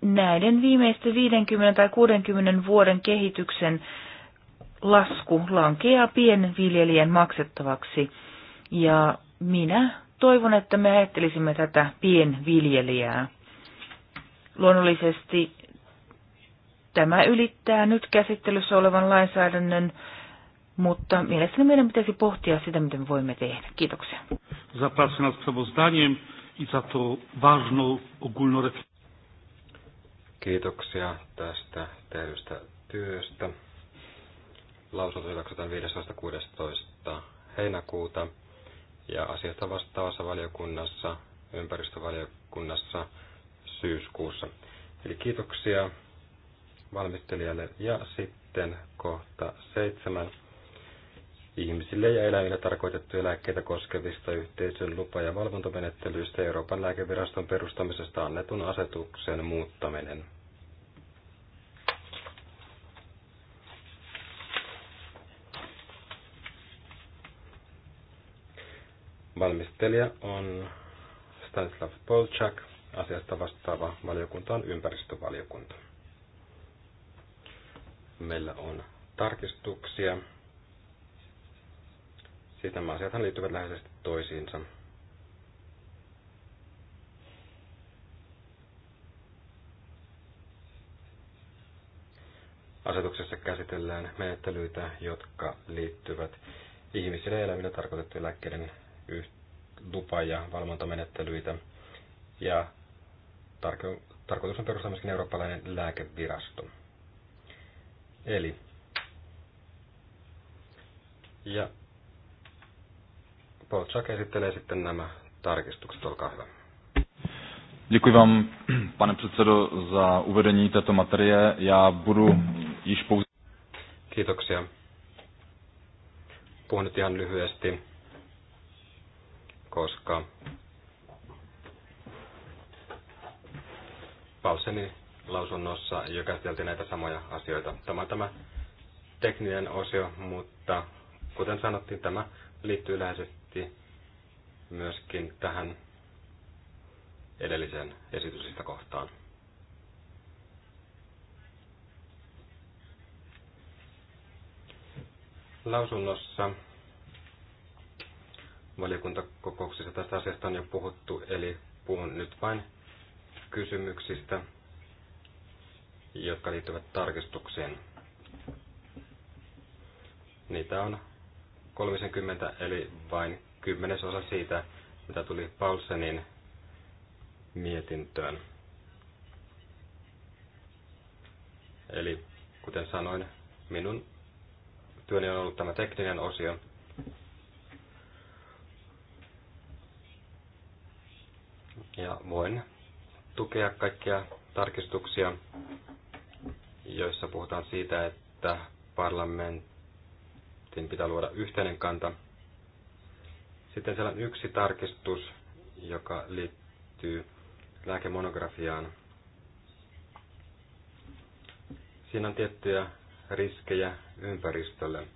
Näiden viimeisten 50 tai 60 vuoden kehityksen lasku lankeaa pienviljelijän maksettavaksi. Ja minä toivon, että me ajattelisimme tätä pienviljelijää. Luonnollisesti tämä ylittää nyt käsittelyssä olevan lainsäädännön, mutta mielestäni meidän pitäisi pohtia sitä, mitä me voimme tehdä. Kiitoksia. Kiitoksia tästä tehdystä työstä. Lausunto 15.16. heinäkuuta ja asiasta vastaavassa valiokunnassa, ympäristövaliokunnassa syyskuussa. Eli kiitoksia valmistelijalle ja sitten kohta seitsemän ihmisille ja eläimille tarkoitettuja lääkkeitä koskevista yhteisön lupa- ja valvontamenettelyistä Euroopan lääkeviraston perustamisesta annetun asetuksen muuttaminen. Valmistelija on Stanislav Polchak, asiasta vastaava valiokunta on ympäristövaliokunta. Meillä on tarkistuksia. Siis nämä asiathan liittyvät läheisesti toisiinsa. Asetuksessa käsitellään menettelyitä, jotka liittyvät ihmisille elämille tarkoitettujen lääkkeiden lupa- ja valvontamenettelyitä. Ja tarko- tarkoitus on perustaa myöskin eurooppalainen lääkevirasto. Eli ja Polchak esittelee sitten nämä tarkistukset. Olkaa hyvä. Děkuji vám, pane předsedo, za uvedení této materie. Já budu již pouze... Kiitoksia. Puhun nyt ihan lyhyesti koska Paulsenin lausunnossa jo käsiteltiin näitä samoja asioita. Tämä on tämä tekninen osio, mutta kuten sanottiin, tämä liittyy läheisesti myöskin tähän edelliseen esitysistä kohtaan. Lausunnossa valiokuntakokouksissa tästä asiasta on jo puhuttu, eli puhun nyt vain kysymyksistä, jotka liittyvät tarkistukseen. Niitä on 30, eli vain kymmenesosa siitä, mitä tuli Paulsenin mietintöön. Eli kuten sanoin, minun työni on ollut tämä tekninen osio, Ja voin tukea kaikkia tarkistuksia, joissa puhutaan siitä, että parlamentin pitää luoda yhteinen kanta. Sitten siellä on yksi tarkistus, joka liittyy lääkemonografiaan. Siinä on tiettyjä riskejä ympäristölle.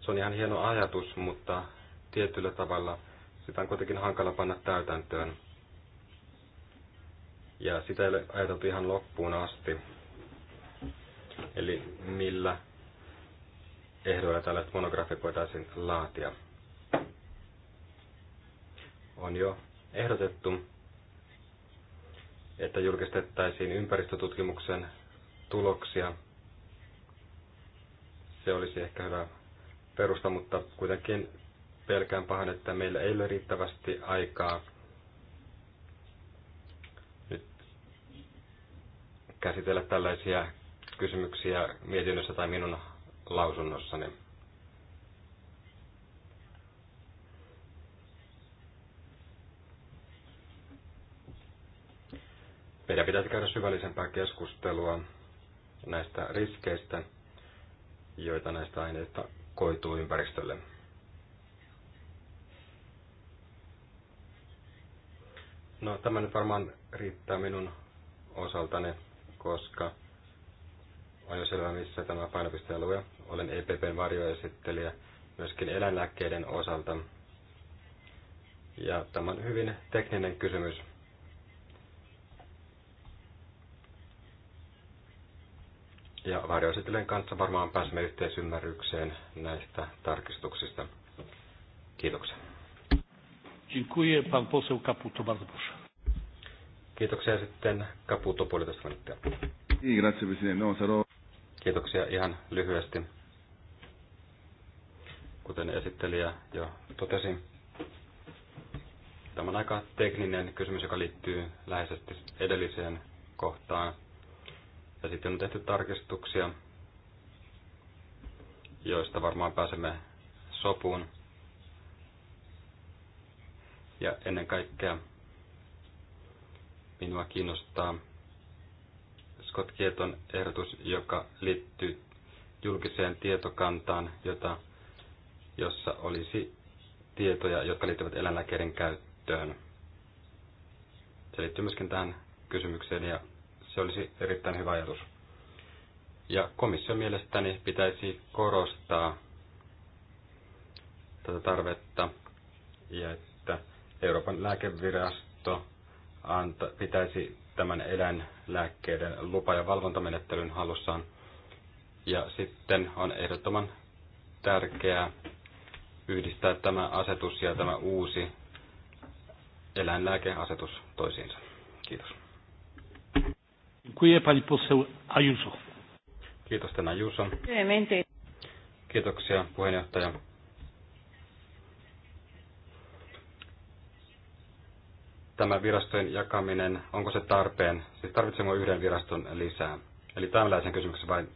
Se on ihan hieno ajatus, mutta tietyllä tavalla sitä on kuitenkin hankala panna täytäntöön ja sitä ei ole ajateltu ihan loppuun asti. Eli millä ehdoilla tällaiset monografiat voitaisiin laatia. On jo ehdotettu, että julkistettaisiin ympäristötutkimuksen tuloksia. Se olisi ehkä hyvä perusta, mutta kuitenkin pelkään pahan, että meillä ei ole riittävästi aikaa käsitellä tällaisia kysymyksiä mietinnössä tai minun lausunnossani. Meidän pitäisi käydä syvällisempää keskustelua näistä riskeistä, joita näistä aineista koituu ympäristölle. No, tämä nyt varmaan riittää minun osaltani koska on jo selvä, missä tämä painopistealue. Olen EPPn varjoesittelijä myöskin eläinlääkkeiden osalta. Ja tämä on hyvin tekninen kysymys. Ja varjoesittelijän kanssa varmaan pääsemme yhteisymmärrykseen näistä tarkistuksista. Kiitoksia. Dziękuję. Pan poseł Kaputo, bardzo proszę. Kiitoksia sitten Caputo puolitoista minuuttia. Niin, no, Kiitoksia ihan lyhyesti. Kuten esittelijä jo totesi, tämä on aika tekninen kysymys, joka liittyy läheisesti edelliseen kohtaan. Ja sitten on tehty tarkistuksia, joista varmaan pääsemme sopuun. Ja ennen kaikkea Minua kiinnostaa Scott Kieton ehdotus, joka liittyy julkiseen tietokantaan, jota, jossa olisi tietoja, jotka liittyvät eläinlääkärin käyttöön. Se liittyy myöskin tähän kysymykseen ja se olisi erittäin hyvä ajatus. Ja komissio mielestäni pitäisi korostaa tätä tarvetta ja että Euroopan lääkevirasto anta, pitäisi tämän eläinlääkkeiden lupa- ja valvontamenettelyn halussaan. Ja sitten on ehdottoman tärkeää yhdistää tämä asetus ja tämä uusi eläinlääkeasetus toisiinsa. Kiitos. Kiitos tänä Ajuso. Kiitoksia puheenjohtaja. tämä virastojen jakaminen, onko se tarpeen? Siis tarvitsemme yhden viraston lisää? Eli tämänlaisen kysymyksen vain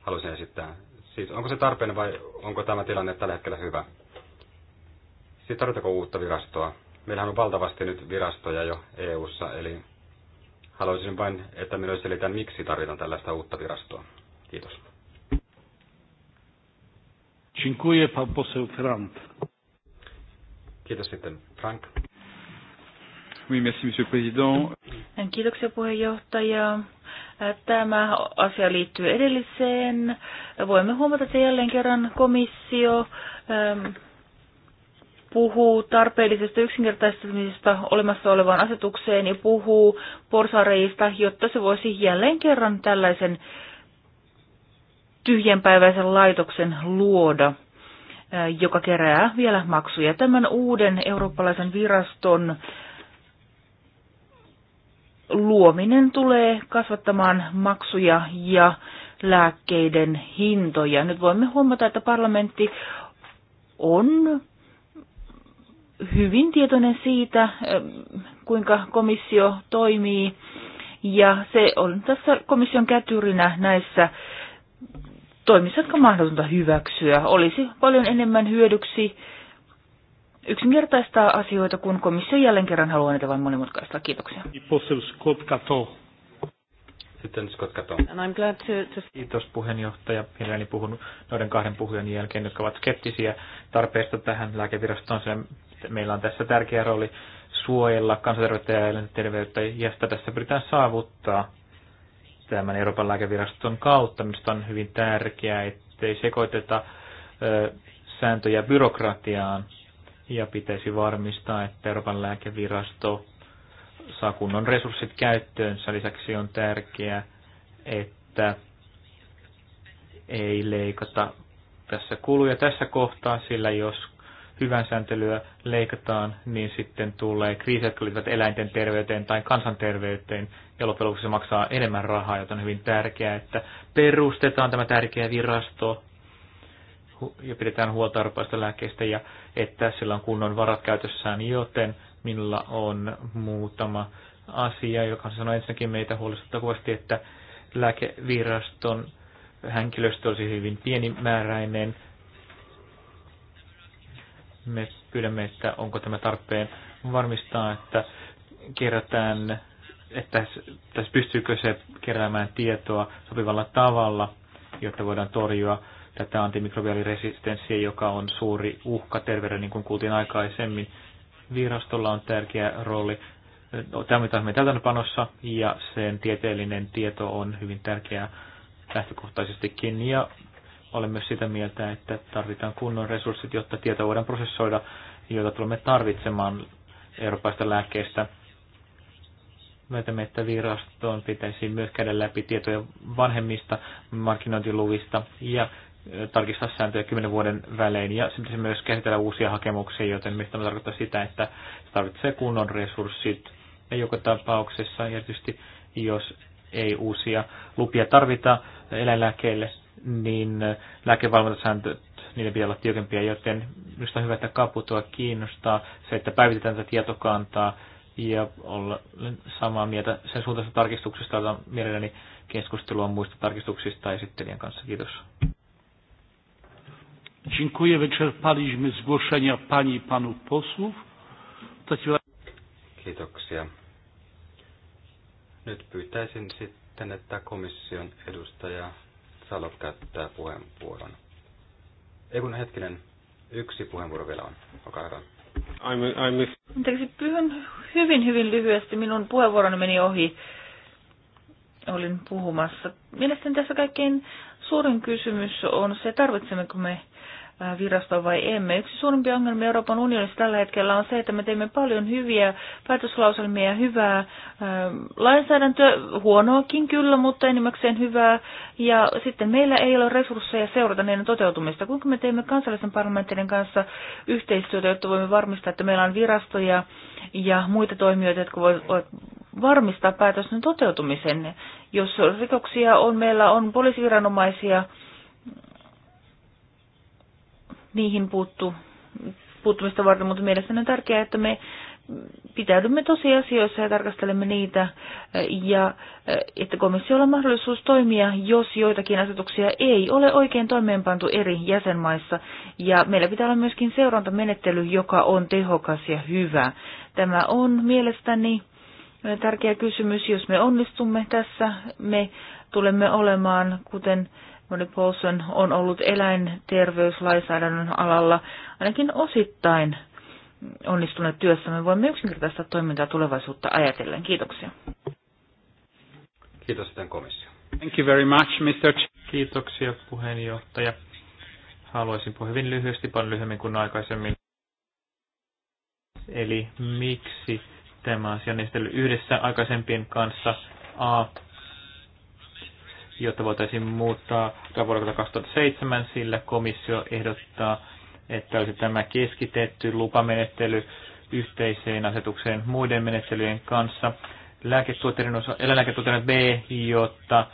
halusin esittää. Siis onko se tarpeen vai onko tämä tilanne tällä hetkellä hyvä? Siis tarvitaanko uutta virastoa? Meillähän on valtavasti nyt virastoja jo EU-ssa, eli haluaisin vain, että minä selitän, miksi tarvitaan tällaista uutta virastoa. Kiitos. Frank. Kiitos sitten, Frank. Oui, merci, monsieur le président. Kiitoksia puheenjohtaja. Tämä asia liittyy edelliseen. Voimme huomata, että jälleen kerran komissio ähm, puhuu tarpeellisesta yksinkertaistamisesta olemassa olevaan asetukseen ja puhuu porsareista, jotta se voisi jälleen kerran tällaisen tyhjänpäiväisen laitoksen luoda, äh, joka kerää vielä maksuja. Tämän uuden eurooppalaisen viraston luominen tulee kasvattamaan maksuja ja lääkkeiden hintoja. Nyt voimme huomata, että parlamentti on hyvin tietoinen siitä, kuinka komissio toimii. Ja se on tässä komission kätyrinä näissä toimissa, jotka mahdotonta hyväksyä. Olisi paljon enemmän hyödyksi yksinkertaistaa asioita, kun komissio jälleen kerran haluaa niitä vain monimutkaistaa. Kiitoksia. Sitten Scott Cato. to, to... Kiitos puheenjohtaja. Mielelläni puhun noiden kahden puhujan jälkeen, jotka ovat skeptisiä tarpeesta tähän lääkevirastoon. Sillä meillä on tässä tärkeä rooli suojella kansanterveyttä ja terveyttä, ja sitä tässä pyritään saavuttaa tämän Euroopan lääkeviraston kautta. Minusta on hyvin tärkeää, ettei sekoiteta ö, sääntöjä byrokratiaan, ja pitäisi varmistaa, että Euroopan lääkevirasto saa kunnon resurssit käyttöönsä. Lisäksi on tärkeää, että ei leikata tässä kuluja tässä kohtaa, sillä jos hyvän sääntelyä leikataan, niin sitten tulee kriisit, jotka liittyvät eläinten terveyteen tai kansanterveyteen, ja loppujen lopuksi se maksaa enemmän rahaa, joten on hyvin tärkeää, että perustetaan tämä tärkeä virasto ja pidetään huolta arpaista lääkkeistä ja että sillä on kunnon varat käytössään, joten minulla on muutama asia, joka sanoi ensinnäkin meitä huolestuttavasti, että lääkeviraston henkilöstö olisi hyvin pienimääräinen. Me pyydämme, että onko tämä tarpeen varmistaa, että kerätään, että tässä pystyykö se keräämään tietoa sopivalla tavalla, jotta voidaan torjua tätä antimikrobiaaliresistenssiä, joka on suuri uhka terveyden, niin kuin kuultiin aikaisemmin. Virastolla on tärkeä rooli tämän täytäntöpanossa ja sen tieteellinen tieto on hyvin tärkeää lähtökohtaisestikin ja olen myös sitä mieltä, että tarvitaan kunnon resurssit, jotta tietoa voidaan prosessoida, joita tulemme tarvitsemaan eurooppaista lääkkeistä. Myötämme, että virastoon pitäisi myös käydä läpi tietoja vanhemmista markkinointiluvista ja tarkistaa sääntöjä kymmenen vuoden välein ja se myös käsitellä uusia hakemuksia, joten mistä tämä tarkoittaa sitä, että se tarvitsee kunnon resurssit ja joka tapauksessa ja tietysti jos ei uusia lupia tarvita eläinlääkeille, niin lääkevalvontasääntöt, niiden pitää olla tiukempia, joten minusta on hyvä, että kaputua kiinnostaa se, että päivitetään tätä tietokantaa ja olla samaa mieltä sen suuntaista tarkistuksesta, jota mielelläni keskustelua muista tarkistuksista esittelijän kanssa. Kiitos. Dziękuję. Wyczerpaliśmy zgłoszenia pani i panów posłów. Kiitoksia. Nyt pyytäisin sitten, että komission edustaja Salo käyttää puheenvuoron. Ei kun hetkinen, yksi puheenvuoro vielä on. Olkaa hyvä. Anteeksi, pyhän hyvin, hyvin lyhyesti. Minun puheenvuoroni meni ohi. Olin puhumassa. Mielestäni tässä kaikkein suurin kysymys on se, tarvitsemmeko me virastoon vai emme. Yksi suurimpia ongelmia Euroopan unionissa tällä hetkellä on se, että me teemme paljon hyviä päätöslauselmia ja hyvää lainsäädäntöä, huonoakin kyllä, mutta enimmäkseen hyvää. Ja sitten meillä ei ole resursseja seurata niiden toteutumista. Kuinka me teemme kansallisen parlamenttien kanssa yhteistyötä, jotta voimme varmistaa, että meillä on virastoja ja muita toimijoita, jotka voivat varmistaa päätösten toteutumisen. Jos rikoksia on, meillä on poliisiviranomaisia, niihin puuttu, puuttumista varten, mutta mielestäni on tärkeää, että me pitäydymme tosiasioissa ja tarkastelemme niitä, ja että komissiolla on mahdollisuus toimia, jos joitakin asetuksia ei ole oikein toimeenpantu eri jäsenmaissa, ja meillä pitää olla myöskin seurantamenettely, joka on tehokas ja hyvä. Tämä on mielestäni tärkeä kysymys, jos me onnistumme tässä, me tulemme olemaan, kuten Moni Paulson on ollut eläinterveyslainsäädännön alalla ainakin osittain onnistuneet työssä. Me voimme yksinkertaista toimintaa tulevaisuutta ajatellen. Kiitoksia. Kiitos sitten komissio. Thank you very much, Mr. Ch- Kiitoksia puheenjohtaja. Haluaisin puhua hyvin lyhyesti, paljon lyhyemmin kuin aikaisemmin. Eli miksi tämä asia on yhdessä aikaisempien kanssa? A jotta voitaisiin muuttaa vuodelta 2007, sillä komissio ehdottaa, että olisi tämä keskitetty lupamenettely yhteiseen asetukseen muiden menettelyjen kanssa eläinlääketuotteiden B, jotta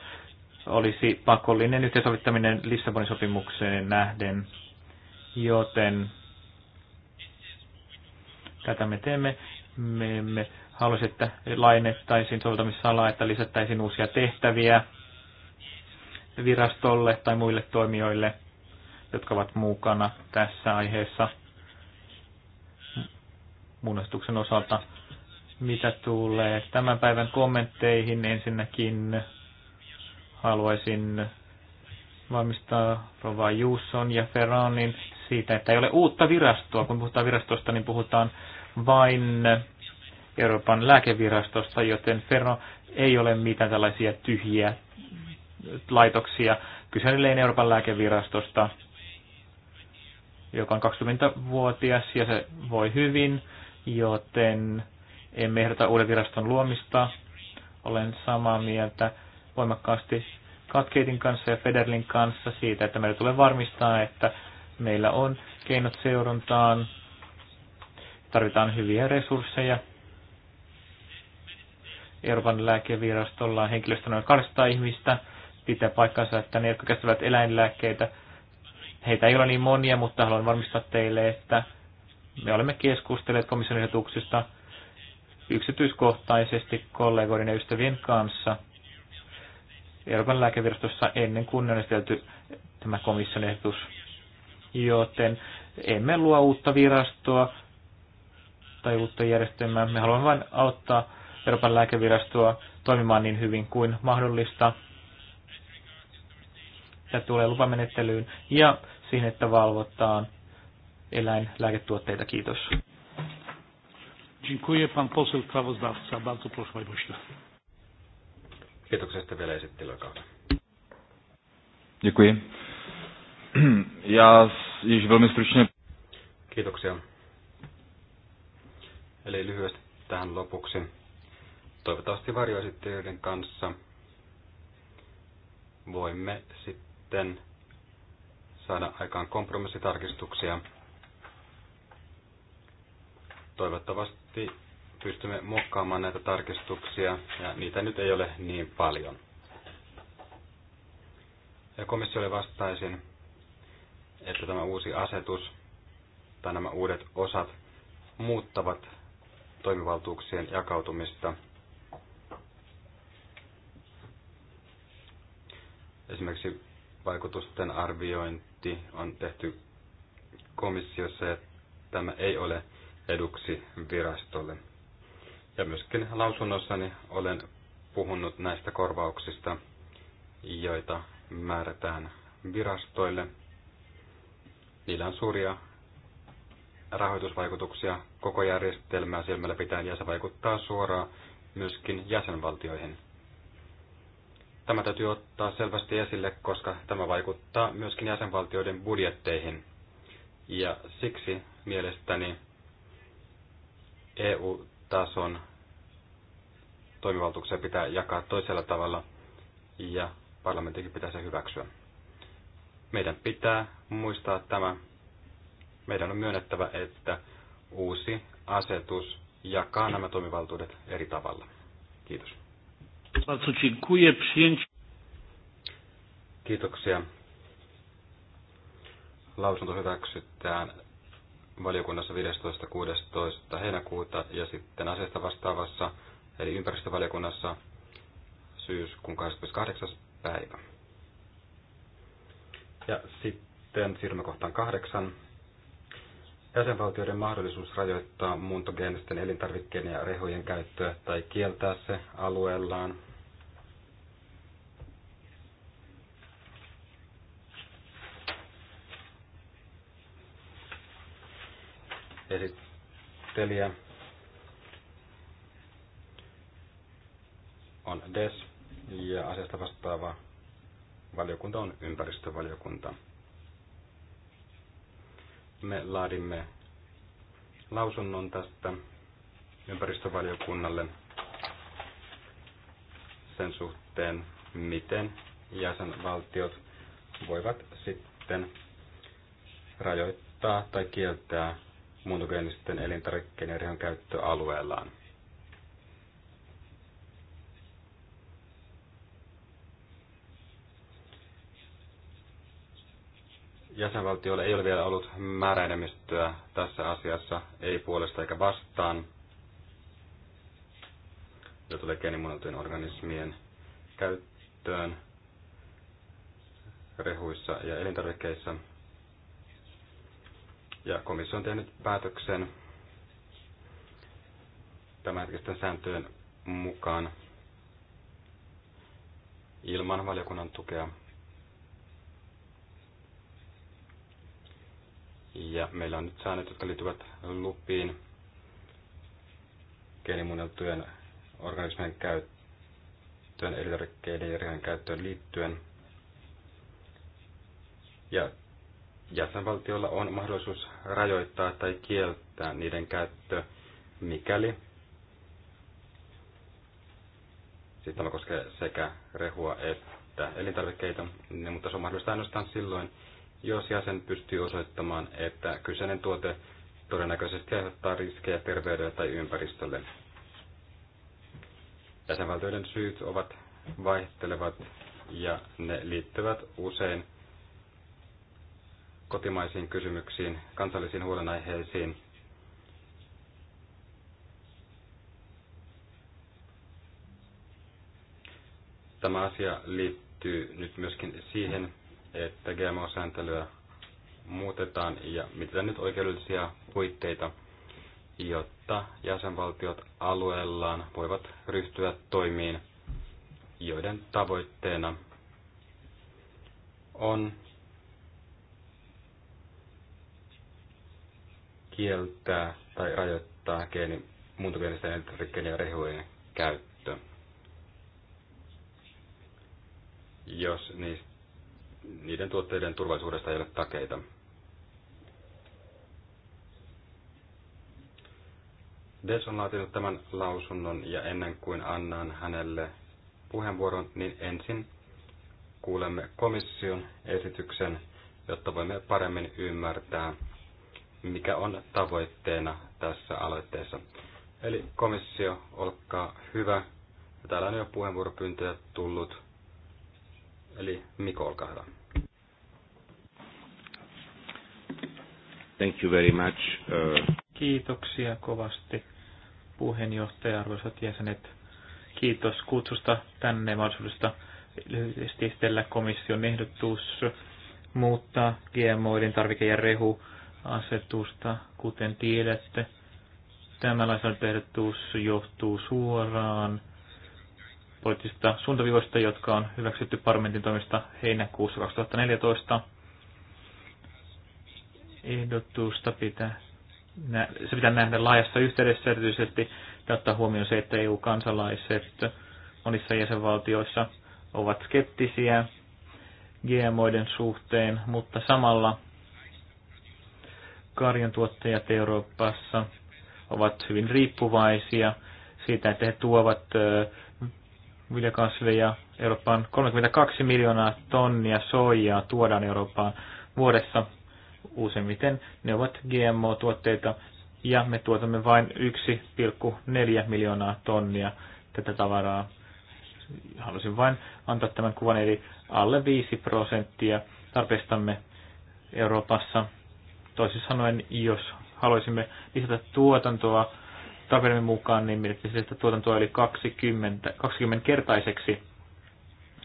olisi pakollinen yhteensovittaminen Lissabonin sopimukseen nähden, joten tätä me teemme. Me emme halusi, että laajennettaisiin soveltamissalaa, että lisättäisiin uusia tehtäviä, virastolle tai muille toimijoille, jotka ovat mukana tässä aiheessa muunnostuksen osalta. Mitä tulee tämän päivän kommentteihin, ensinnäkin haluaisin valmistaa Rova Jusson ja Ferranin siitä, että ei ole uutta virastoa. Kun puhutaan virastosta, niin puhutaan vain Euroopan lääkevirastosta, joten Ferro ei ole mitään tällaisia tyhjiä laitoksia. Kyselin Euroopan lääkevirastosta, joka on 20-vuotias ja se voi hyvin, joten emme ehdota uuden viraston luomista. Olen samaa mieltä voimakkaasti Katkeitin kanssa ja Federlin kanssa siitä, että meidän tulee varmistaa, että meillä on keinot seurantaan, tarvitaan hyviä resursseja. Euroopan lääkevirastolla on henkilöstö noin 200 ihmistä, pitää paikkansa, että ne, jotka käsittelevät eläinlääkkeitä, heitä ei ole niin monia, mutta haluan varmistaa teille, että me olemme keskustelleet komission ehdotuksista yksityiskohtaisesti kollegoiden ja ystävien kanssa Euroopan lääkevirastossa ennen kuin on esitelty tämä komission ehdotus. Joten emme luo uutta virastoa tai uutta järjestelmää. Me haluamme vain auttaa Euroopan lääkevirastoa toimimaan niin hyvin kuin mahdollista mitä tulee lupamenettelyyn ja siihen, että valvotaan eläinlääketuotteita. Kiitos. Dziękuję pan poseł sprawozdawca. Bardzo proszę panie pośle. Kiitoksesta vielä esittelyä kautta. Já velmi stručně... Kiitoksia. Eli lyhyesti tähän lopuksi. Toivottavasti varjoesittelyiden kanssa voimme sitten sitten saada aikaan kompromissitarkistuksia. Toivottavasti pystymme muokkaamaan näitä tarkistuksia, ja niitä nyt ei ole niin paljon. Ja komissiolle vastaisin, että tämä uusi asetus tai nämä uudet osat muuttavat toimivaltuuksien jakautumista. Esimerkiksi vaikutusten arviointi on tehty komissiossa ja tämä ei ole eduksi virastolle. Ja myöskin lausunnossani olen puhunut näistä korvauksista, joita määrätään virastoille. Niillä on suuria rahoitusvaikutuksia koko järjestelmää silmällä pitäen ja se vaikuttaa suoraan myöskin jäsenvaltioihin. Tämä täytyy ottaa selvästi esille, koska tämä vaikuttaa myöskin jäsenvaltioiden budjetteihin. Ja siksi mielestäni EU-tason toimivaltuuksia pitää jakaa toisella tavalla ja parlamentikin pitää se hyväksyä. Meidän pitää muistaa tämä. Meidän on myönnettävä, että uusi asetus jakaa nämä toimivaltuudet eri tavalla. Kiitos. Bardzo dziękuję. Przyjęcie. Kiitoksia. Lausunto hyväksytään valiokunnassa 15.16. heinäkuuta ja sitten asiasta vastaavassa eli ympäristövaliokunnassa syyskuun 28. päivä. Ja sitten siirrymme kohtaan kahdeksan jäsenvaltioiden mahdollisuus rajoittaa muuntogeenisten elintarvikkeiden ja rehojen käyttöä tai kieltää se alueellaan. Esittelijä on DES ja asiasta vastaava valiokunta on ympäristövaliokunta me laadimme lausunnon tästä ympäristövaliokunnalle sen suhteen, miten jäsenvaltiot voivat sitten rajoittaa tai kieltää muuntogeenisten elintarvikkeiden ja rehun alueellaan. jäsenvaltioilla ei ole vielä ollut määräenemmistöä tässä asiassa, ei puolesta eikä vastaan, ja tulee geenimuunneltujen organismien käyttöön rehuissa ja elintarvikkeissa. Ja komissio on tehnyt päätöksen tämänhetkisten sääntöjen mukaan ilman valiokunnan tukea Ja meillä on nyt säännöt, jotka liittyvät lupiin, geenimuunneltujen organismien käyttöön, elintarvikkeiden ja rihan käyttöön liittyen. Ja jäsenvaltiolla on mahdollisuus rajoittaa tai kieltää niiden käyttö, mikäli Sitten siis tämä koskee sekä rehua että elintarvikkeita, niin, mutta se on mahdollista ainoastaan silloin, jos jäsen pystyy osoittamaan, että kyseinen tuote todennäköisesti aiheuttaa riskejä terveydelle tai ympäristölle. Jäsenvaltioiden syyt ovat vaihtelevat ja ne liittyvät usein kotimaisiin kysymyksiin, kansallisiin huolenaiheisiin. Tämä asia liittyy nyt myöskin siihen, että GMO-sääntelyä muutetaan ja mitä nyt oikeudellisia puitteita, jotta jäsenvaltiot alueellaan voivat ryhtyä toimiin, joiden tavoitteena on kieltää tai rajoittaa geeni, muuntogeenisten elintarvikkeiden ja rehujen käyttö, jos niistä niiden tuotteiden turvallisuudesta ei ole takeita. Des on laatinut tämän lausunnon ja ennen kuin annan hänelle puheenvuoron, niin ensin kuulemme komission esityksen, jotta voimme paremmin ymmärtää, mikä on tavoitteena tässä aloitteessa. Eli komissio, olkaa hyvä. Täällä on jo puheenvuoropyyntöjä tullut. Eli Miko, olkaa hyvä. Thank you very much. Uh... Kiitoksia kovasti puheenjohtaja, arvoisat jäsenet. Kiitos kutsusta tänne mahdollisuudesta lyhyesti esitellä komission ehdotus muuttaa GMOiden tarvike- ja rehuasetusta, kuten tiedätte. Tämä lainsäädäntöehdotus johtuu suoraan poliittisista suuntaviivoista, jotka on hyväksytty parlamentin toimesta heinäkuussa 2014. Ehdotusta pitää, se pitää nähdä laajassa yhteydessä erityisesti ja ottaa huomioon se, että EU-kansalaiset monissa jäsenvaltioissa ovat skeptisiä GMOiden suhteen, mutta samalla karjantuottajat Euroopassa ovat hyvin riippuvaisia siitä, että he tuovat viljakasveja. Eurooppaan 32 miljoonaa tonnia soijaa tuodaan Eurooppaan vuodessa. Useimmiten ne ovat GMO-tuotteita ja me tuotamme vain 1,4 miljoonaa tonnia tätä tavaraa. Halusin vain antaa tämän kuvan, eli alle 5 prosenttia tarpeestamme Euroopassa. Toisin sanoen, jos haluaisimme lisätä tuotantoa Tapelemme mukaan, niin mietittiin sitä tuotantoa yli 20, 20 kertaiseksi,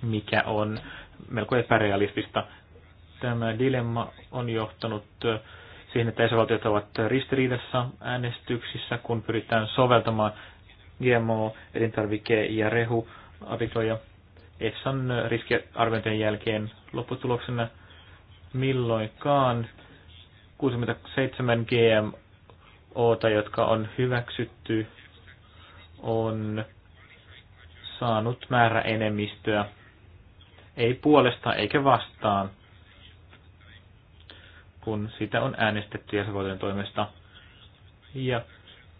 mikä on melko epärealistista. Tämä dilemma on johtanut siihen, että esivaltiot ovat ristiriidassa äänestyksissä, kun pyritään soveltamaan GMO, elintarvike ja rehu artikloja EFSAn riskiarviointien jälkeen lopputuloksena milloinkaan 67 GM oota, jotka on hyväksytty, on saanut määrä enemmistöä. Ei puolesta eikä vastaan, kun sitä on äänestetty jäsenvaltion toimesta. Ja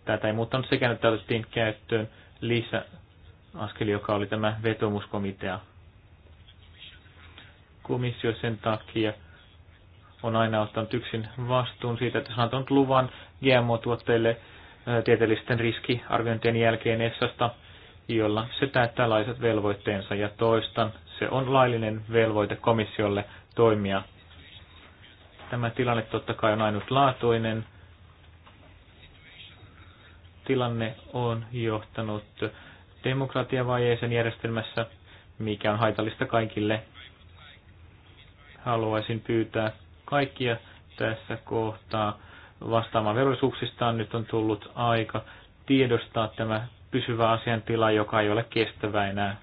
tätä ei muuttanut sekään, että otettiin käyttöön askeli, joka oli tämä vetomuskomitea. Komissio sen takia on aina ottanut yksin vastuun siitä, että se on antanut luvan GMO-tuotteille tieteellisten riskiarviointien jälkeen Essasta, jolla se täyttää laiset velvoitteensa ja toistan, se on laillinen velvoite komissiolle toimia. Tämä tilanne totta kai on ainutlaatuinen. Tilanne on johtanut demokratiavajeeseen järjestelmässä, mikä on haitallista kaikille. Haluaisin pyytää kaikkia tässä kohtaa vastaamaan velvollisuuksistaan. Nyt on tullut aika tiedostaa tämä pysyvä asiantila, joka ei ole kestävä enää.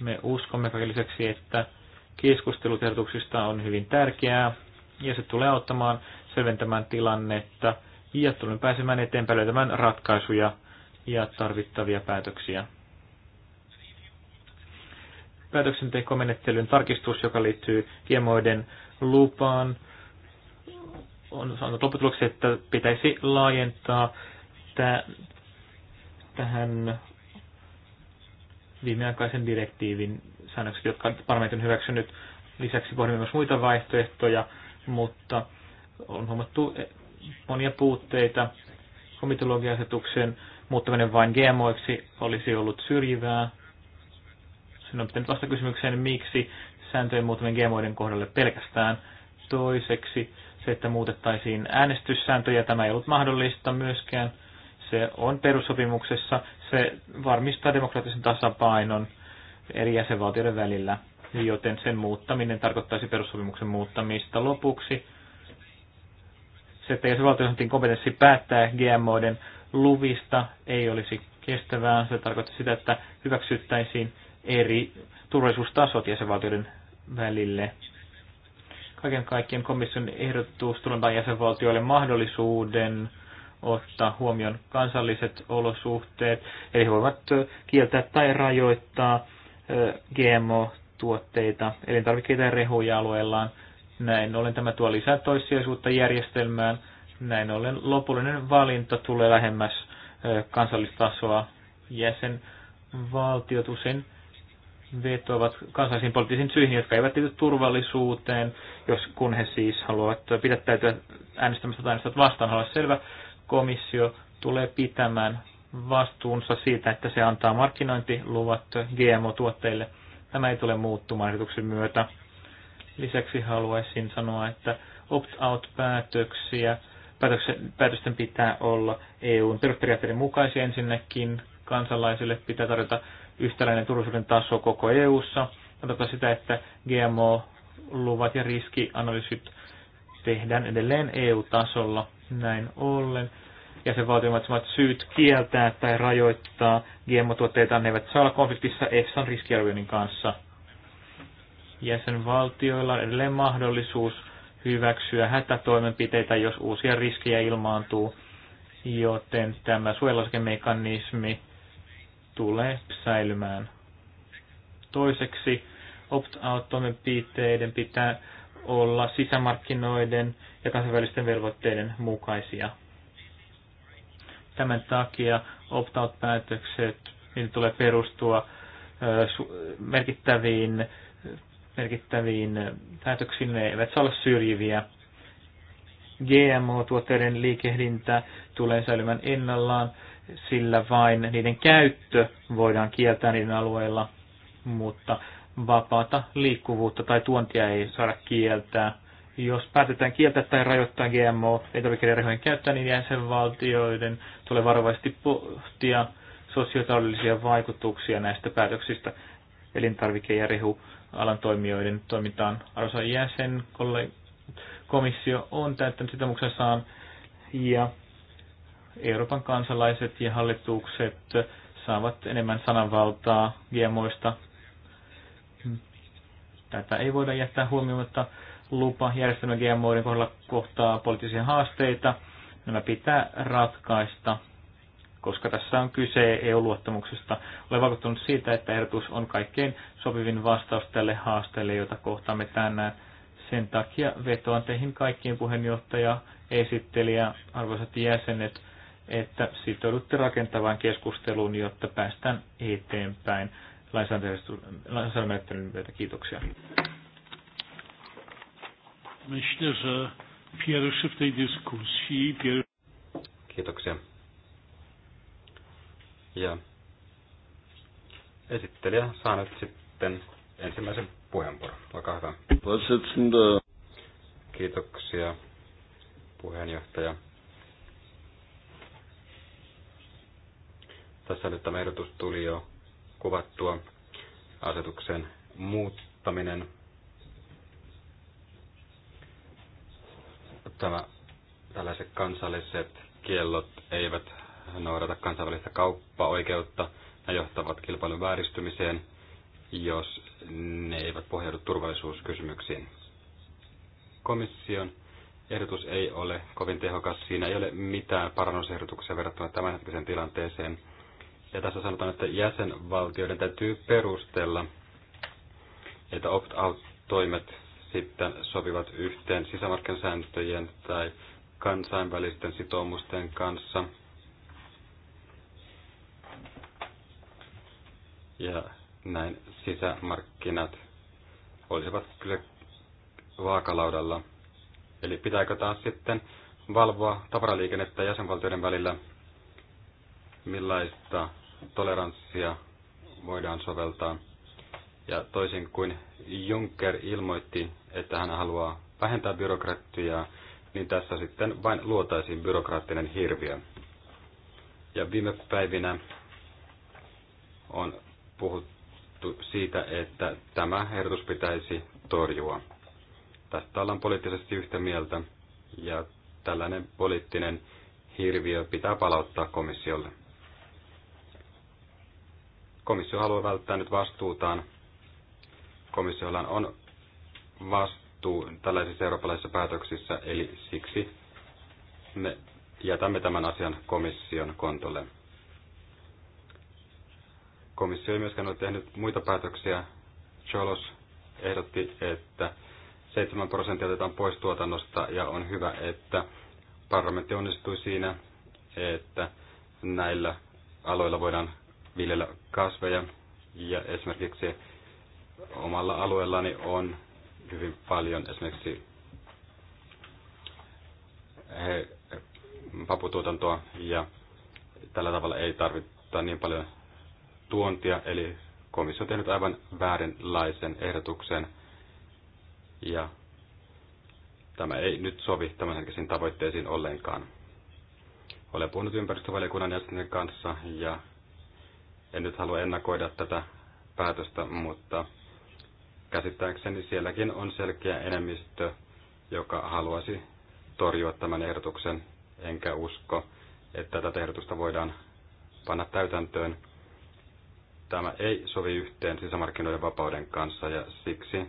Me uskomme kaiken lisäksi, että keskustelu on hyvin tärkeää ja se tulee auttamaan selventämään tilannetta ja tulemme pääsemään eteenpäin löytämään ratkaisuja ja tarvittavia päätöksiä päätöksentekomenettelyn tarkistus, joka liittyy kiemoiden lupaan, on saanut lopputuloksi, että pitäisi laajentaa tä, tähän viimeaikaisen direktiivin säännökset, jotka parlamentin hyväksynyt. Lisäksi pohdimme myös muita vaihtoehtoja, mutta on huomattu eh, monia puutteita. Komitologiasetuksen muuttaminen vain GMOiksi olisi ollut syrjivää sen on pitänyt vastata kysymykseen, miksi sääntöjen muutamien GMOiden kohdalle pelkästään. Toiseksi se, että muutettaisiin äänestyssääntöjä, tämä ei ollut mahdollista myöskään. Se on perussopimuksessa, se varmistaa demokraattisen tasapainon eri jäsenvaltioiden välillä, joten sen muuttaminen tarkoittaisi perussopimuksen muuttamista lopuksi. Se, että jäsenvaltioiden kompetenssi päättää GMOiden luvista ei olisi kestävää. Se tarkoittaa sitä, että hyväksyttäisiin eri turvallisuustasot jäsenvaltioiden välille. Kaiken kaikkien komission ehdotus tulee jäsenvaltioille mahdollisuuden ottaa huomioon kansalliset olosuhteet, eli he voivat kieltää tai rajoittaa GMO-tuotteita, elintarvikkeita ja rehuja alueellaan. Näin ollen tämä tuo lisää toissijaisuutta järjestelmään. Näin ollen lopullinen valinta tulee lähemmäs kansallistasoa. Jäsenvaltiot usein vetoavat kansallisiin poliittisiin syihin, jotka eivät liity turvallisuuteen, jos kun he siis haluavat pidättäytyä äänestämästä tai äänestävät vastaan, haluaa selvä, komissio tulee pitämään vastuunsa siitä, että se antaa markkinointiluvat GMO-tuotteille. Tämä ei tule muuttumaan ehdotuksen myötä. Lisäksi haluaisin sanoa, että opt-out-päätöksiä päätösten pitää olla EUn perusperiaatteiden mukaisia ensinnäkin. Kansalaisille pitää tarjota yhtäläinen turvallisuuden taso koko EU-ssa. Katsotaan sitä, että GMO-luvat ja riskianalyysit tehdään edelleen EU-tasolla näin ollen. Ja sen vaatimat syyt kieltää tai rajoittaa GMO-tuotteita ne eivät saa olla konfliktissa EFSAn riskiarvioinnin kanssa. Jäsenvaltioilla on edelleen mahdollisuus hyväksyä hätätoimenpiteitä, jos uusia riskejä ilmaantuu, joten tämä suojeluskemekanismi tulee säilymään. Toiseksi opt-out-toimenpiteiden pitää olla sisämarkkinoiden ja kansainvälisten velvoitteiden mukaisia. Tämän takia opt-out-päätökset tulee perustua merkittäviin, merkittäviin päätöksiin, ne eivät saa olla syrjiviä. GMO-tuotteiden liikehdintä tulee säilymään ennallaan sillä vain niiden käyttö voidaan kieltää niiden alueilla, mutta vapaata liikkuvuutta tai tuontia ei saada kieltää. Jos päätetään kieltää tai rajoittaa GMO elintarvikerehujen käyttää, niin jäsenvaltioiden tulee varovasti pohtia sosiotaloudellisia vaikutuksia näistä päätöksistä elintarvike- ja rehualan toimijoiden toimintaan. Arvoisa jäsen, komissio on täyttänyt saan ja Euroopan kansalaiset ja hallitukset saavat enemmän sananvaltaa viemoista. Tätä ei voida jättää huomioimatta. Lupa järjestelmä GMOiden kohdalla kohtaa poliittisia haasteita. Nämä pitää ratkaista, koska tässä on kyse EU-luottamuksesta. Olen vaikuttunut siitä, että ehdotus on kaikkein sopivin vastaus tälle haasteelle, jota kohtaamme tänään. Sen takia vetoan teihin kaikkiin puheenjohtaja, esittelijä, arvoisat jäsenet, että sitoudutte rakentavaan keskusteluun, jotta päästään eteenpäin lainsäädäntömenettelyn myötä. Kiitoksia. Kiitoksia. Ja esittelijä saa nyt sitten ensimmäisen puheenvuoron. Olkaa hyvä. Kiitoksia, puheenjohtaja. Tässä nyt tämä ehdotus tuli jo kuvattua asetuksen muuttaminen. Tämä, tällaiset kansalliset kiellot eivät noudata kansainvälistä kauppaoikeutta. Ne johtavat kilpailun vääristymiseen, jos ne eivät pohjaudu turvallisuuskysymyksiin. Komission ehdotus ei ole kovin tehokas. Siinä ei ole mitään parannusehdotuksia verrattuna tämänhetkiseen tilanteeseen – ja tässä sanotaan, että jäsenvaltioiden täytyy perustella, että opt-out-toimet sitten sopivat yhteen sisämarkkinasääntöjen tai kansainvälisten sitoumusten kanssa. Ja näin sisämarkkinat olisivat kyllä vaakalaudalla. Eli pitääkö taas sitten valvoa tavaraliikennettä jäsenvaltioiden välillä, millaista toleranssia voidaan soveltaa. Ja toisin kuin Juncker ilmoitti, että hän haluaa vähentää byrokratiaa, niin tässä sitten vain luotaisiin byrokraattinen hirviö. Ja viime päivinä on puhuttu siitä, että tämä ehdotus pitäisi torjua. Tästä ollaan poliittisesti yhtä mieltä ja tällainen poliittinen hirviö pitää palauttaa komissiolle. Komissio haluaa välttää nyt vastuutaan. Komissiolla on vastuu tällaisissa eurooppalaisissa päätöksissä, eli siksi me jätämme tämän asian komission kontolle. Komissio ei myöskään ole tehnyt muita päätöksiä. Cholos ehdotti, että 7 prosenttia otetaan pois tuotannosta ja on hyvä, että parlamentti onnistui siinä, että näillä aloilla voidaan viljellä kasveja. Ja esimerkiksi omalla alueellani on hyvin paljon esimerkiksi he, paputuotantoa ja tällä tavalla ei tarvita niin paljon tuontia, eli komissio on tehnyt aivan väärinlaisen ehdotuksen ja tämä ei nyt sovi tämänhetkisiin tavoitteisiin ollenkaan. Olen puhunut ympäristövaliokunnan jäsenen kanssa ja en nyt halua ennakoida tätä päätöstä, mutta käsittääkseni sielläkin on selkeä enemmistö, joka haluaisi torjua tämän ehdotuksen, enkä usko, että tätä ehdotusta voidaan panna täytäntöön. Tämä ei sovi yhteen sisämarkkinoiden vapauden kanssa ja siksi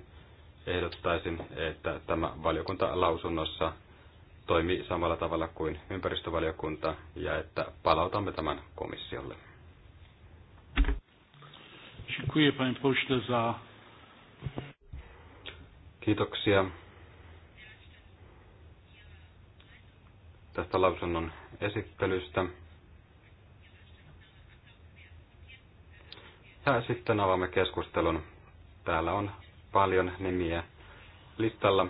ehdottaisin, että tämä valiokunta lausunnossa toimii samalla tavalla kuin ympäristövaliokunta ja että palautamme tämän komissiolle. Dziękuję panie pośle za... Kiitoksia tästä lausunnon esittelystä. Ja sitten avaamme keskustelun. Täällä on paljon nimiä listalla.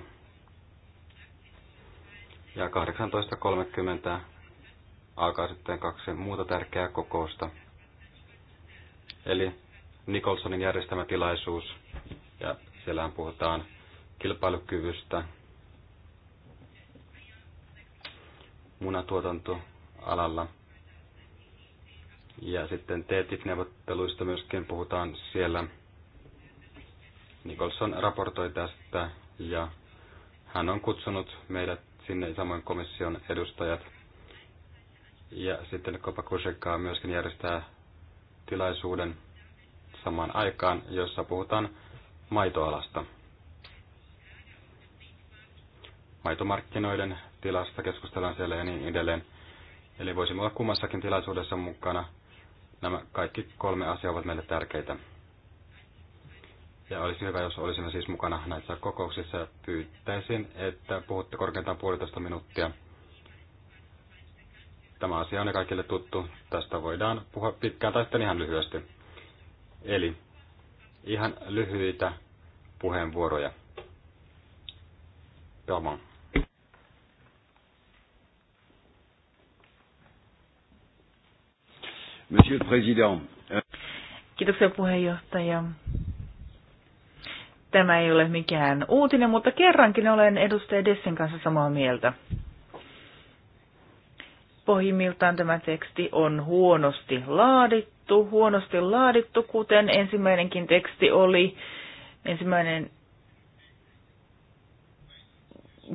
Ja 18.30 alkaa sitten kaksi muuta tärkeää kokousta. Eli Nicholsonin järjestämä tilaisuus, ja siellähän puhutaan kilpailukyvystä, munatuotantoalalla. Ja sitten TTIP-neuvotteluista e myöskin puhutaan siellä. Nicholson raportoi tästä ja hän on kutsunut meidät sinne samoin komission edustajat. Ja sitten Kopa myöskin järjestää tilaisuuden samaan aikaan, jossa puhutaan maitoalasta. Maitomarkkinoiden tilasta keskustellaan siellä ja niin edelleen. Eli voisimme olla kummassakin tilaisuudessa mukana. Nämä kaikki kolme asiaa ovat meille tärkeitä. Ja olisi hyvä, jos olisimme siis mukana näissä kokouksissa. Pyytäisin, että puhutte korkeintaan puolitoista minuuttia. Tämä asia on kaikille tuttu. Tästä voidaan puhua pitkään tai sitten ihan lyhyesti. Eli ihan lyhyitä puheenvuoroja. Pelman. Monsieur le Président. Euh, Kiitoksia puheenjohtaja. Tämä ei ole mikään uutinen, mutta kerrankin olen edustaja Dessin kanssa samaa mieltä. Pohjimmiltaan tämä teksti on huonosti laadittu, huonosti laadittu, kuten ensimmäinenkin teksti oli. Ensimmäinen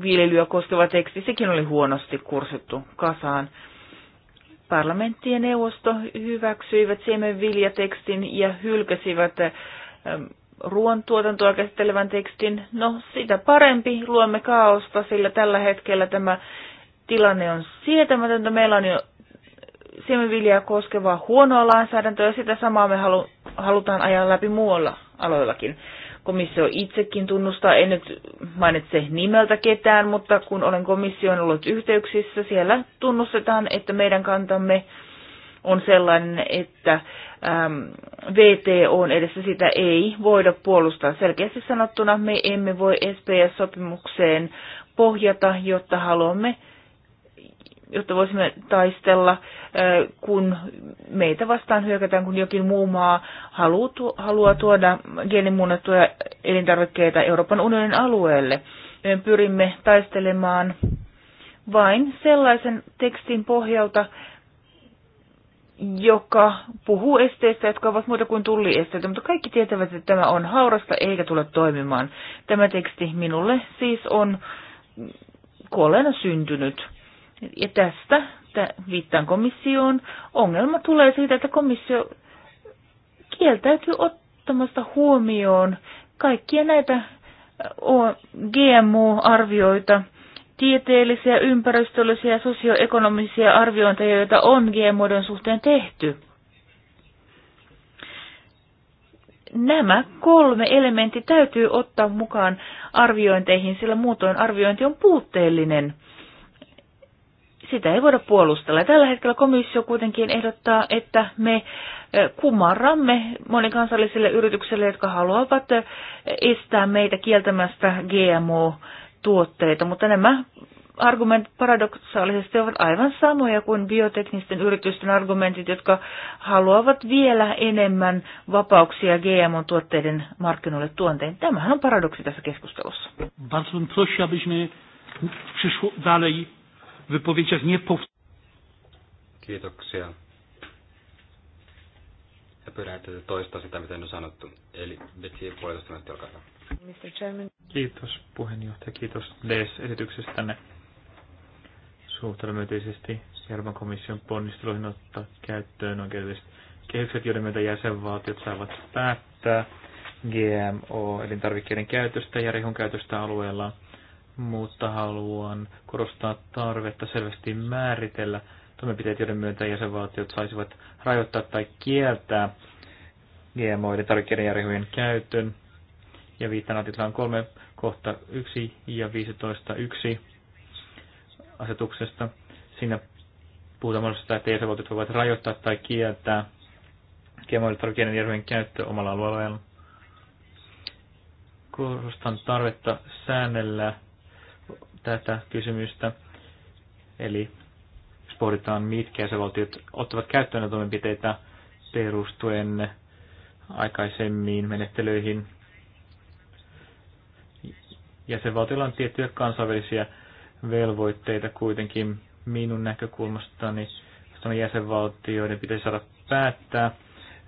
viljelyä koskeva teksti, sekin oli huonosti kursittu kasaan. Parlamentti ja neuvosto hyväksyivät siemenviljatekstin ja hylkäsivät ähm, ruoantuotantoa käsittelevän tekstin. No, sitä parempi luomme kaaosta, sillä tällä hetkellä tämä tilanne on sietämätöntä. Meillä on jo siemenviljaa koskevaa huonoa lainsäädäntöä ja sitä samaa me halu, halutaan ajaa läpi muualla aloillakin. Komissio itsekin tunnustaa, en nyt mainitse nimeltä ketään, mutta kun olen komission ollut yhteyksissä, siellä tunnustetaan, että meidän kantamme on sellainen, että äm, VTO on edessä sitä ei voida puolustaa. Selkeästi sanottuna me emme voi SPS-sopimukseen pohjata, jotta haluamme jotta voisimme taistella, kun meitä vastaan hyökätään, kun jokin muu maa haluaa tuoda geenimuunnettuja elintarvikkeita Euroopan unionin alueelle. Me pyrimme taistelemaan vain sellaisen tekstin pohjalta, joka puhuu esteistä, jotka ovat muuta kuin tulliesteitä, mutta kaikki tietävät, että tämä on haurasta eikä tule toimimaan. Tämä teksti minulle siis on kuolleena syntynyt. Ja tästä, viittaan komissioon, ongelma tulee siitä, että komissio kieltäytyy ottamasta huomioon kaikkia näitä GMO-arvioita, tieteellisiä, ympäristöllisiä ja sosioekonomisia arviointeja, joita on GMOiden suhteen tehty. Nämä kolme elementti täytyy ottaa mukaan arviointeihin, sillä muutoin arviointi on puutteellinen sitä ei voida puolustella. Tällä hetkellä komissio kuitenkin ehdottaa, että me eh, kumarramme monikansallisille yrityksille, jotka haluavat eh, estää meitä kieltämästä GMO-tuotteita, mutta nämä argumentit paradoksaalisesti ovat aivan samoja kuin bioteknisten yritysten argumentit, jotka haluavat vielä enemmän vapauksia GMO-tuotteiden markkinoille tuonteen. Tämähän on paradoksi tässä keskustelussa. Bardzo abyśmy przyszło dalej wypowiedziach nie Kiitoksia. Ja pyydän, että te toista sitä, mitä on sanottu. Eli Betsi, puolitoista minuuttia, olkaa hyvä. Mr. Kiitos puheenjohtaja, kiitos DES-esityksestänne. Suhtaudumme myönteisesti Euroopan komission ponnisteluihin ottaa käyttöön oikeudelliset kehykset, joiden myötä jäsenvaltiot saavat päättää GMO-elintarvikkeiden käytöstä ja rehun käytöstä alueella mutta haluan korostaa tarvetta selvästi määritellä toimenpiteet, joiden myötä jäsenvaltiot saisivat rajoittaa tai kieltää GMOiden tarvikkeiden järjestelmien käytön. Ja viittaan artiklaan kolme kohta 1 ja 15.1 asetuksesta. Siinä puhutaan mahdollisesta, että jäsenvaltiot voivat rajoittaa tai kieltää GMOiden tarvikkeiden järjestelmien käyttö omalla alueellaan korostan tarvetta säännellä tätä kysymystä. Eli jos pohditaan, mitkä jäsenvaltiot ottavat käyttöön toimenpiteitä perustuen aikaisemmin menettelyihin. Jäsenvaltiolla on tiettyjä kansainvälisiä velvoitteita kuitenkin minun näkökulmastani. Sanon jäsenvaltioiden pitäisi saada päättää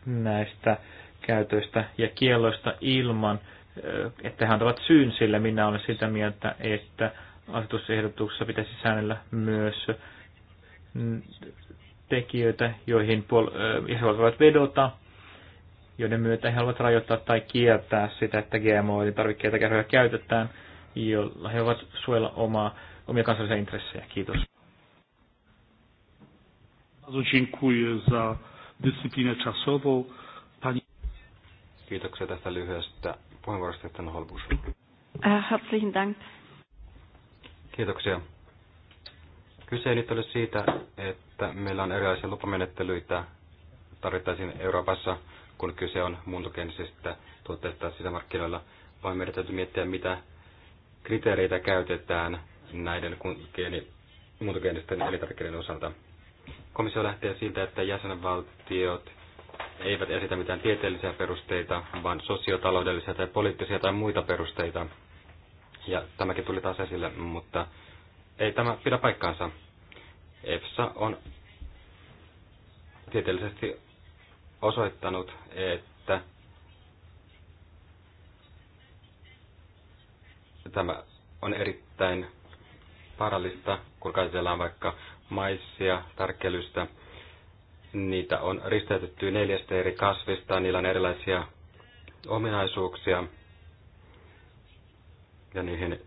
näistä käytöistä ja kielloista ilman, että he antavat syyn sille. Minä olen sitä mieltä, että asetusehdotuksessa pitäisi säännellä myös tekijöitä, joihin puol- jäsenvaltiot voivat vedota, joiden myötä he haluavat rajoittaa tai kieltää sitä, että GMO-tarvikkeita kerroja käytetään, jolla he voivat suojella omaa, omia kansallisia intressejä. Kiitos. Kiitoksia tästä lyhyestä puheenvuorosta, että Holbus. Äh, herzlichen Dank. Kiitoksia. Kyse ei nyt ole siitä, että meillä on erilaisia lupamenettelyitä tarvittaisiin Euroopassa, kun kyse on muuntogeenisistä tuotteista sisämarkkinoilla, vaan meidän täytyy miettiä, mitä kriteereitä käytetään näiden geeni, muuntogeenisten elintarvikkeiden osalta. Komissio lähtee siitä, että jäsenvaltiot eivät esitä mitään tieteellisiä perusteita, vaan sosiotaloudellisia tai poliittisia tai muita perusteita ja tämäkin tuli taas esille, mutta ei tämä pidä paikkaansa. EFSA on tieteellisesti osoittanut, että tämä on erittäin vaarallista, kun kaisellaan vaikka maissia, tarkkelystä. Niitä on risteytetty neljästä eri kasvista, niillä on erilaisia ominaisuuksia, ja niihin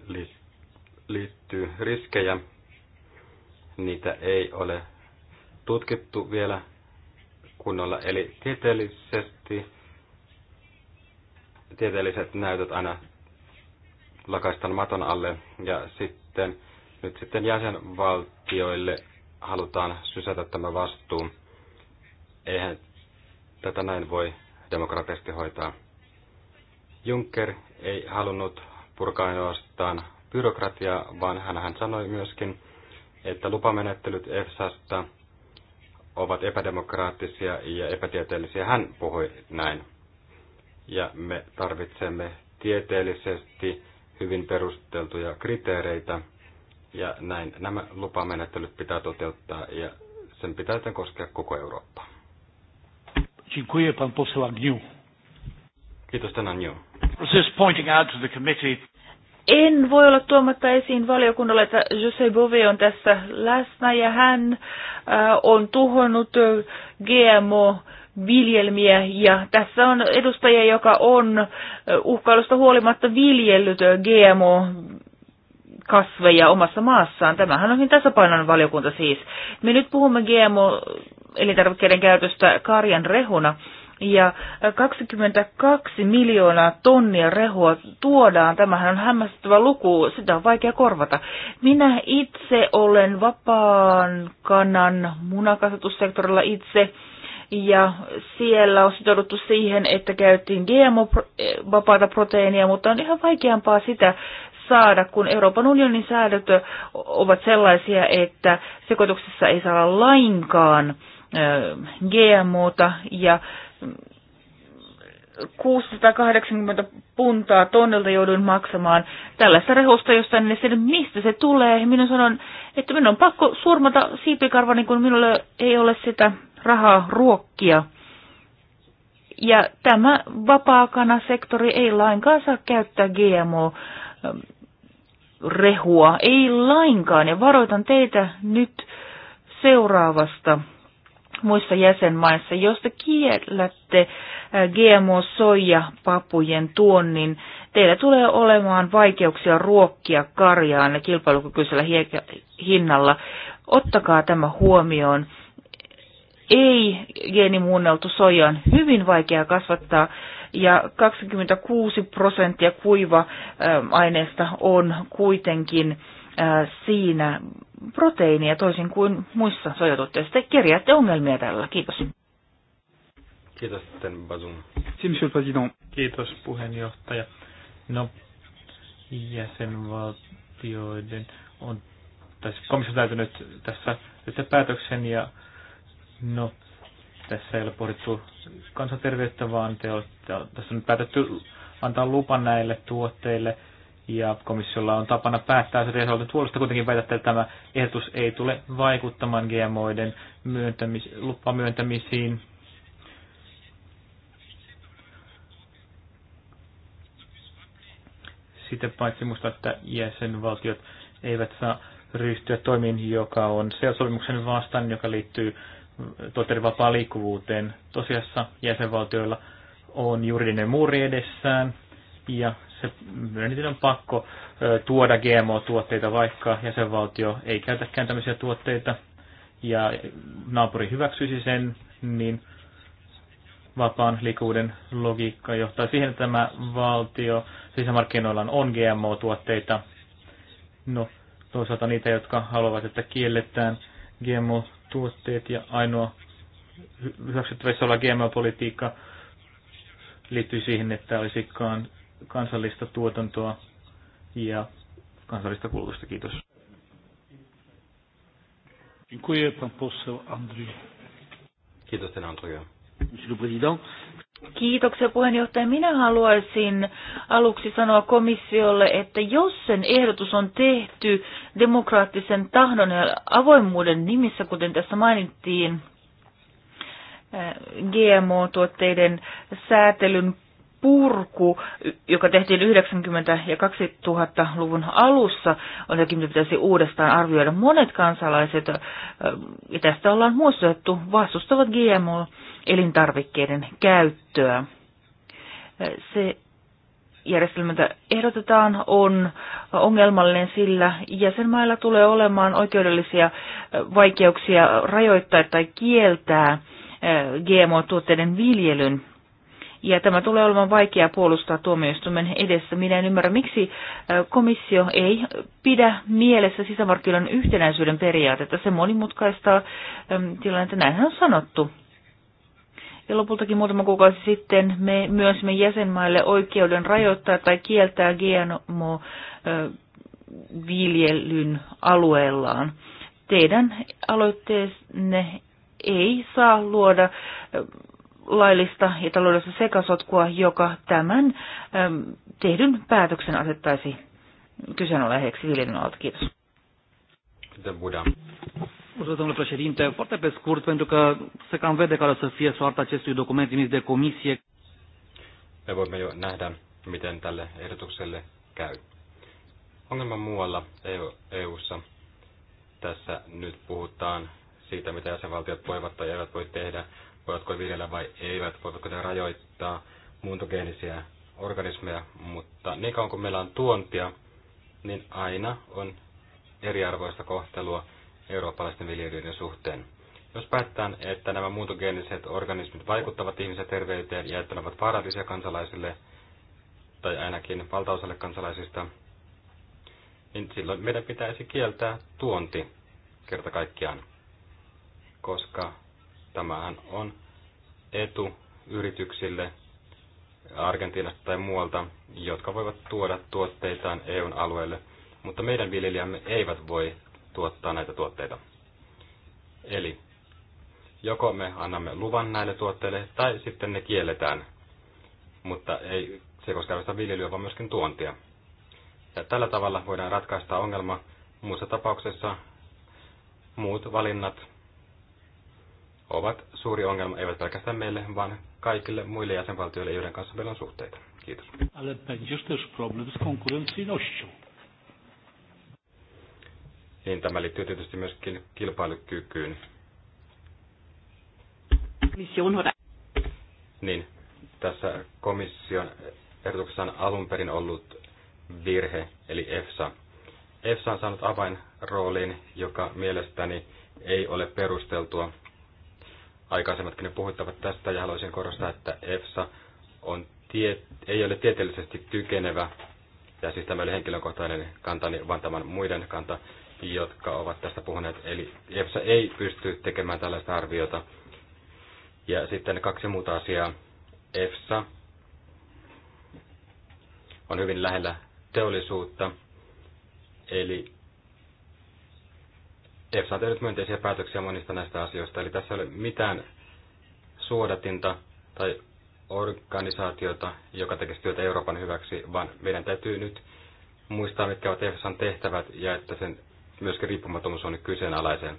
liittyy riskejä. Niitä ei ole tutkittu vielä kunnolla. Eli tieteellisesti tieteelliset näytöt aina lakaistaan maton alle ja sitten nyt sitten jäsenvaltioille halutaan sysätä tämä vastuu. Eihän tätä näin voi demokraattisesti hoitaa. Juncker ei halunnut purkaa ainoastaan byrokratiaa, vaan hän hän sanoi myöskin, että lupamenettelyt EFSAsta ovat epädemokraattisia ja epätieteellisiä. Hän puhui näin. Ja me tarvitsemme tieteellisesti hyvin perusteltuja kriteereitä, ja näin nämä lupamenettelyt pitää toteuttaa, ja sen pitää sitten koskea koko Eurooppaa. Kiitos tänään Agniu. En voi olla tuomatta esiin valiokunnalle, että Jose Bove on tässä läsnä ja hän äh, on tuhonnut äh, GMO viljelmiä ja tässä on edustaja, joka on äh, uhkailusta huolimatta viljellyt GMO kasveja omassa maassaan. Tämähän onkin tasapainon valiokunta siis. Me nyt puhumme GMO elintarvikkeiden käytöstä karjan rehuna ja 22 äh, miljoonaa tonnia rehua tuodaan. Tämähän on hämmästyttävä luku, sitä on vaikea korvata. Minä itse olen vapaan kanan munakasvatussektorilla itse ja siellä on sitouduttu siihen, että käytiin GMO-vapaata proteiinia, mutta on ihan vaikeampaa sitä saada, kun Euroopan unionin säädöt ovat sellaisia, että sekoituksessa ei saa olla lainkaan GMOta ja 680 puntaa tonnelta joudun maksamaan tällaista rehusta, josta en tiedä mistä se tulee. Minä sanon, että minun on pakko surmata niin kun minulla ei ole sitä rahaa ruokkia. Ja tämä vapaakana sektori ei lainkaan saa käyttää GMO ähm, rehua, ei lainkaan. Ja varoitan teitä nyt seuraavasta muissa jäsenmaissa, jos te kiellätte äh, GMO-soijapapujen tuonnin, teillä tulee olemaan vaikeuksia ruokkia karjaan kilpailukykyisellä hinnalla. Ottakaa tämä huomioon. Ei geenimuunneltu soja on hyvin vaikea kasvattaa ja 26 prosenttia kuiva-aineesta äh, on kuitenkin äh, siinä proteiinia toisin kuin muissa sojatuotteissa. Te kerjäätte ongelmia tällä. Kiitos. Kiitos sitten Bazum. Kiitos puheenjohtaja. No, jäsenvaltioiden on tässä komissio täytynyt tässä tehdä päätöksen ja no, tässä ei ole pohdittu kansanterveyttä, vaan te olette, tässä on päätetty antaa lupa näille tuotteille – ja komissiolla on tapana päättää se osalta huolesta. Kuitenkin väitätte, että tämä ehdotus ei tule vaikuttamaan GMOiden myöntämis, lupamyöntämisiin. Sitten paitsi muista, että jäsenvaltiot eivät saa ryhtyä toimiin, joka on sopimuksen vastaan, joka liittyy tuotteiden vapaa liikkuvuuteen. Tosiassa jäsenvaltioilla on juridinen muuri edessään, ja se niiden on pakko tuoda GMO-tuotteita, vaikka jäsenvaltio ei käytäkään tämmöisiä tuotteita ja naapuri hyväksyisi sen, niin vapaan liikuuden logiikka johtaa siihen, että tämä valtio sisämarkkinoilla on GMO-tuotteita. No, toisaalta niitä, jotka haluavat, että kielletään GMO-tuotteet ja ainoa hyväksyttävissä olla GMO-politiikka liittyy siihen, että olisikaan kansallista tuotantoa ja kansallista kulutusta. Kiitos. Kiitos teille, Andrea. Kiitoksia puheenjohtaja. Minä haluaisin aluksi sanoa komissiolle, että jos sen ehdotus on tehty demokraattisen tahdon ja avoimuuden nimissä, kuten tässä mainittiin, GMO-tuotteiden säätelyn purku, joka tehtiin 90- ja 2000-luvun alussa, on jokin, mitä pitäisi uudestaan arvioida. Monet kansalaiset, ja tästä ollaan muistutettu, vastustavat GMO-elintarvikkeiden käyttöä. Se järjestelmältä ehdotetaan on ongelmallinen, sillä jäsenmailla tulee olemaan oikeudellisia vaikeuksia rajoittaa tai kieltää GMO-tuotteiden viljelyn ja tämä tulee olemaan vaikea puolustaa tuomioistuimen edessä. Minä en ymmärrä, miksi komissio ei pidä mielessä sisämarkkinoiden yhtenäisyyden periaatetta. Se monimutkaistaa tilannetta. Näinhän on sanottu. Ja lopultakin muutama kuukausi sitten me myönsimme jäsenmaille oikeuden rajoittaa tai kieltää GMO-viljelyn alueellaan. Teidän aloitteenne ei saa luoda laillista ja taloudellista sekasotkua, joka tämän äm, tehdyn päätöksen asettaisi kyseenalaiseksi viljelyn alta. Kiitos. Mulțumesc, domnule președinte. Foarte pe scurt, pentru că se cam vede care o să fie soarta acestui document trimis de comisie. Me voimme jo nähdä, miten tälle ehdotukselle käy. Ongelma muualla EU-ssa. E Tässä nyt puhutaan siitä, mitä jäsenvaltiot voivat tai eivät voi tehdä voivatko viljellä vai eivät, voivatko ne rajoittaa muuntogeenisiä organismeja, mutta niin kauan kuin meillä on tuontia, niin aina on eriarvoista kohtelua eurooppalaisten viljelijöiden suhteen. Jos päätetään, että nämä muuntogeeniset organismit vaikuttavat ihmisen terveyteen ja että ne ovat vaarallisia kansalaisille, tai ainakin valtaosalle kansalaisista, niin silloin meidän pitäisi kieltää tuonti kerta kaikkiaan, koska Tämähän on etu yrityksille Argentiinasta tai muualta, jotka voivat tuoda tuotteitaan EUn alueelle, mutta meidän viljelijämme eivät voi tuottaa näitä tuotteita. Eli joko me annamme luvan näille tuotteille tai sitten ne kielletään, mutta ei se koske sitä viljelyä, vaan myöskin tuontia. Ja tällä tavalla voidaan ratkaista ongelma. Muussa tapauksessa muut valinnat ovat suuri ongelma, eivät pelkästään meille, vaan kaikille muille jäsenvaltioille, joiden kanssa meillä on suhteita. Kiitos. Ale będziesz też problem z konkurencyjnością. Niin, tämä liittyy tietysti myöskin kilpailukykyyn. Niin, tässä komission ehdotuksessa on alun perin ollut virhe, eli EFSA. EFSA on saanut avainroolin, joka mielestäni ei ole perusteltua, aikaisemmatkin puhuttavat tästä ja haluaisin korostaa, että EFSA on tie, ei ole tieteellisesti kykenevä, ja siis tämä oli henkilökohtainen kantani, vaan tämän muiden kanta, jotka ovat tästä puhuneet. Eli EFSA ei pysty tekemään tällaista arviota. Ja sitten kaksi muuta asiaa. EFSA on hyvin lähellä teollisuutta, eli EFSA on tehnyt myönteisiä päätöksiä monista näistä asioista, eli tässä ei ole mitään suodatinta tai organisaatiota, joka tekisi työtä Euroopan hyväksi, vaan meidän täytyy nyt muistaa, mitkä ovat EFSAn tehtävät ja että sen myöskin riippumattomuus on nyt kyseenalaisen.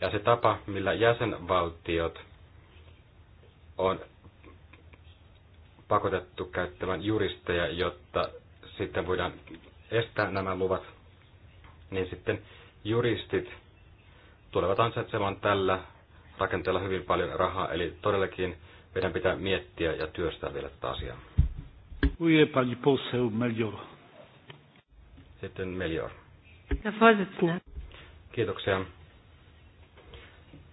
Ja se tapa, millä jäsenvaltiot on pakotettu käyttämään juristeja, jotta sitten voidaan estää nämä luvat, niin sitten juristit tulevat ansaitsemaan tällä rakenteella hyvin paljon rahaa, eli todellakin meidän pitää miettiä ja työstää vielä tätä asiaa. Sitten Melior. Kiitoksia.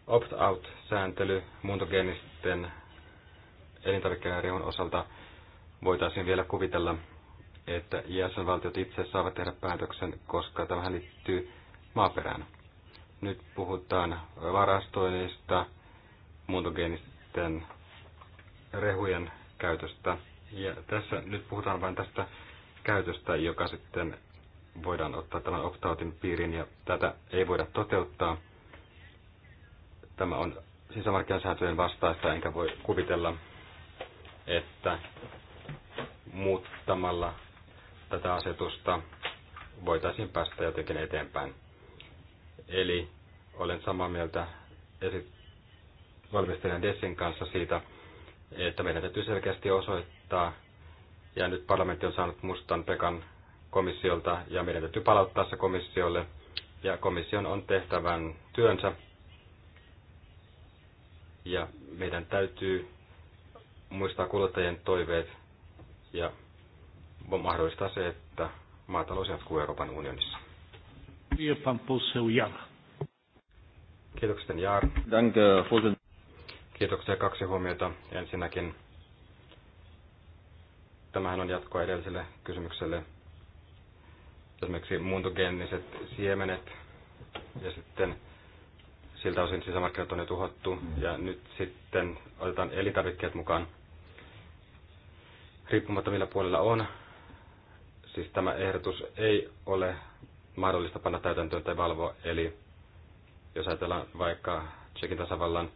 Opt-out-sääntely muuntogeenisten elintarvikkeiden rehun osalta voitaisiin vielä kuvitella, että jäsenvaltiot itse saavat tehdä päätöksen, koska tämähän liittyy maaperään. Nyt puhutaan varastoinnista, muuntogeenisten rehujen käytöstä. Ja tässä nyt puhutaan vain tästä käytöstä, joka sitten voidaan ottaa tämän optautin piirin ja tätä ei voida toteuttaa. Tämä on sisämarkkinasääntöjen vastaista, enkä voi kuvitella, että muuttamalla tätä asetusta voitaisiin päästä jotenkin eteenpäin. Eli olen samaa mieltä valmistelijan Dessin kanssa siitä, että meidän täytyy selkeästi osoittaa, ja nyt parlamentti on saanut mustan pekan komissiolta, ja meidän täytyy palauttaa se komissiolle, ja komission on tehtävän työnsä, ja meidän täytyy muistaa kuluttajien toiveet, ja mahdollistaa se, että maatalous jatkuu Euroopan unionissa. Kiitoksia, Jaar. Kiitoksia. Kaksi huomiota. Ensinnäkin tämähän on jatkoa edelliselle kysymykselle. Esimerkiksi muuntogeeniset siemenet ja sitten siltä osin sisämarkkinat on jo tuhottu ja nyt sitten otetaan elintarvikkeet mukaan. Riippumatta millä puolella on, siis tämä ehdotus ei ole mahdollista panna täytäntöön tai valvoa. Eli jos ajatellaan vaikka Tsekin tasavallan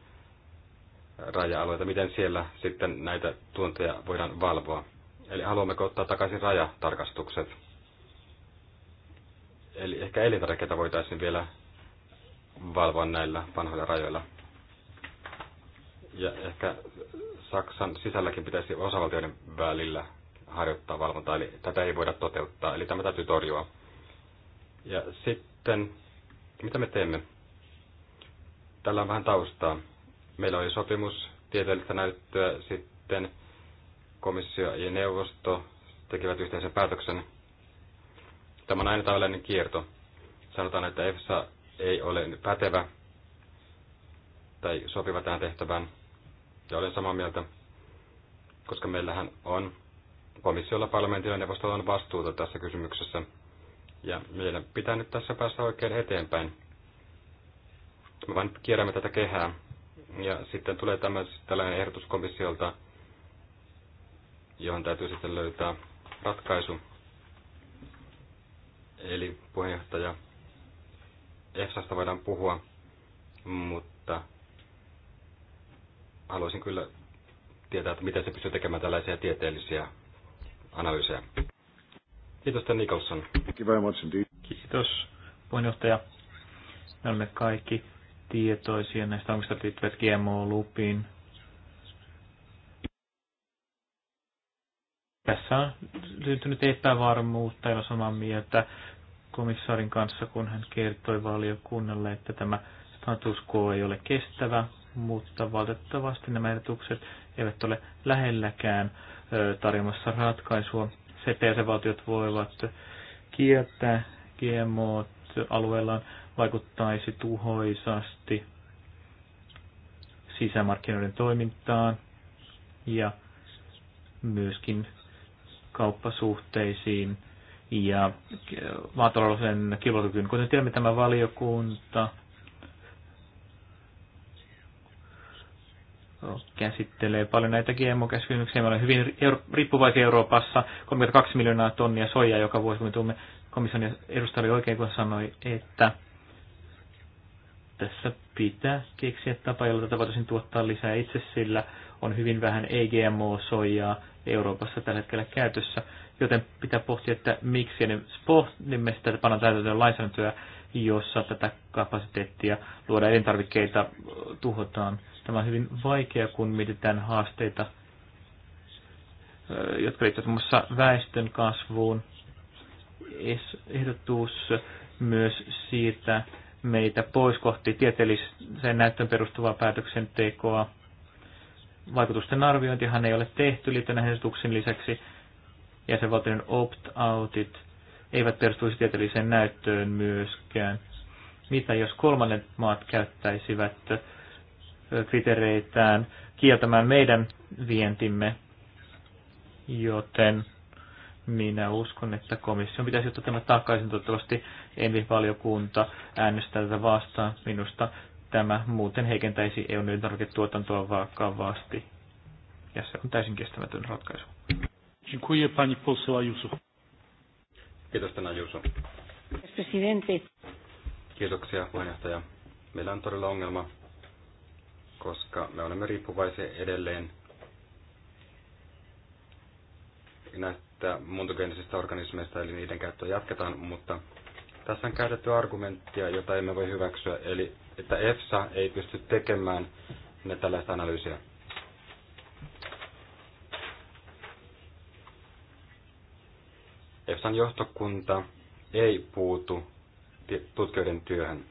raja-alueita, miten siellä sitten näitä tuonteja voidaan valvoa. Eli haluammeko ottaa takaisin rajatarkastukset? Eli ehkä elintarvikkeita voitaisiin vielä valvoa näillä vanhoilla rajoilla. Ja ehkä Saksan sisälläkin pitäisi osavaltioiden välillä harjoittaa valvontaa, eli tätä ei voida toteuttaa, eli tämä täytyy torjua. Ja sitten, mitä me teemme? Tällä on vähän taustaa. Meillä oli sopimus tieteellistä näyttöä, sitten komissio ja neuvosto tekivät yhteisen päätöksen. Tämä on aina tällainen kierto. Sanotaan, että EFSA ei ole pätevä tai sopiva tähän tehtävään. Ja olen samaa mieltä, koska meillähän on komissiolla, parlamentilla ja neuvostolla on vastuuta tässä kysymyksessä. Ja meidän pitää nyt tässä päästä oikein eteenpäin. Me vain kierrämme tätä kehää. Ja sitten tulee tämä, siis tällainen ehdotus komissiolta, johon täytyy sitten löytää ratkaisu. Eli puheenjohtaja EFSAsta voidaan puhua, mutta haluaisin kyllä tietää, että miten se pystyy tekemään tällaisia tieteellisiä analyysejä. Kiitos, Tän Nicholson. Kiitos, puheenjohtaja. Me olemme kaikki tietoisia näistä omista liittyvät GMO-lupiin. Tässä on syntynyt epävarmuutta, ja samaa mieltä komissaarin kanssa, kun hän kertoi valiokunnalle, että tämä status quo ei ole kestävä, mutta valitettavasti nämä ehdotukset eivät ole lähelläkään tarjomassa ratkaisua se, että jäsenvaltiot voivat kieltää GMOt alueellaan, vaikuttaisi tuhoisasti sisämarkkinoiden toimintaan ja myöskin kauppasuhteisiin ja maatalouden kilpailukykyyn. Kuten tiedämme, tämä valiokunta käsittelee paljon näitä GMO-kysymyksiä. Meillä on hyvin riippuvaisia Euroopassa, 32 miljoonaa tonnia soijaa joka vuosi, kun me tuomme komission edustaja oli oikein, kun sanoi, että tässä pitää keksiä tapa, jolla tätä voitaisiin tuottaa lisää itse, sillä on hyvin vähän EGMO-soijaa Euroopassa tällä hetkellä käytössä, joten pitää pohtia, että miksi ne pohdimme sitä, että pannaan täytäntöön lainsäädäntöä jossa tätä kapasiteettia luoda elintarvikkeita tuhotaan. Tämä on hyvin vaikea, kun mietitään haasteita, jotka liittyvät muun muassa väestön kasvuun. Ehdotus myös siitä meitä pois kohti tieteelliseen näyttöön perustuvaa päätöksentekoa. Vaikutusten arviointihan ei ole tehty liittyen ehdotuksen lisäksi jäsenvaltioiden opt-outit eivät perustuisi tieteelliseen näyttöön myöskään. Mitä jos kolmannet maat käyttäisivät kriteereitään kieltämään meidän vientimme, joten minä uskon, että komission pitäisi ottaa tämä takaisin. Toivottavasti valiokunta äänestää tätä vastaan. Minusta tämä muuten heikentäisi EUn elintarviketuotantoa vakavasti. Ja se on täysin kestämätön ratkaisu. Dziękuję pani poseł Kiitos tänä Juuso. Presidentti. Kiitoksia puheenjohtaja. Meillä on todella ongelma, koska me olemme riippuvaisia edelleen näistä muuntogeenisistä organismeista, eli niiden käyttöä jatketaan, mutta tässä on käytetty argumenttia, jota emme voi hyväksyä, eli että EFSA ei pysty tekemään ne tällaista analyysiä. EFSAn johtokunta ei puutu tutkijoiden työhön.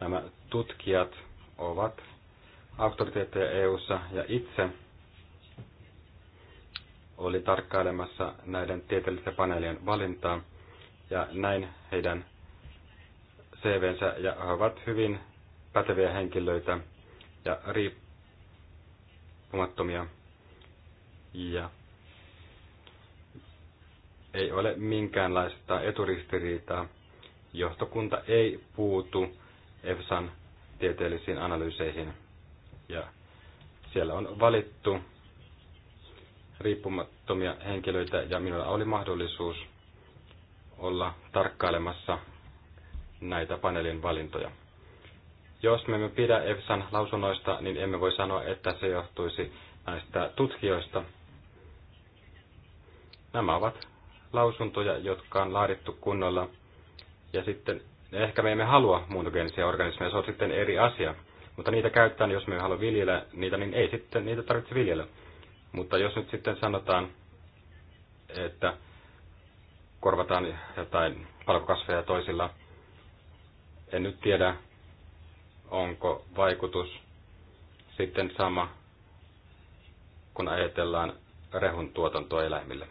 Nämä tutkijat ovat auktoriteetteja EU:ssa ja itse oli tarkkailemassa näiden tieteellisten paneelien valintaa ja näin heidän CVnsä ja he ovat hyvin päteviä henkilöitä ja riippumattomia ja ei ole minkäänlaista eturistiriitaa. Johtokunta ei puutu EFSAn tieteellisiin analyyseihin. Ja siellä on valittu riippumattomia henkilöitä ja minulla oli mahdollisuus olla tarkkailemassa näitä paneelin valintoja. Jos me emme pidä EFSAn lausunnoista, niin emme voi sanoa, että se johtuisi näistä tutkijoista. Nämä ovat lausuntoja, jotka on laadittu kunnolla. Ja sitten ehkä me emme halua muuntogeenisiä organismeja, se on sitten eri asia. Mutta niitä käyttää, jos me ei halua viljellä niitä, niin ei sitten niitä tarvitse viljellä. Mutta jos nyt sitten sanotaan, että korvataan jotain palkokasveja toisilla, en nyt tiedä, onko vaikutus sitten sama, kun ajatellaan rehun tuotantoa eläimille.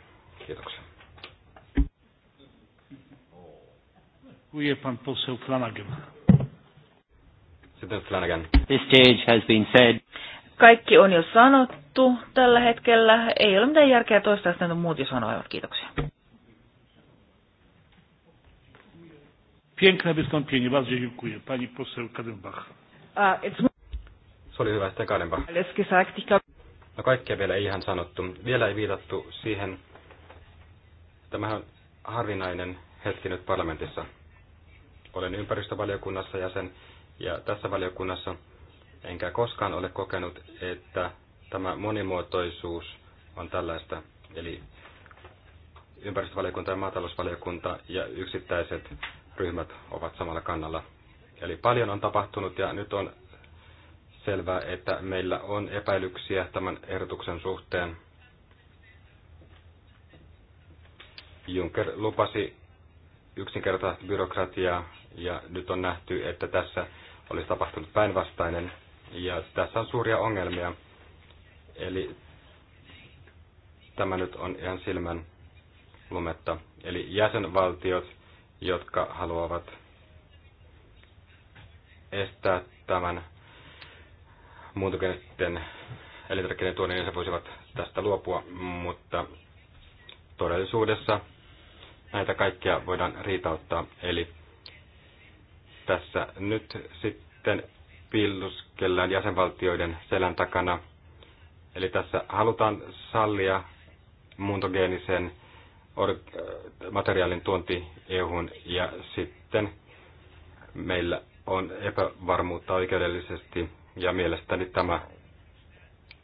Kiitoksia. Dziękuję pan poseł Flanagan. Sitten Flanagan. This stage has been said. Kaikki on jo sanottu tällä hetkellä. Ei ole mitään järkeä toistaa sitä, muut jo sanoivat. Kiitoksia. Piękne wystąpienie, bardzo dziękuję. Pani poseł Kadenbach. Uh, Se oli hyvä, että Kadenbach. No kaikkea vielä ei ihan sanottu. Vielä ei viitattu siihen, tämähän on harvinainen hetki nyt parlamentissa. Olen ympäristövaliokunnassa jäsen ja tässä valiokunnassa enkä koskaan ole kokenut, että tämä monimuotoisuus on tällaista. Eli ympäristövaliokunta ja maatalousvaliokunta ja yksittäiset ryhmät ovat samalla kannalla. Eli paljon on tapahtunut ja nyt on selvää, että meillä on epäilyksiä tämän ehdotuksen suhteen. Juncker lupasi yksinkertaista byrokratiaa ja nyt on nähty, että tässä olisi tapahtunut päinvastainen. Ja tässä on suuria ongelmia. Eli tämä nyt on ihan silmän lumetta. Eli jäsenvaltiot, jotka haluavat estää tämän muuntogeneettisten elintarvikkeiden tuonnin, niin voisivat tästä luopua, mutta todellisuudessa näitä kaikkia voidaan riitauttaa. Eli tässä nyt sitten pilluskellään jäsenvaltioiden selän takana. Eli tässä halutaan sallia muuntogeenisen äh, materiaalin tuonti EUhun ja sitten meillä on epävarmuutta oikeudellisesti ja mielestäni tämä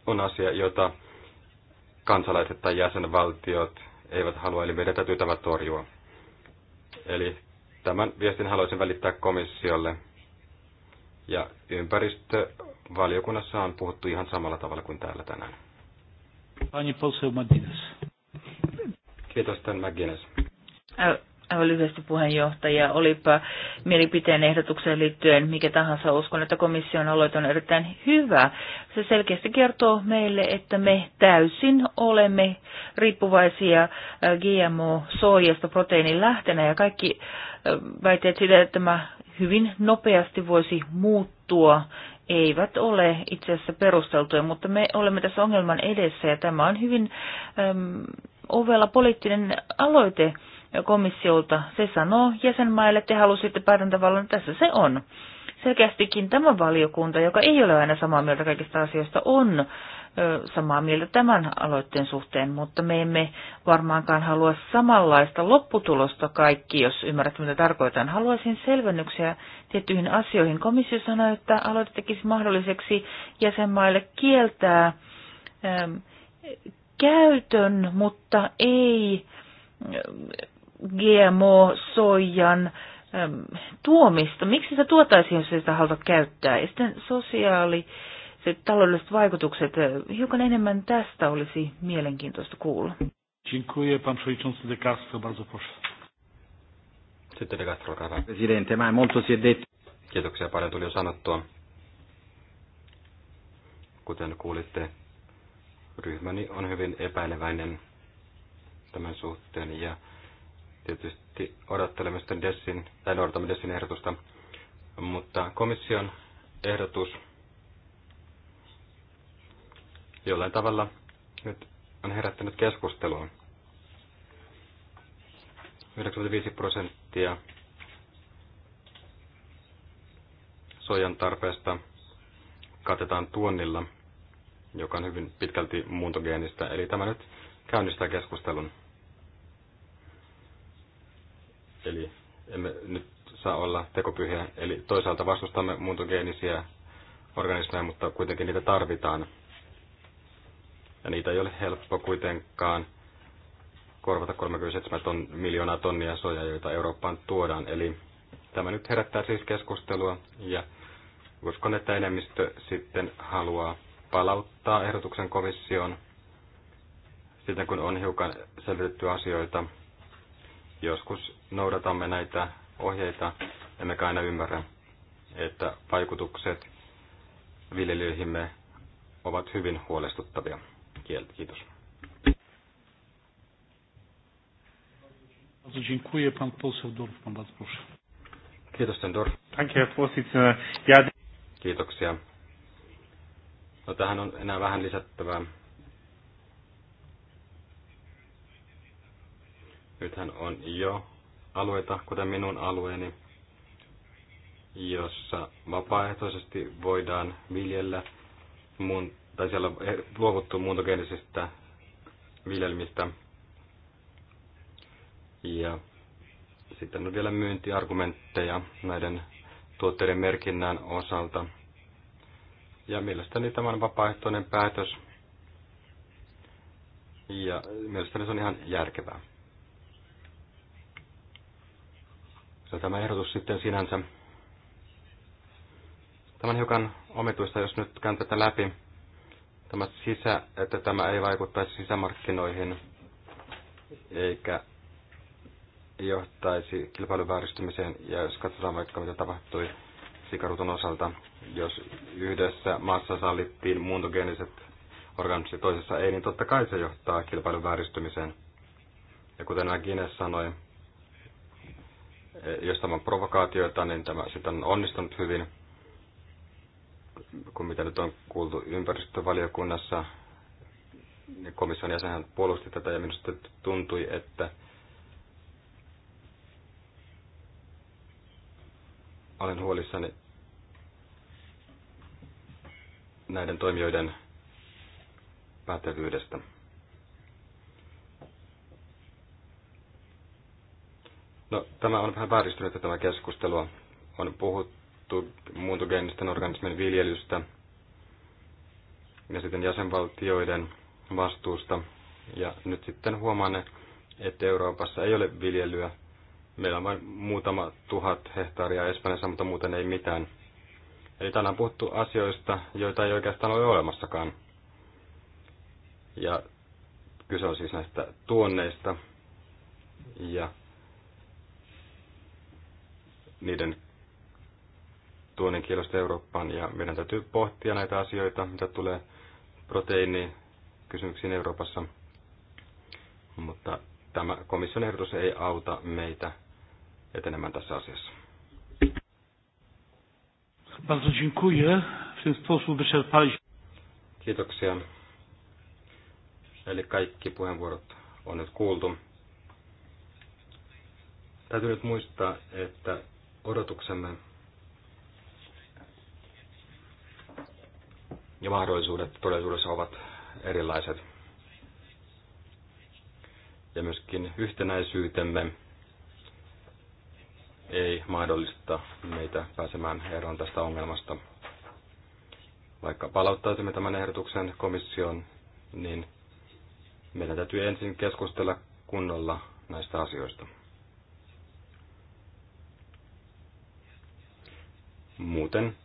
on asia, jota kansalaiset tai jäsenvaltiot eivät halua, eli meidän täytyy tämä torjua. Eli Tämän viestin haluaisin välittää komissiolle. Ja ympäristövaliokunnassa on puhuttu ihan samalla tavalla kuin täällä tänään. Pani Polseu McGuinness. Kiitos, Aivan lyhyesti puheenjohtaja, olipa mielipiteen ehdotukseen liittyen mikä tahansa, uskon, että komission aloite on erittäin hyvä. Se selkeästi kertoo meille, että me täysin olemme riippuvaisia äh, GMO-soijasta proteiinin lähtenä ja kaikki äh, väitteet siitä, että tämä hyvin nopeasti voisi muuttua, eivät ole itse asiassa perusteltuja, mutta me olemme tässä ongelman edessä ja tämä on hyvin äm, ovella poliittinen aloite komissiolta. Se sanoo jäsenmaille, te halusitte päätäntävallan, tässä se on. Selkeästikin tämä valiokunta, joka ei ole aina samaa mieltä kaikista asioista, on samaa mieltä tämän aloitteen suhteen, mutta me emme varmaankaan halua samanlaista lopputulosta kaikki, jos ymmärrät mitä tarkoitan. Haluaisin selvennyksiä tiettyihin asioihin. Komissio sanoi, että aloite tekisi mahdolliseksi jäsenmaille kieltää ähm, käytön, mutta ei GMO-soijan tuomista. Miksi sitä tuotaisiin, jos ei sitä haluta käyttää? Ja sitten sosiaali, se taloudelliset vaikutukset, hiukan enemmän tästä olisi mielenkiintoista kuulla. Dziękuję, pan przewodniczący De Castro, bardzo proszę. Sitten De Castro, olkaa Presidente, mä molto si Kiitoksia, paljon tuli jo sanottua. Kuten kuulitte, ryhmäni on hyvin epäileväinen tämän suhteen ja Tietysti odottelemme sitten Dessin, tai odotamme Dessin ehdotusta, mutta komission ehdotus jollain tavalla nyt on herättänyt keskustelua. 95 prosenttia sojan tarpeesta katetaan tuonnilla, joka on hyvin pitkälti muuntogeenistä. Eli tämä nyt käynnistää keskustelun. Eli emme nyt saa olla tekopyhiä. Eli toisaalta vastustamme muuntogeenisiä organismeja, mutta kuitenkin niitä tarvitaan. Ja niitä ei ole helppo kuitenkaan korvata 37 ton, miljoonaa tonnia soja, joita Eurooppaan tuodaan. Eli tämä nyt herättää siis keskustelua ja uskon, että enemmistö sitten haluaa palauttaa ehdotuksen komission sitten kun on hiukan selvitetty asioita Joskus noudatamme näitä ohjeita, emmekä aina ymmärrä, että vaikutukset viljelyihimme ovat hyvin huolestuttavia. Kiitos. Kiitos, sen Kiitoksia. No, tähän on enää vähän lisättävää. Nythän on jo alueita, kuten minun alueeni, jossa vapaaehtoisesti voidaan viljellä, muun, tai siellä on eh, luovuttu muuntogeenisistä viljelmistä. Ja sitten on vielä myyntiargumentteja näiden tuotteiden merkinnän osalta. Ja mielestäni tämä on vapaaehtoinen päätös. Ja mielestäni se on ihan järkevää. Ja tämä ehdotus sitten sinänsä. Tämä on hiukan omituista, jos nyt käyn tätä läpi. Tämä sisä, että tämä ei vaikuttaisi sisämarkkinoihin eikä johtaisi kilpailuvääristymiseen. Ja jos katsotaan vaikka mitä tapahtui sikaruton osalta, jos yhdessä maassa sallittiin muuntogeeniset organismit toisessa ei, niin totta kai se johtaa kilpailuvääristymiseen. Ja kuten Agines sanoi, jos tämä on provokaatioita, niin tämä sitten on onnistunut hyvin, kun mitä nyt on kuultu ympäristövaliokunnassa. Niin komission jäsenhän puolusti tätä ja minusta tuntui, että olen huolissani näiden toimijoiden pätevyydestä. No, tämä on vähän vääristynyt tämä keskustelua. On puhuttu muuntogeenisten organismien viljelystä ja sitten jäsenvaltioiden vastuusta. Ja nyt sitten huomaan, että Euroopassa ei ole viljelyä. Meillä on vain muutama tuhat hehtaaria Espanjassa, mutta muuten ei mitään. Eli täällä on puhuttu asioista, joita ei oikeastaan ole olemassakaan. Ja kyse on siis näistä tuonneista ja niiden tuonnin kielosta Eurooppaan. Ja meidän täytyy pohtia näitä asioita, mitä tulee proteiinikysymyksiin Euroopassa. Mutta tämä komission ehdotus ei auta meitä etenemään tässä asiassa. Bardzo dziękuję. W ten sposób wyczerpaliśmy. Kiitoksia. Eli kaikki puheenvuorot on nyt kuultu. Täytyy nyt muistaa, että odotuksemme ja mahdollisuudet todellisuudessa ovat erilaiset. Ja myöskin yhtenäisyytemme ei mahdollista meitä pääsemään eroon tästä ongelmasta. Vaikka palauttaisimme tämän ehdotuksen komission, niin meidän täytyy ensin keskustella kunnolla näistä asioista. Muuten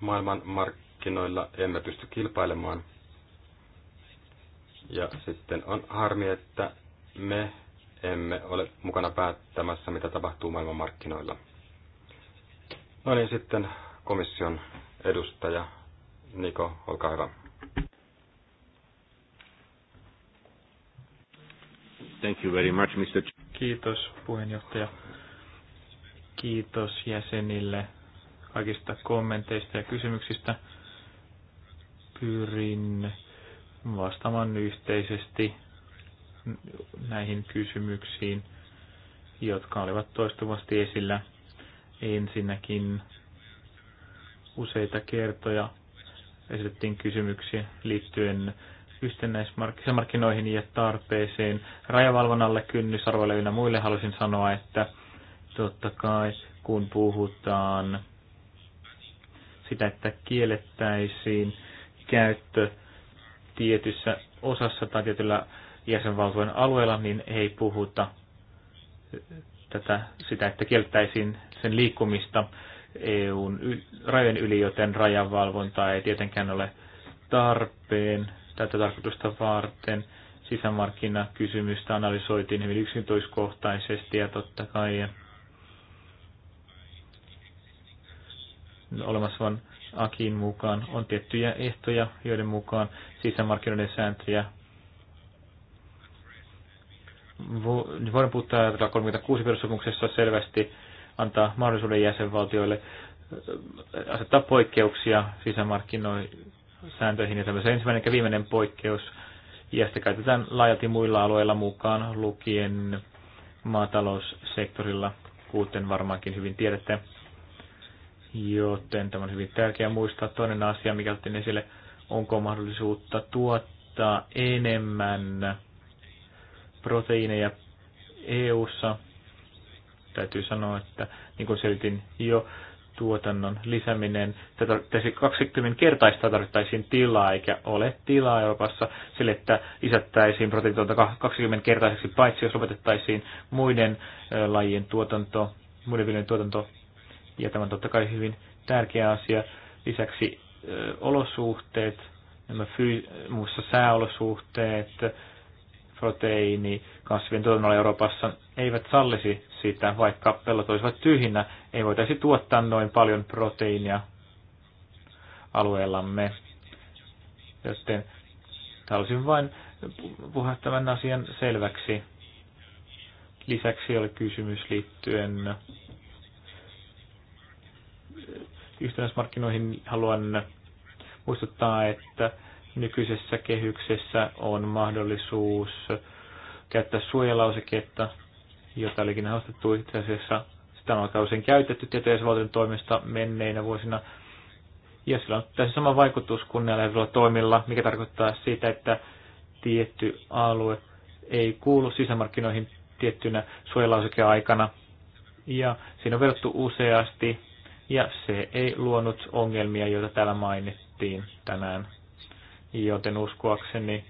maailman markkinoilla emme pysty kilpailemaan. Ja sitten on harmi, että me emme ole mukana päättämässä, mitä tapahtuu maailman markkinoilla. No niin, sitten komission edustaja Niko, olkaa hyvä. Thank you very much, Mr. Kiitos puheenjohtaja. Kiitos jäsenille kaikista kommenteista ja kysymyksistä. Pyrin vastaamaan yhteisesti näihin kysymyksiin, jotka olivat toistuvasti esillä. Ensinnäkin useita kertoja esitettiin kysymyksiä liittyen yhtenäismarkkinoihin ja tarpeeseen. Rajavalvonnalle, kynnysarvoille ja muille halusin sanoa, että totta kai kun puhutaan sitä, että kiellettäisiin käyttö tietyssä osassa tai tietyllä jäsenvaltojen alueella, niin ei puhuta tätä, sitä, että kieltäisiin sen liikkumista EUn rajojen yli, joten rajavalvonta ei tietenkään ole tarpeen tätä tarkoitusta varten. Sisämarkkinakysymystä analysoitiin hyvin yksityiskohtaisesti ja totta kai olemassa vain Akin mukaan on tiettyjä ehtoja, joiden mukaan sisämarkkinoiden sääntöjä niin voidaan puuttaa 36 perussopimuksessa selvästi antaa mahdollisuuden jäsenvaltioille äh, asettaa poikkeuksia sisämarkkinoisääntöihin ja tämmöisen ensimmäinen ja viimeinen poikkeus. Ja sitä käytetään laajalti muilla alueilla mukaan lukien maataloussektorilla, kuten varmaankin hyvin tiedätte joten tämä on hyvin tärkeää muistaa. Toinen asia, mikä otin esille, onko mahdollisuutta tuottaa enemmän proteiineja EU-ssa. Täytyy sanoa, että niin kuin selitin jo, tuotannon lisäminen, tätä 20 kertaista tarvittaisiin tilaa, eikä ole tilaa Euroopassa sille, että lisättäisiin proteiinituotanto 20 kertaiseksi, paitsi jos lopetettaisiin muiden lajien tuotanto, muiden viljojen tuotanto ja tämä on totta kai hyvin tärkeä asia. Lisäksi ö, olosuhteet, nämä fyy- muussa sääolosuhteet, proteiini, kasvien tuotannolla Euroopassa eivät sallisi sitä, vaikka pellot olisivat tyhjinä, ei voitaisi tuottaa noin paljon proteiinia alueellamme. Joten halusin vain puhua tämän asian selväksi. Lisäksi oli kysymys liittyen yhtenäismarkkinoihin haluan muistuttaa, että nykyisessä kehyksessä on mahdollisuus käyttää suojalauseketta, jota olikin haastettu itse asiassa. Sitä on aika usein käytetty tieteellisvaltion toimesta menneinä vuosina. Ja sillä on täysin sama vaikutus kunnianhimoisilla toimilla, mikä tarkoittaa sitä, että tietty alue ei kuulu sisämarkkinoihin tiettynä suojalausekeaikana. Ja siinä on verrattu useasti ja se ei luonut ongelmia, joita täällä mainittiin tänään. Joten uskoakseni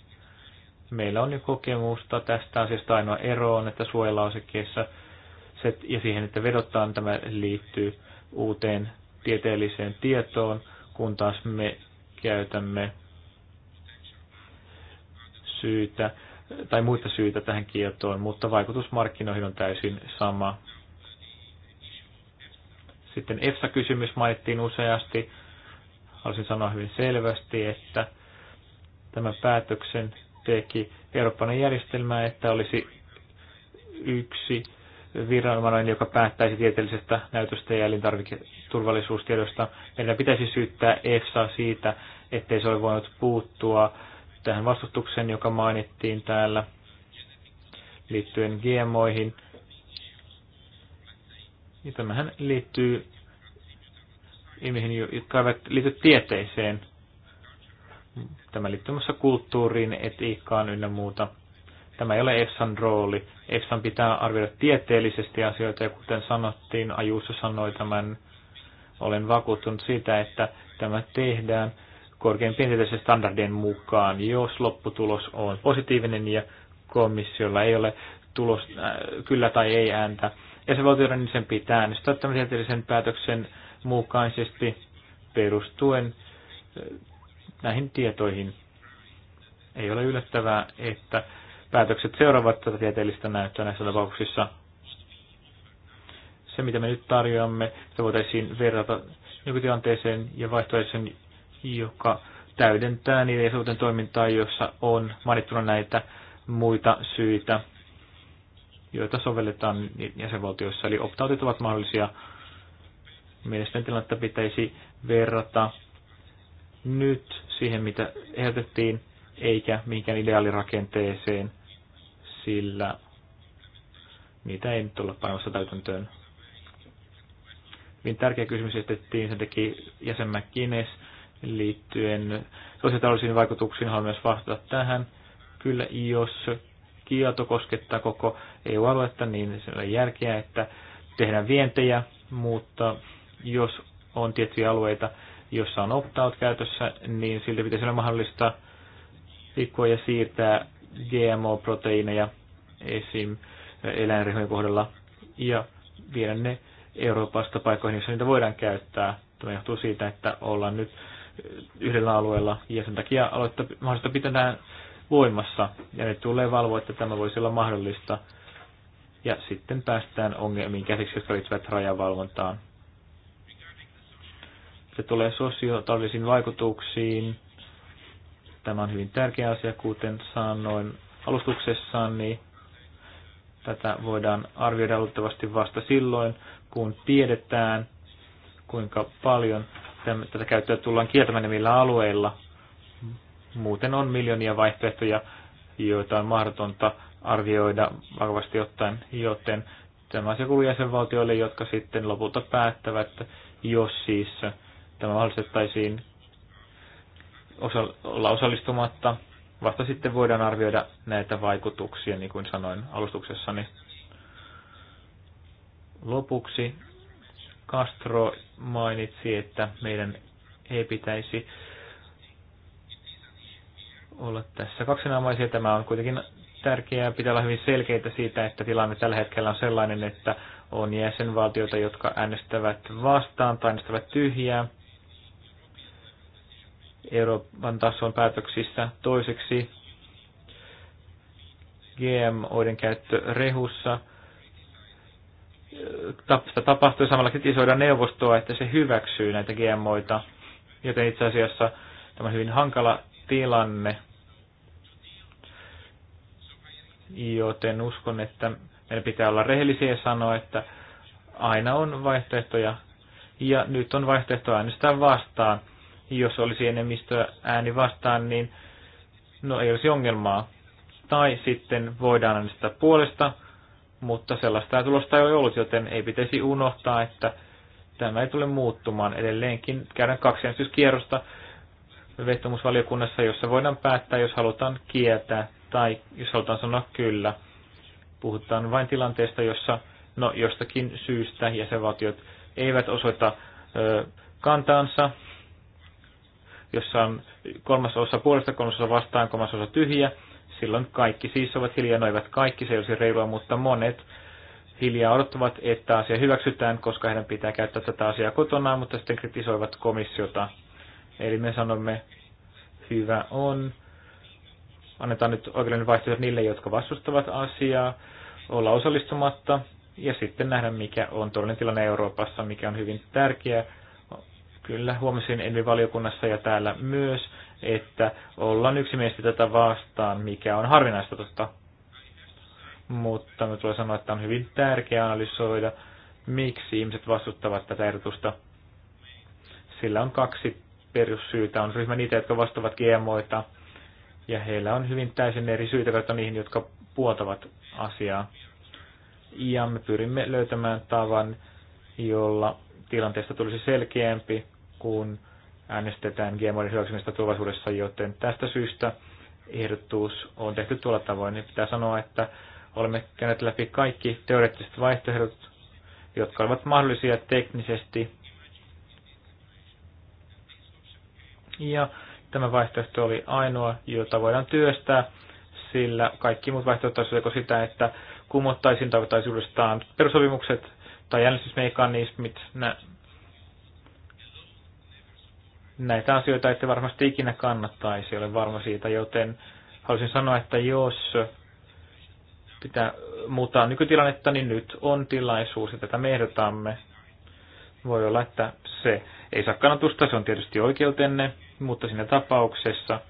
meillä on jo kokemusta tästä asiasta ainoa ero on, että suojelausekkeessa se, ja siihen, että vedotaan tämä liittyy uuteen tieteelliseen tietoon, kun taas me käytämme syytä tai muita syitä tähän kieltoon, mutta vaikutus markkinoihin on täysin sama. Sitten EFSA-kysymys mainittiin useasti. Haluaisin sanoa hyvin selvästi, että tämä päätöksen teki Euroopan järjestelmä, että olisi yksi viranomainen, joka päättäisi tieteellisestä näytöstä ja elintarviketurvallisuustiedosta. Meidän pitäisi syyttää EFSA siitä, ettei se ole voinut puuttua tähän vastustukseen, joka mainittiin täällä liittyen GMOihin. Ja tämähän liittyy ihmisiin, jotka eivät liity tieteeseen. Tämä liittyy muassa kulttuuriin, etiikkaan ynnä muuta. Tämä ei ole EFSAn rooli. EFSAn pitää arvioida tieteellisesti asioita, ja kuten sanottiin, Ajuussa sanoi tämän, olen vakuuttunut siitä, että tämä tehdään korkeimpien tieteellisten standardien mukaan, jos lopputulos on positiivinen ja komissiolla ei ole tulos, äh, kyllä tai ei ääntä jäsenvaltioiden, niin sen pitää äänestää tämän tieteellisen päätöksen mukaisesti perustuen eh, näihin tietoihin. Ei ole yllättävää, että päätökset seuraavat tätä tieteellistä näyttöä näissä tapauksissa. Se, mitä me nyt tarjoamme, se voitaisiin verrata nykytilanteeseen ja vaihtoehtoisen, joka täydentää niiden jäsenvaltion toimintaa, jossa on mainittuna näitä muita syitä joita sovelletaan jäsenvaltioissa, eli optautit ovat mahdollisia. Mielestäni tilannetta pitäisi verrata nyt siihen, mitä ehdotettiin, eikä mihinkään ideaalirakenteeseen, sillä niitä ei nyt olla panemassa täytäntöön. Hyvin tärkeä kysymys jätettiin, sen teki jäsen McGuinness liittyen sosiaalisiin vaikutuksiin. Haluan myös vastata tähän. Kyllä, jos kielto koskettaa koko EU-aluetta, niin se on järkeä, että tehdään vientejä, mutta jos on tiettyjä alueita, joissa on opt-out käytössä, niin silti pitäisi olla mahdollista liikkua ja siirtää GMO-proteiineja esim. eläinryhmien kohdalla ja viedä ne Euroopasta paikkoihin, joissa niitä voidaan käyttää. Tämä johtuu siitä, että ollaan nyt yhdellä alueella ja sen takia aloittaa mahdollista pitää voimassa. Ja ne tulee valvoa, että tämä voisi olla mahdollista. Ja sitten päästään ongelmiin käsiksi, jotka liittyvät rajavalvontaan. Se tulee sosiotaloudellisiin vaikutuksiin. Tämä on hyvin tärkeä asia, kuten sanoin niin Tätä voidaan arvioida luultavasti vasta silloin, kun tiedetään, kuinka paljon tätä käyttöä tullaan kieltämään millä alueilla. Muuten on miljoonia vaihtoehtoja, joita on mahdotonta arvioida vakavasti ottaen, joten tämä asia kuuluu jäsenvaltioille, jotka sitten lopulta päättävät, jos siis tämä mahdollistettaisiin osa- olla osallistumatta. Vasta sitten voidaan arvioida näitä vaikutuksia, niin kuin sanoin alustuksessani. Lopuksi Castro mainitsi, että meidän ei pitäisi olla tässä kaksinaamaisia. Tämä on kuitenkin tärkeää. Pitää olla hyvin selkeitä siitä, että tilanne tällä hetkellä on sellainen, että on jäsenvaltioita, jotka äänestävät vastaan tai äänestävät tyhjää Euroopan tason päätöksissä. Toiseksi GM-oiden käyttö rehussa tapahtuu samalla kritisoidaan neuvostoa, että se hyväksyy näitä GMOita, joten itse asiassa tämä on hyvin hankala tilanne. Joten uskon, että meidän pitää olla rehellisiä ja sanoa, että aina on vaihtoehtoja. Ja nyt on vaihtoehto äänestää vastaan. Jos olisi enemmistö ääni vastaan, niin no ei olisi ongelmaa. Tai sitten voidaan äänestää puolesta, mutta sellaista tulosta ei ole ollut, joten ei pitäisi unohtaa, että tämä ei tule muuttumaan. Edelleenkin käydään kaksi äänestyskierrosta vetomusvaliokunnassa, jossa voidaan päättää, jos halutaan kieltää tai jos halutaan sanoa kyllä. Puhutaan vain tilanteesta, jossa no, jostakin syystä jäsenvaltiot eivät osoita ö, kantaansa, jossa on kolmas osa puolesta, kolmas osa vastaan, kolmas osa tyhjä. Silloin kaikki siis ovat hiljaa, no eivät kaikki, se ei olisi reilua, mutta monet hiljaa odottavat, että asia hyväksytään, koska heidän pitää käyttää tätä asiaa kotonaan, mutta sitten kritisoivat komissiota Eli me sanomme, hyvä on, annetaan nyt oikeudellinen vaihtoehto niille, jotka vastustavat asiaa, olla osallistumatta ja sitten nähdä, mikä on todellinen tilanne Euroopassa, mikä on hyvin tärkeää. Kyllä, huomasin ENVI-valiokunnassa ja täällä myös, että ollaan yksimielisesti tätä vastaan, mikä on harvinaista tuosta. Mutta me tulee sanoa, että on hyvin tärkeää analysoida, miksi ihmiset vastustavat tätä ehdotusta. Sillä on kaksi perussyytä on ryhmä niitä, jotka vastaavat GMOita, ja heillä on hyvin täysin eri syitä verrattuna niihin, jotka puoltavat asiaa. Ja me pyrimme löytämään tavan, jolla tilanteesta tulisi selkeämpi, kun äänestetään GMOiden hyväksymistä tulevaisuudessa, joten tästä syystä ehdotus on tehty tuolla tavoin. Niin pitää sanoa, että olemme käyneet läpi kaikki teoreettiset vaihtoehdot, jotka ovat mahdollisia teknisesti Ja tämä vaihtoehto oli ainoa, jota voidaan työstää, sillä kaikki muut vaihtoehdot olisivat joko sitä, että kumottaisiin tai voitaisiin uudestaan perusopimukset tai jännitysmekanismit. Nä- näitä asioita ette varmasti ikinä kannattaisi, olen varma siitä, joten haluaisin sanoa, että jos pitää muuttaa nykytilannetta, niin nyt on tilaisuus, ja tätä me ehdotamme. Voi olla, että se ei saa kannatusta, se on tietysti oikeutenne, mutta siinä tapauksessa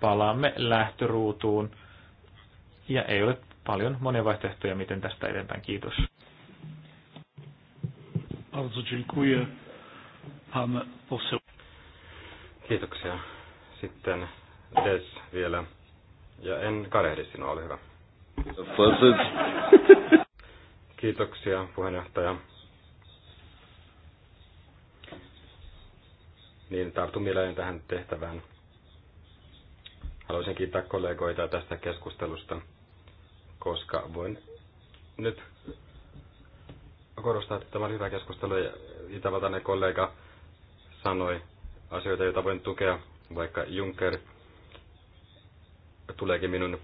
palaamme lähtöruutuun ja ei ole paljon monia vaihtoehtoja, miten tästä eteenpäin. Kiitos. Kiitoksia. Sitten Des vielä. Ja en karehdi sinua, ole hyvä. Kiitoksia puheenjohtaja. niin tartun mieleen tähän tehtävään. Haluaisin kiittää kollegoita tästä keskustelusta, koska voin nyt korostaa, että tämä oli hyvä keskustelu. Itävaltainen kollega sanoi asioita, joita voin tukea, vaikka Juncker tuleekin minun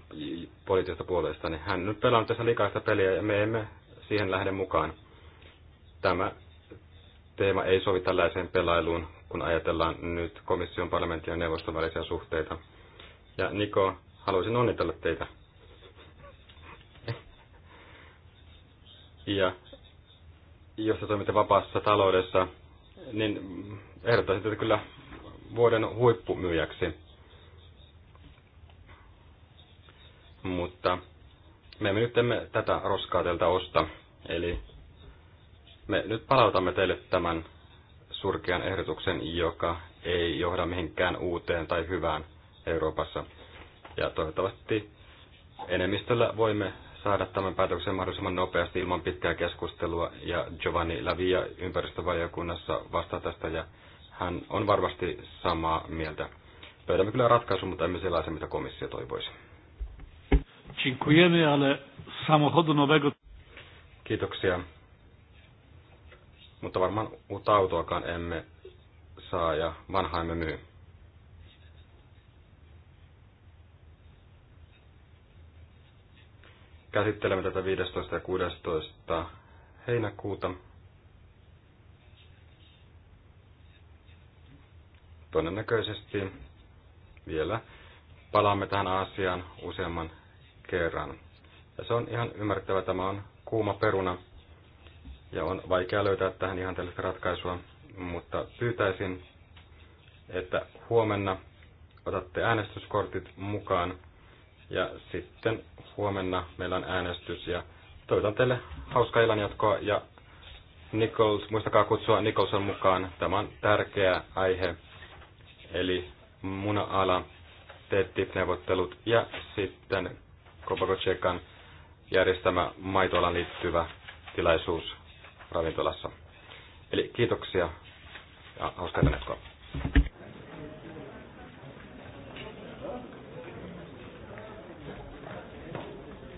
poliittisesta puolestani. Niin hän nyt pelaa tässä likaista peliä ja me emme siihen lähde mukaan. Tämä teema ei sovi tällaiseen pelailuun, kun ajatellaan nyt komission, parlamentin ja neuvoston välisiä suhteita. Ja Niko, haluaisin onnitella teitä. Ja jos te toimitte vapaassa taloudessa, niin ehdottaisin teitä kyllä vuoden huippumyyjäksi. Mutta me emme nyt emme tätä roskaa teiltä osta. Eli me nyt palautamme teille tämän surkean ehdotuksen, joka ei johda mihinkään uuteen tai hyvään Euroopassa. Ja toivottavasti enemmistöllä voimme saada tämän päätöksen mahdollisimman nopeasti ilman pitkää keskustelua. Ja Giovanni Lavia ympäristövaliokunnassa vastaa tästä ja hän on varmasti samaa mieltä. Löydämme kyllä ratkaisun, mutta emme sellaisen, mitä komissio toivoisi. Kiitoksia. Mutta varmaan uutta autoakaan emme saa ja vanhaa emme myy. Käsittelemme tätä 15. ja 16. heinäkuuta. Todennäköisesti vielä palaamme tähän asiaan useamman kerran. Ja se on ihan ymmärrettävä, tämä on kuuma peruna ja on vaikea löytää tähän ihan tällaista ratkaisua, mutta pyytäisin, että huomenna otatte äänestyskortit mukaan ja sitten huomenna meillä on äänestys ja toivotan teille hauskaa illanjatkoa ja Nichols, muistakaa kutsua Nicholson mukaan. Tämä on tärkeä aihe, eli muna-ala, TTIP-neuvottelut ja sitten Kopakotsiekan järjestämä maitoalan liittyvä tilaisuus ravintolassa. Eli kiitoksia ja hauskaa tänne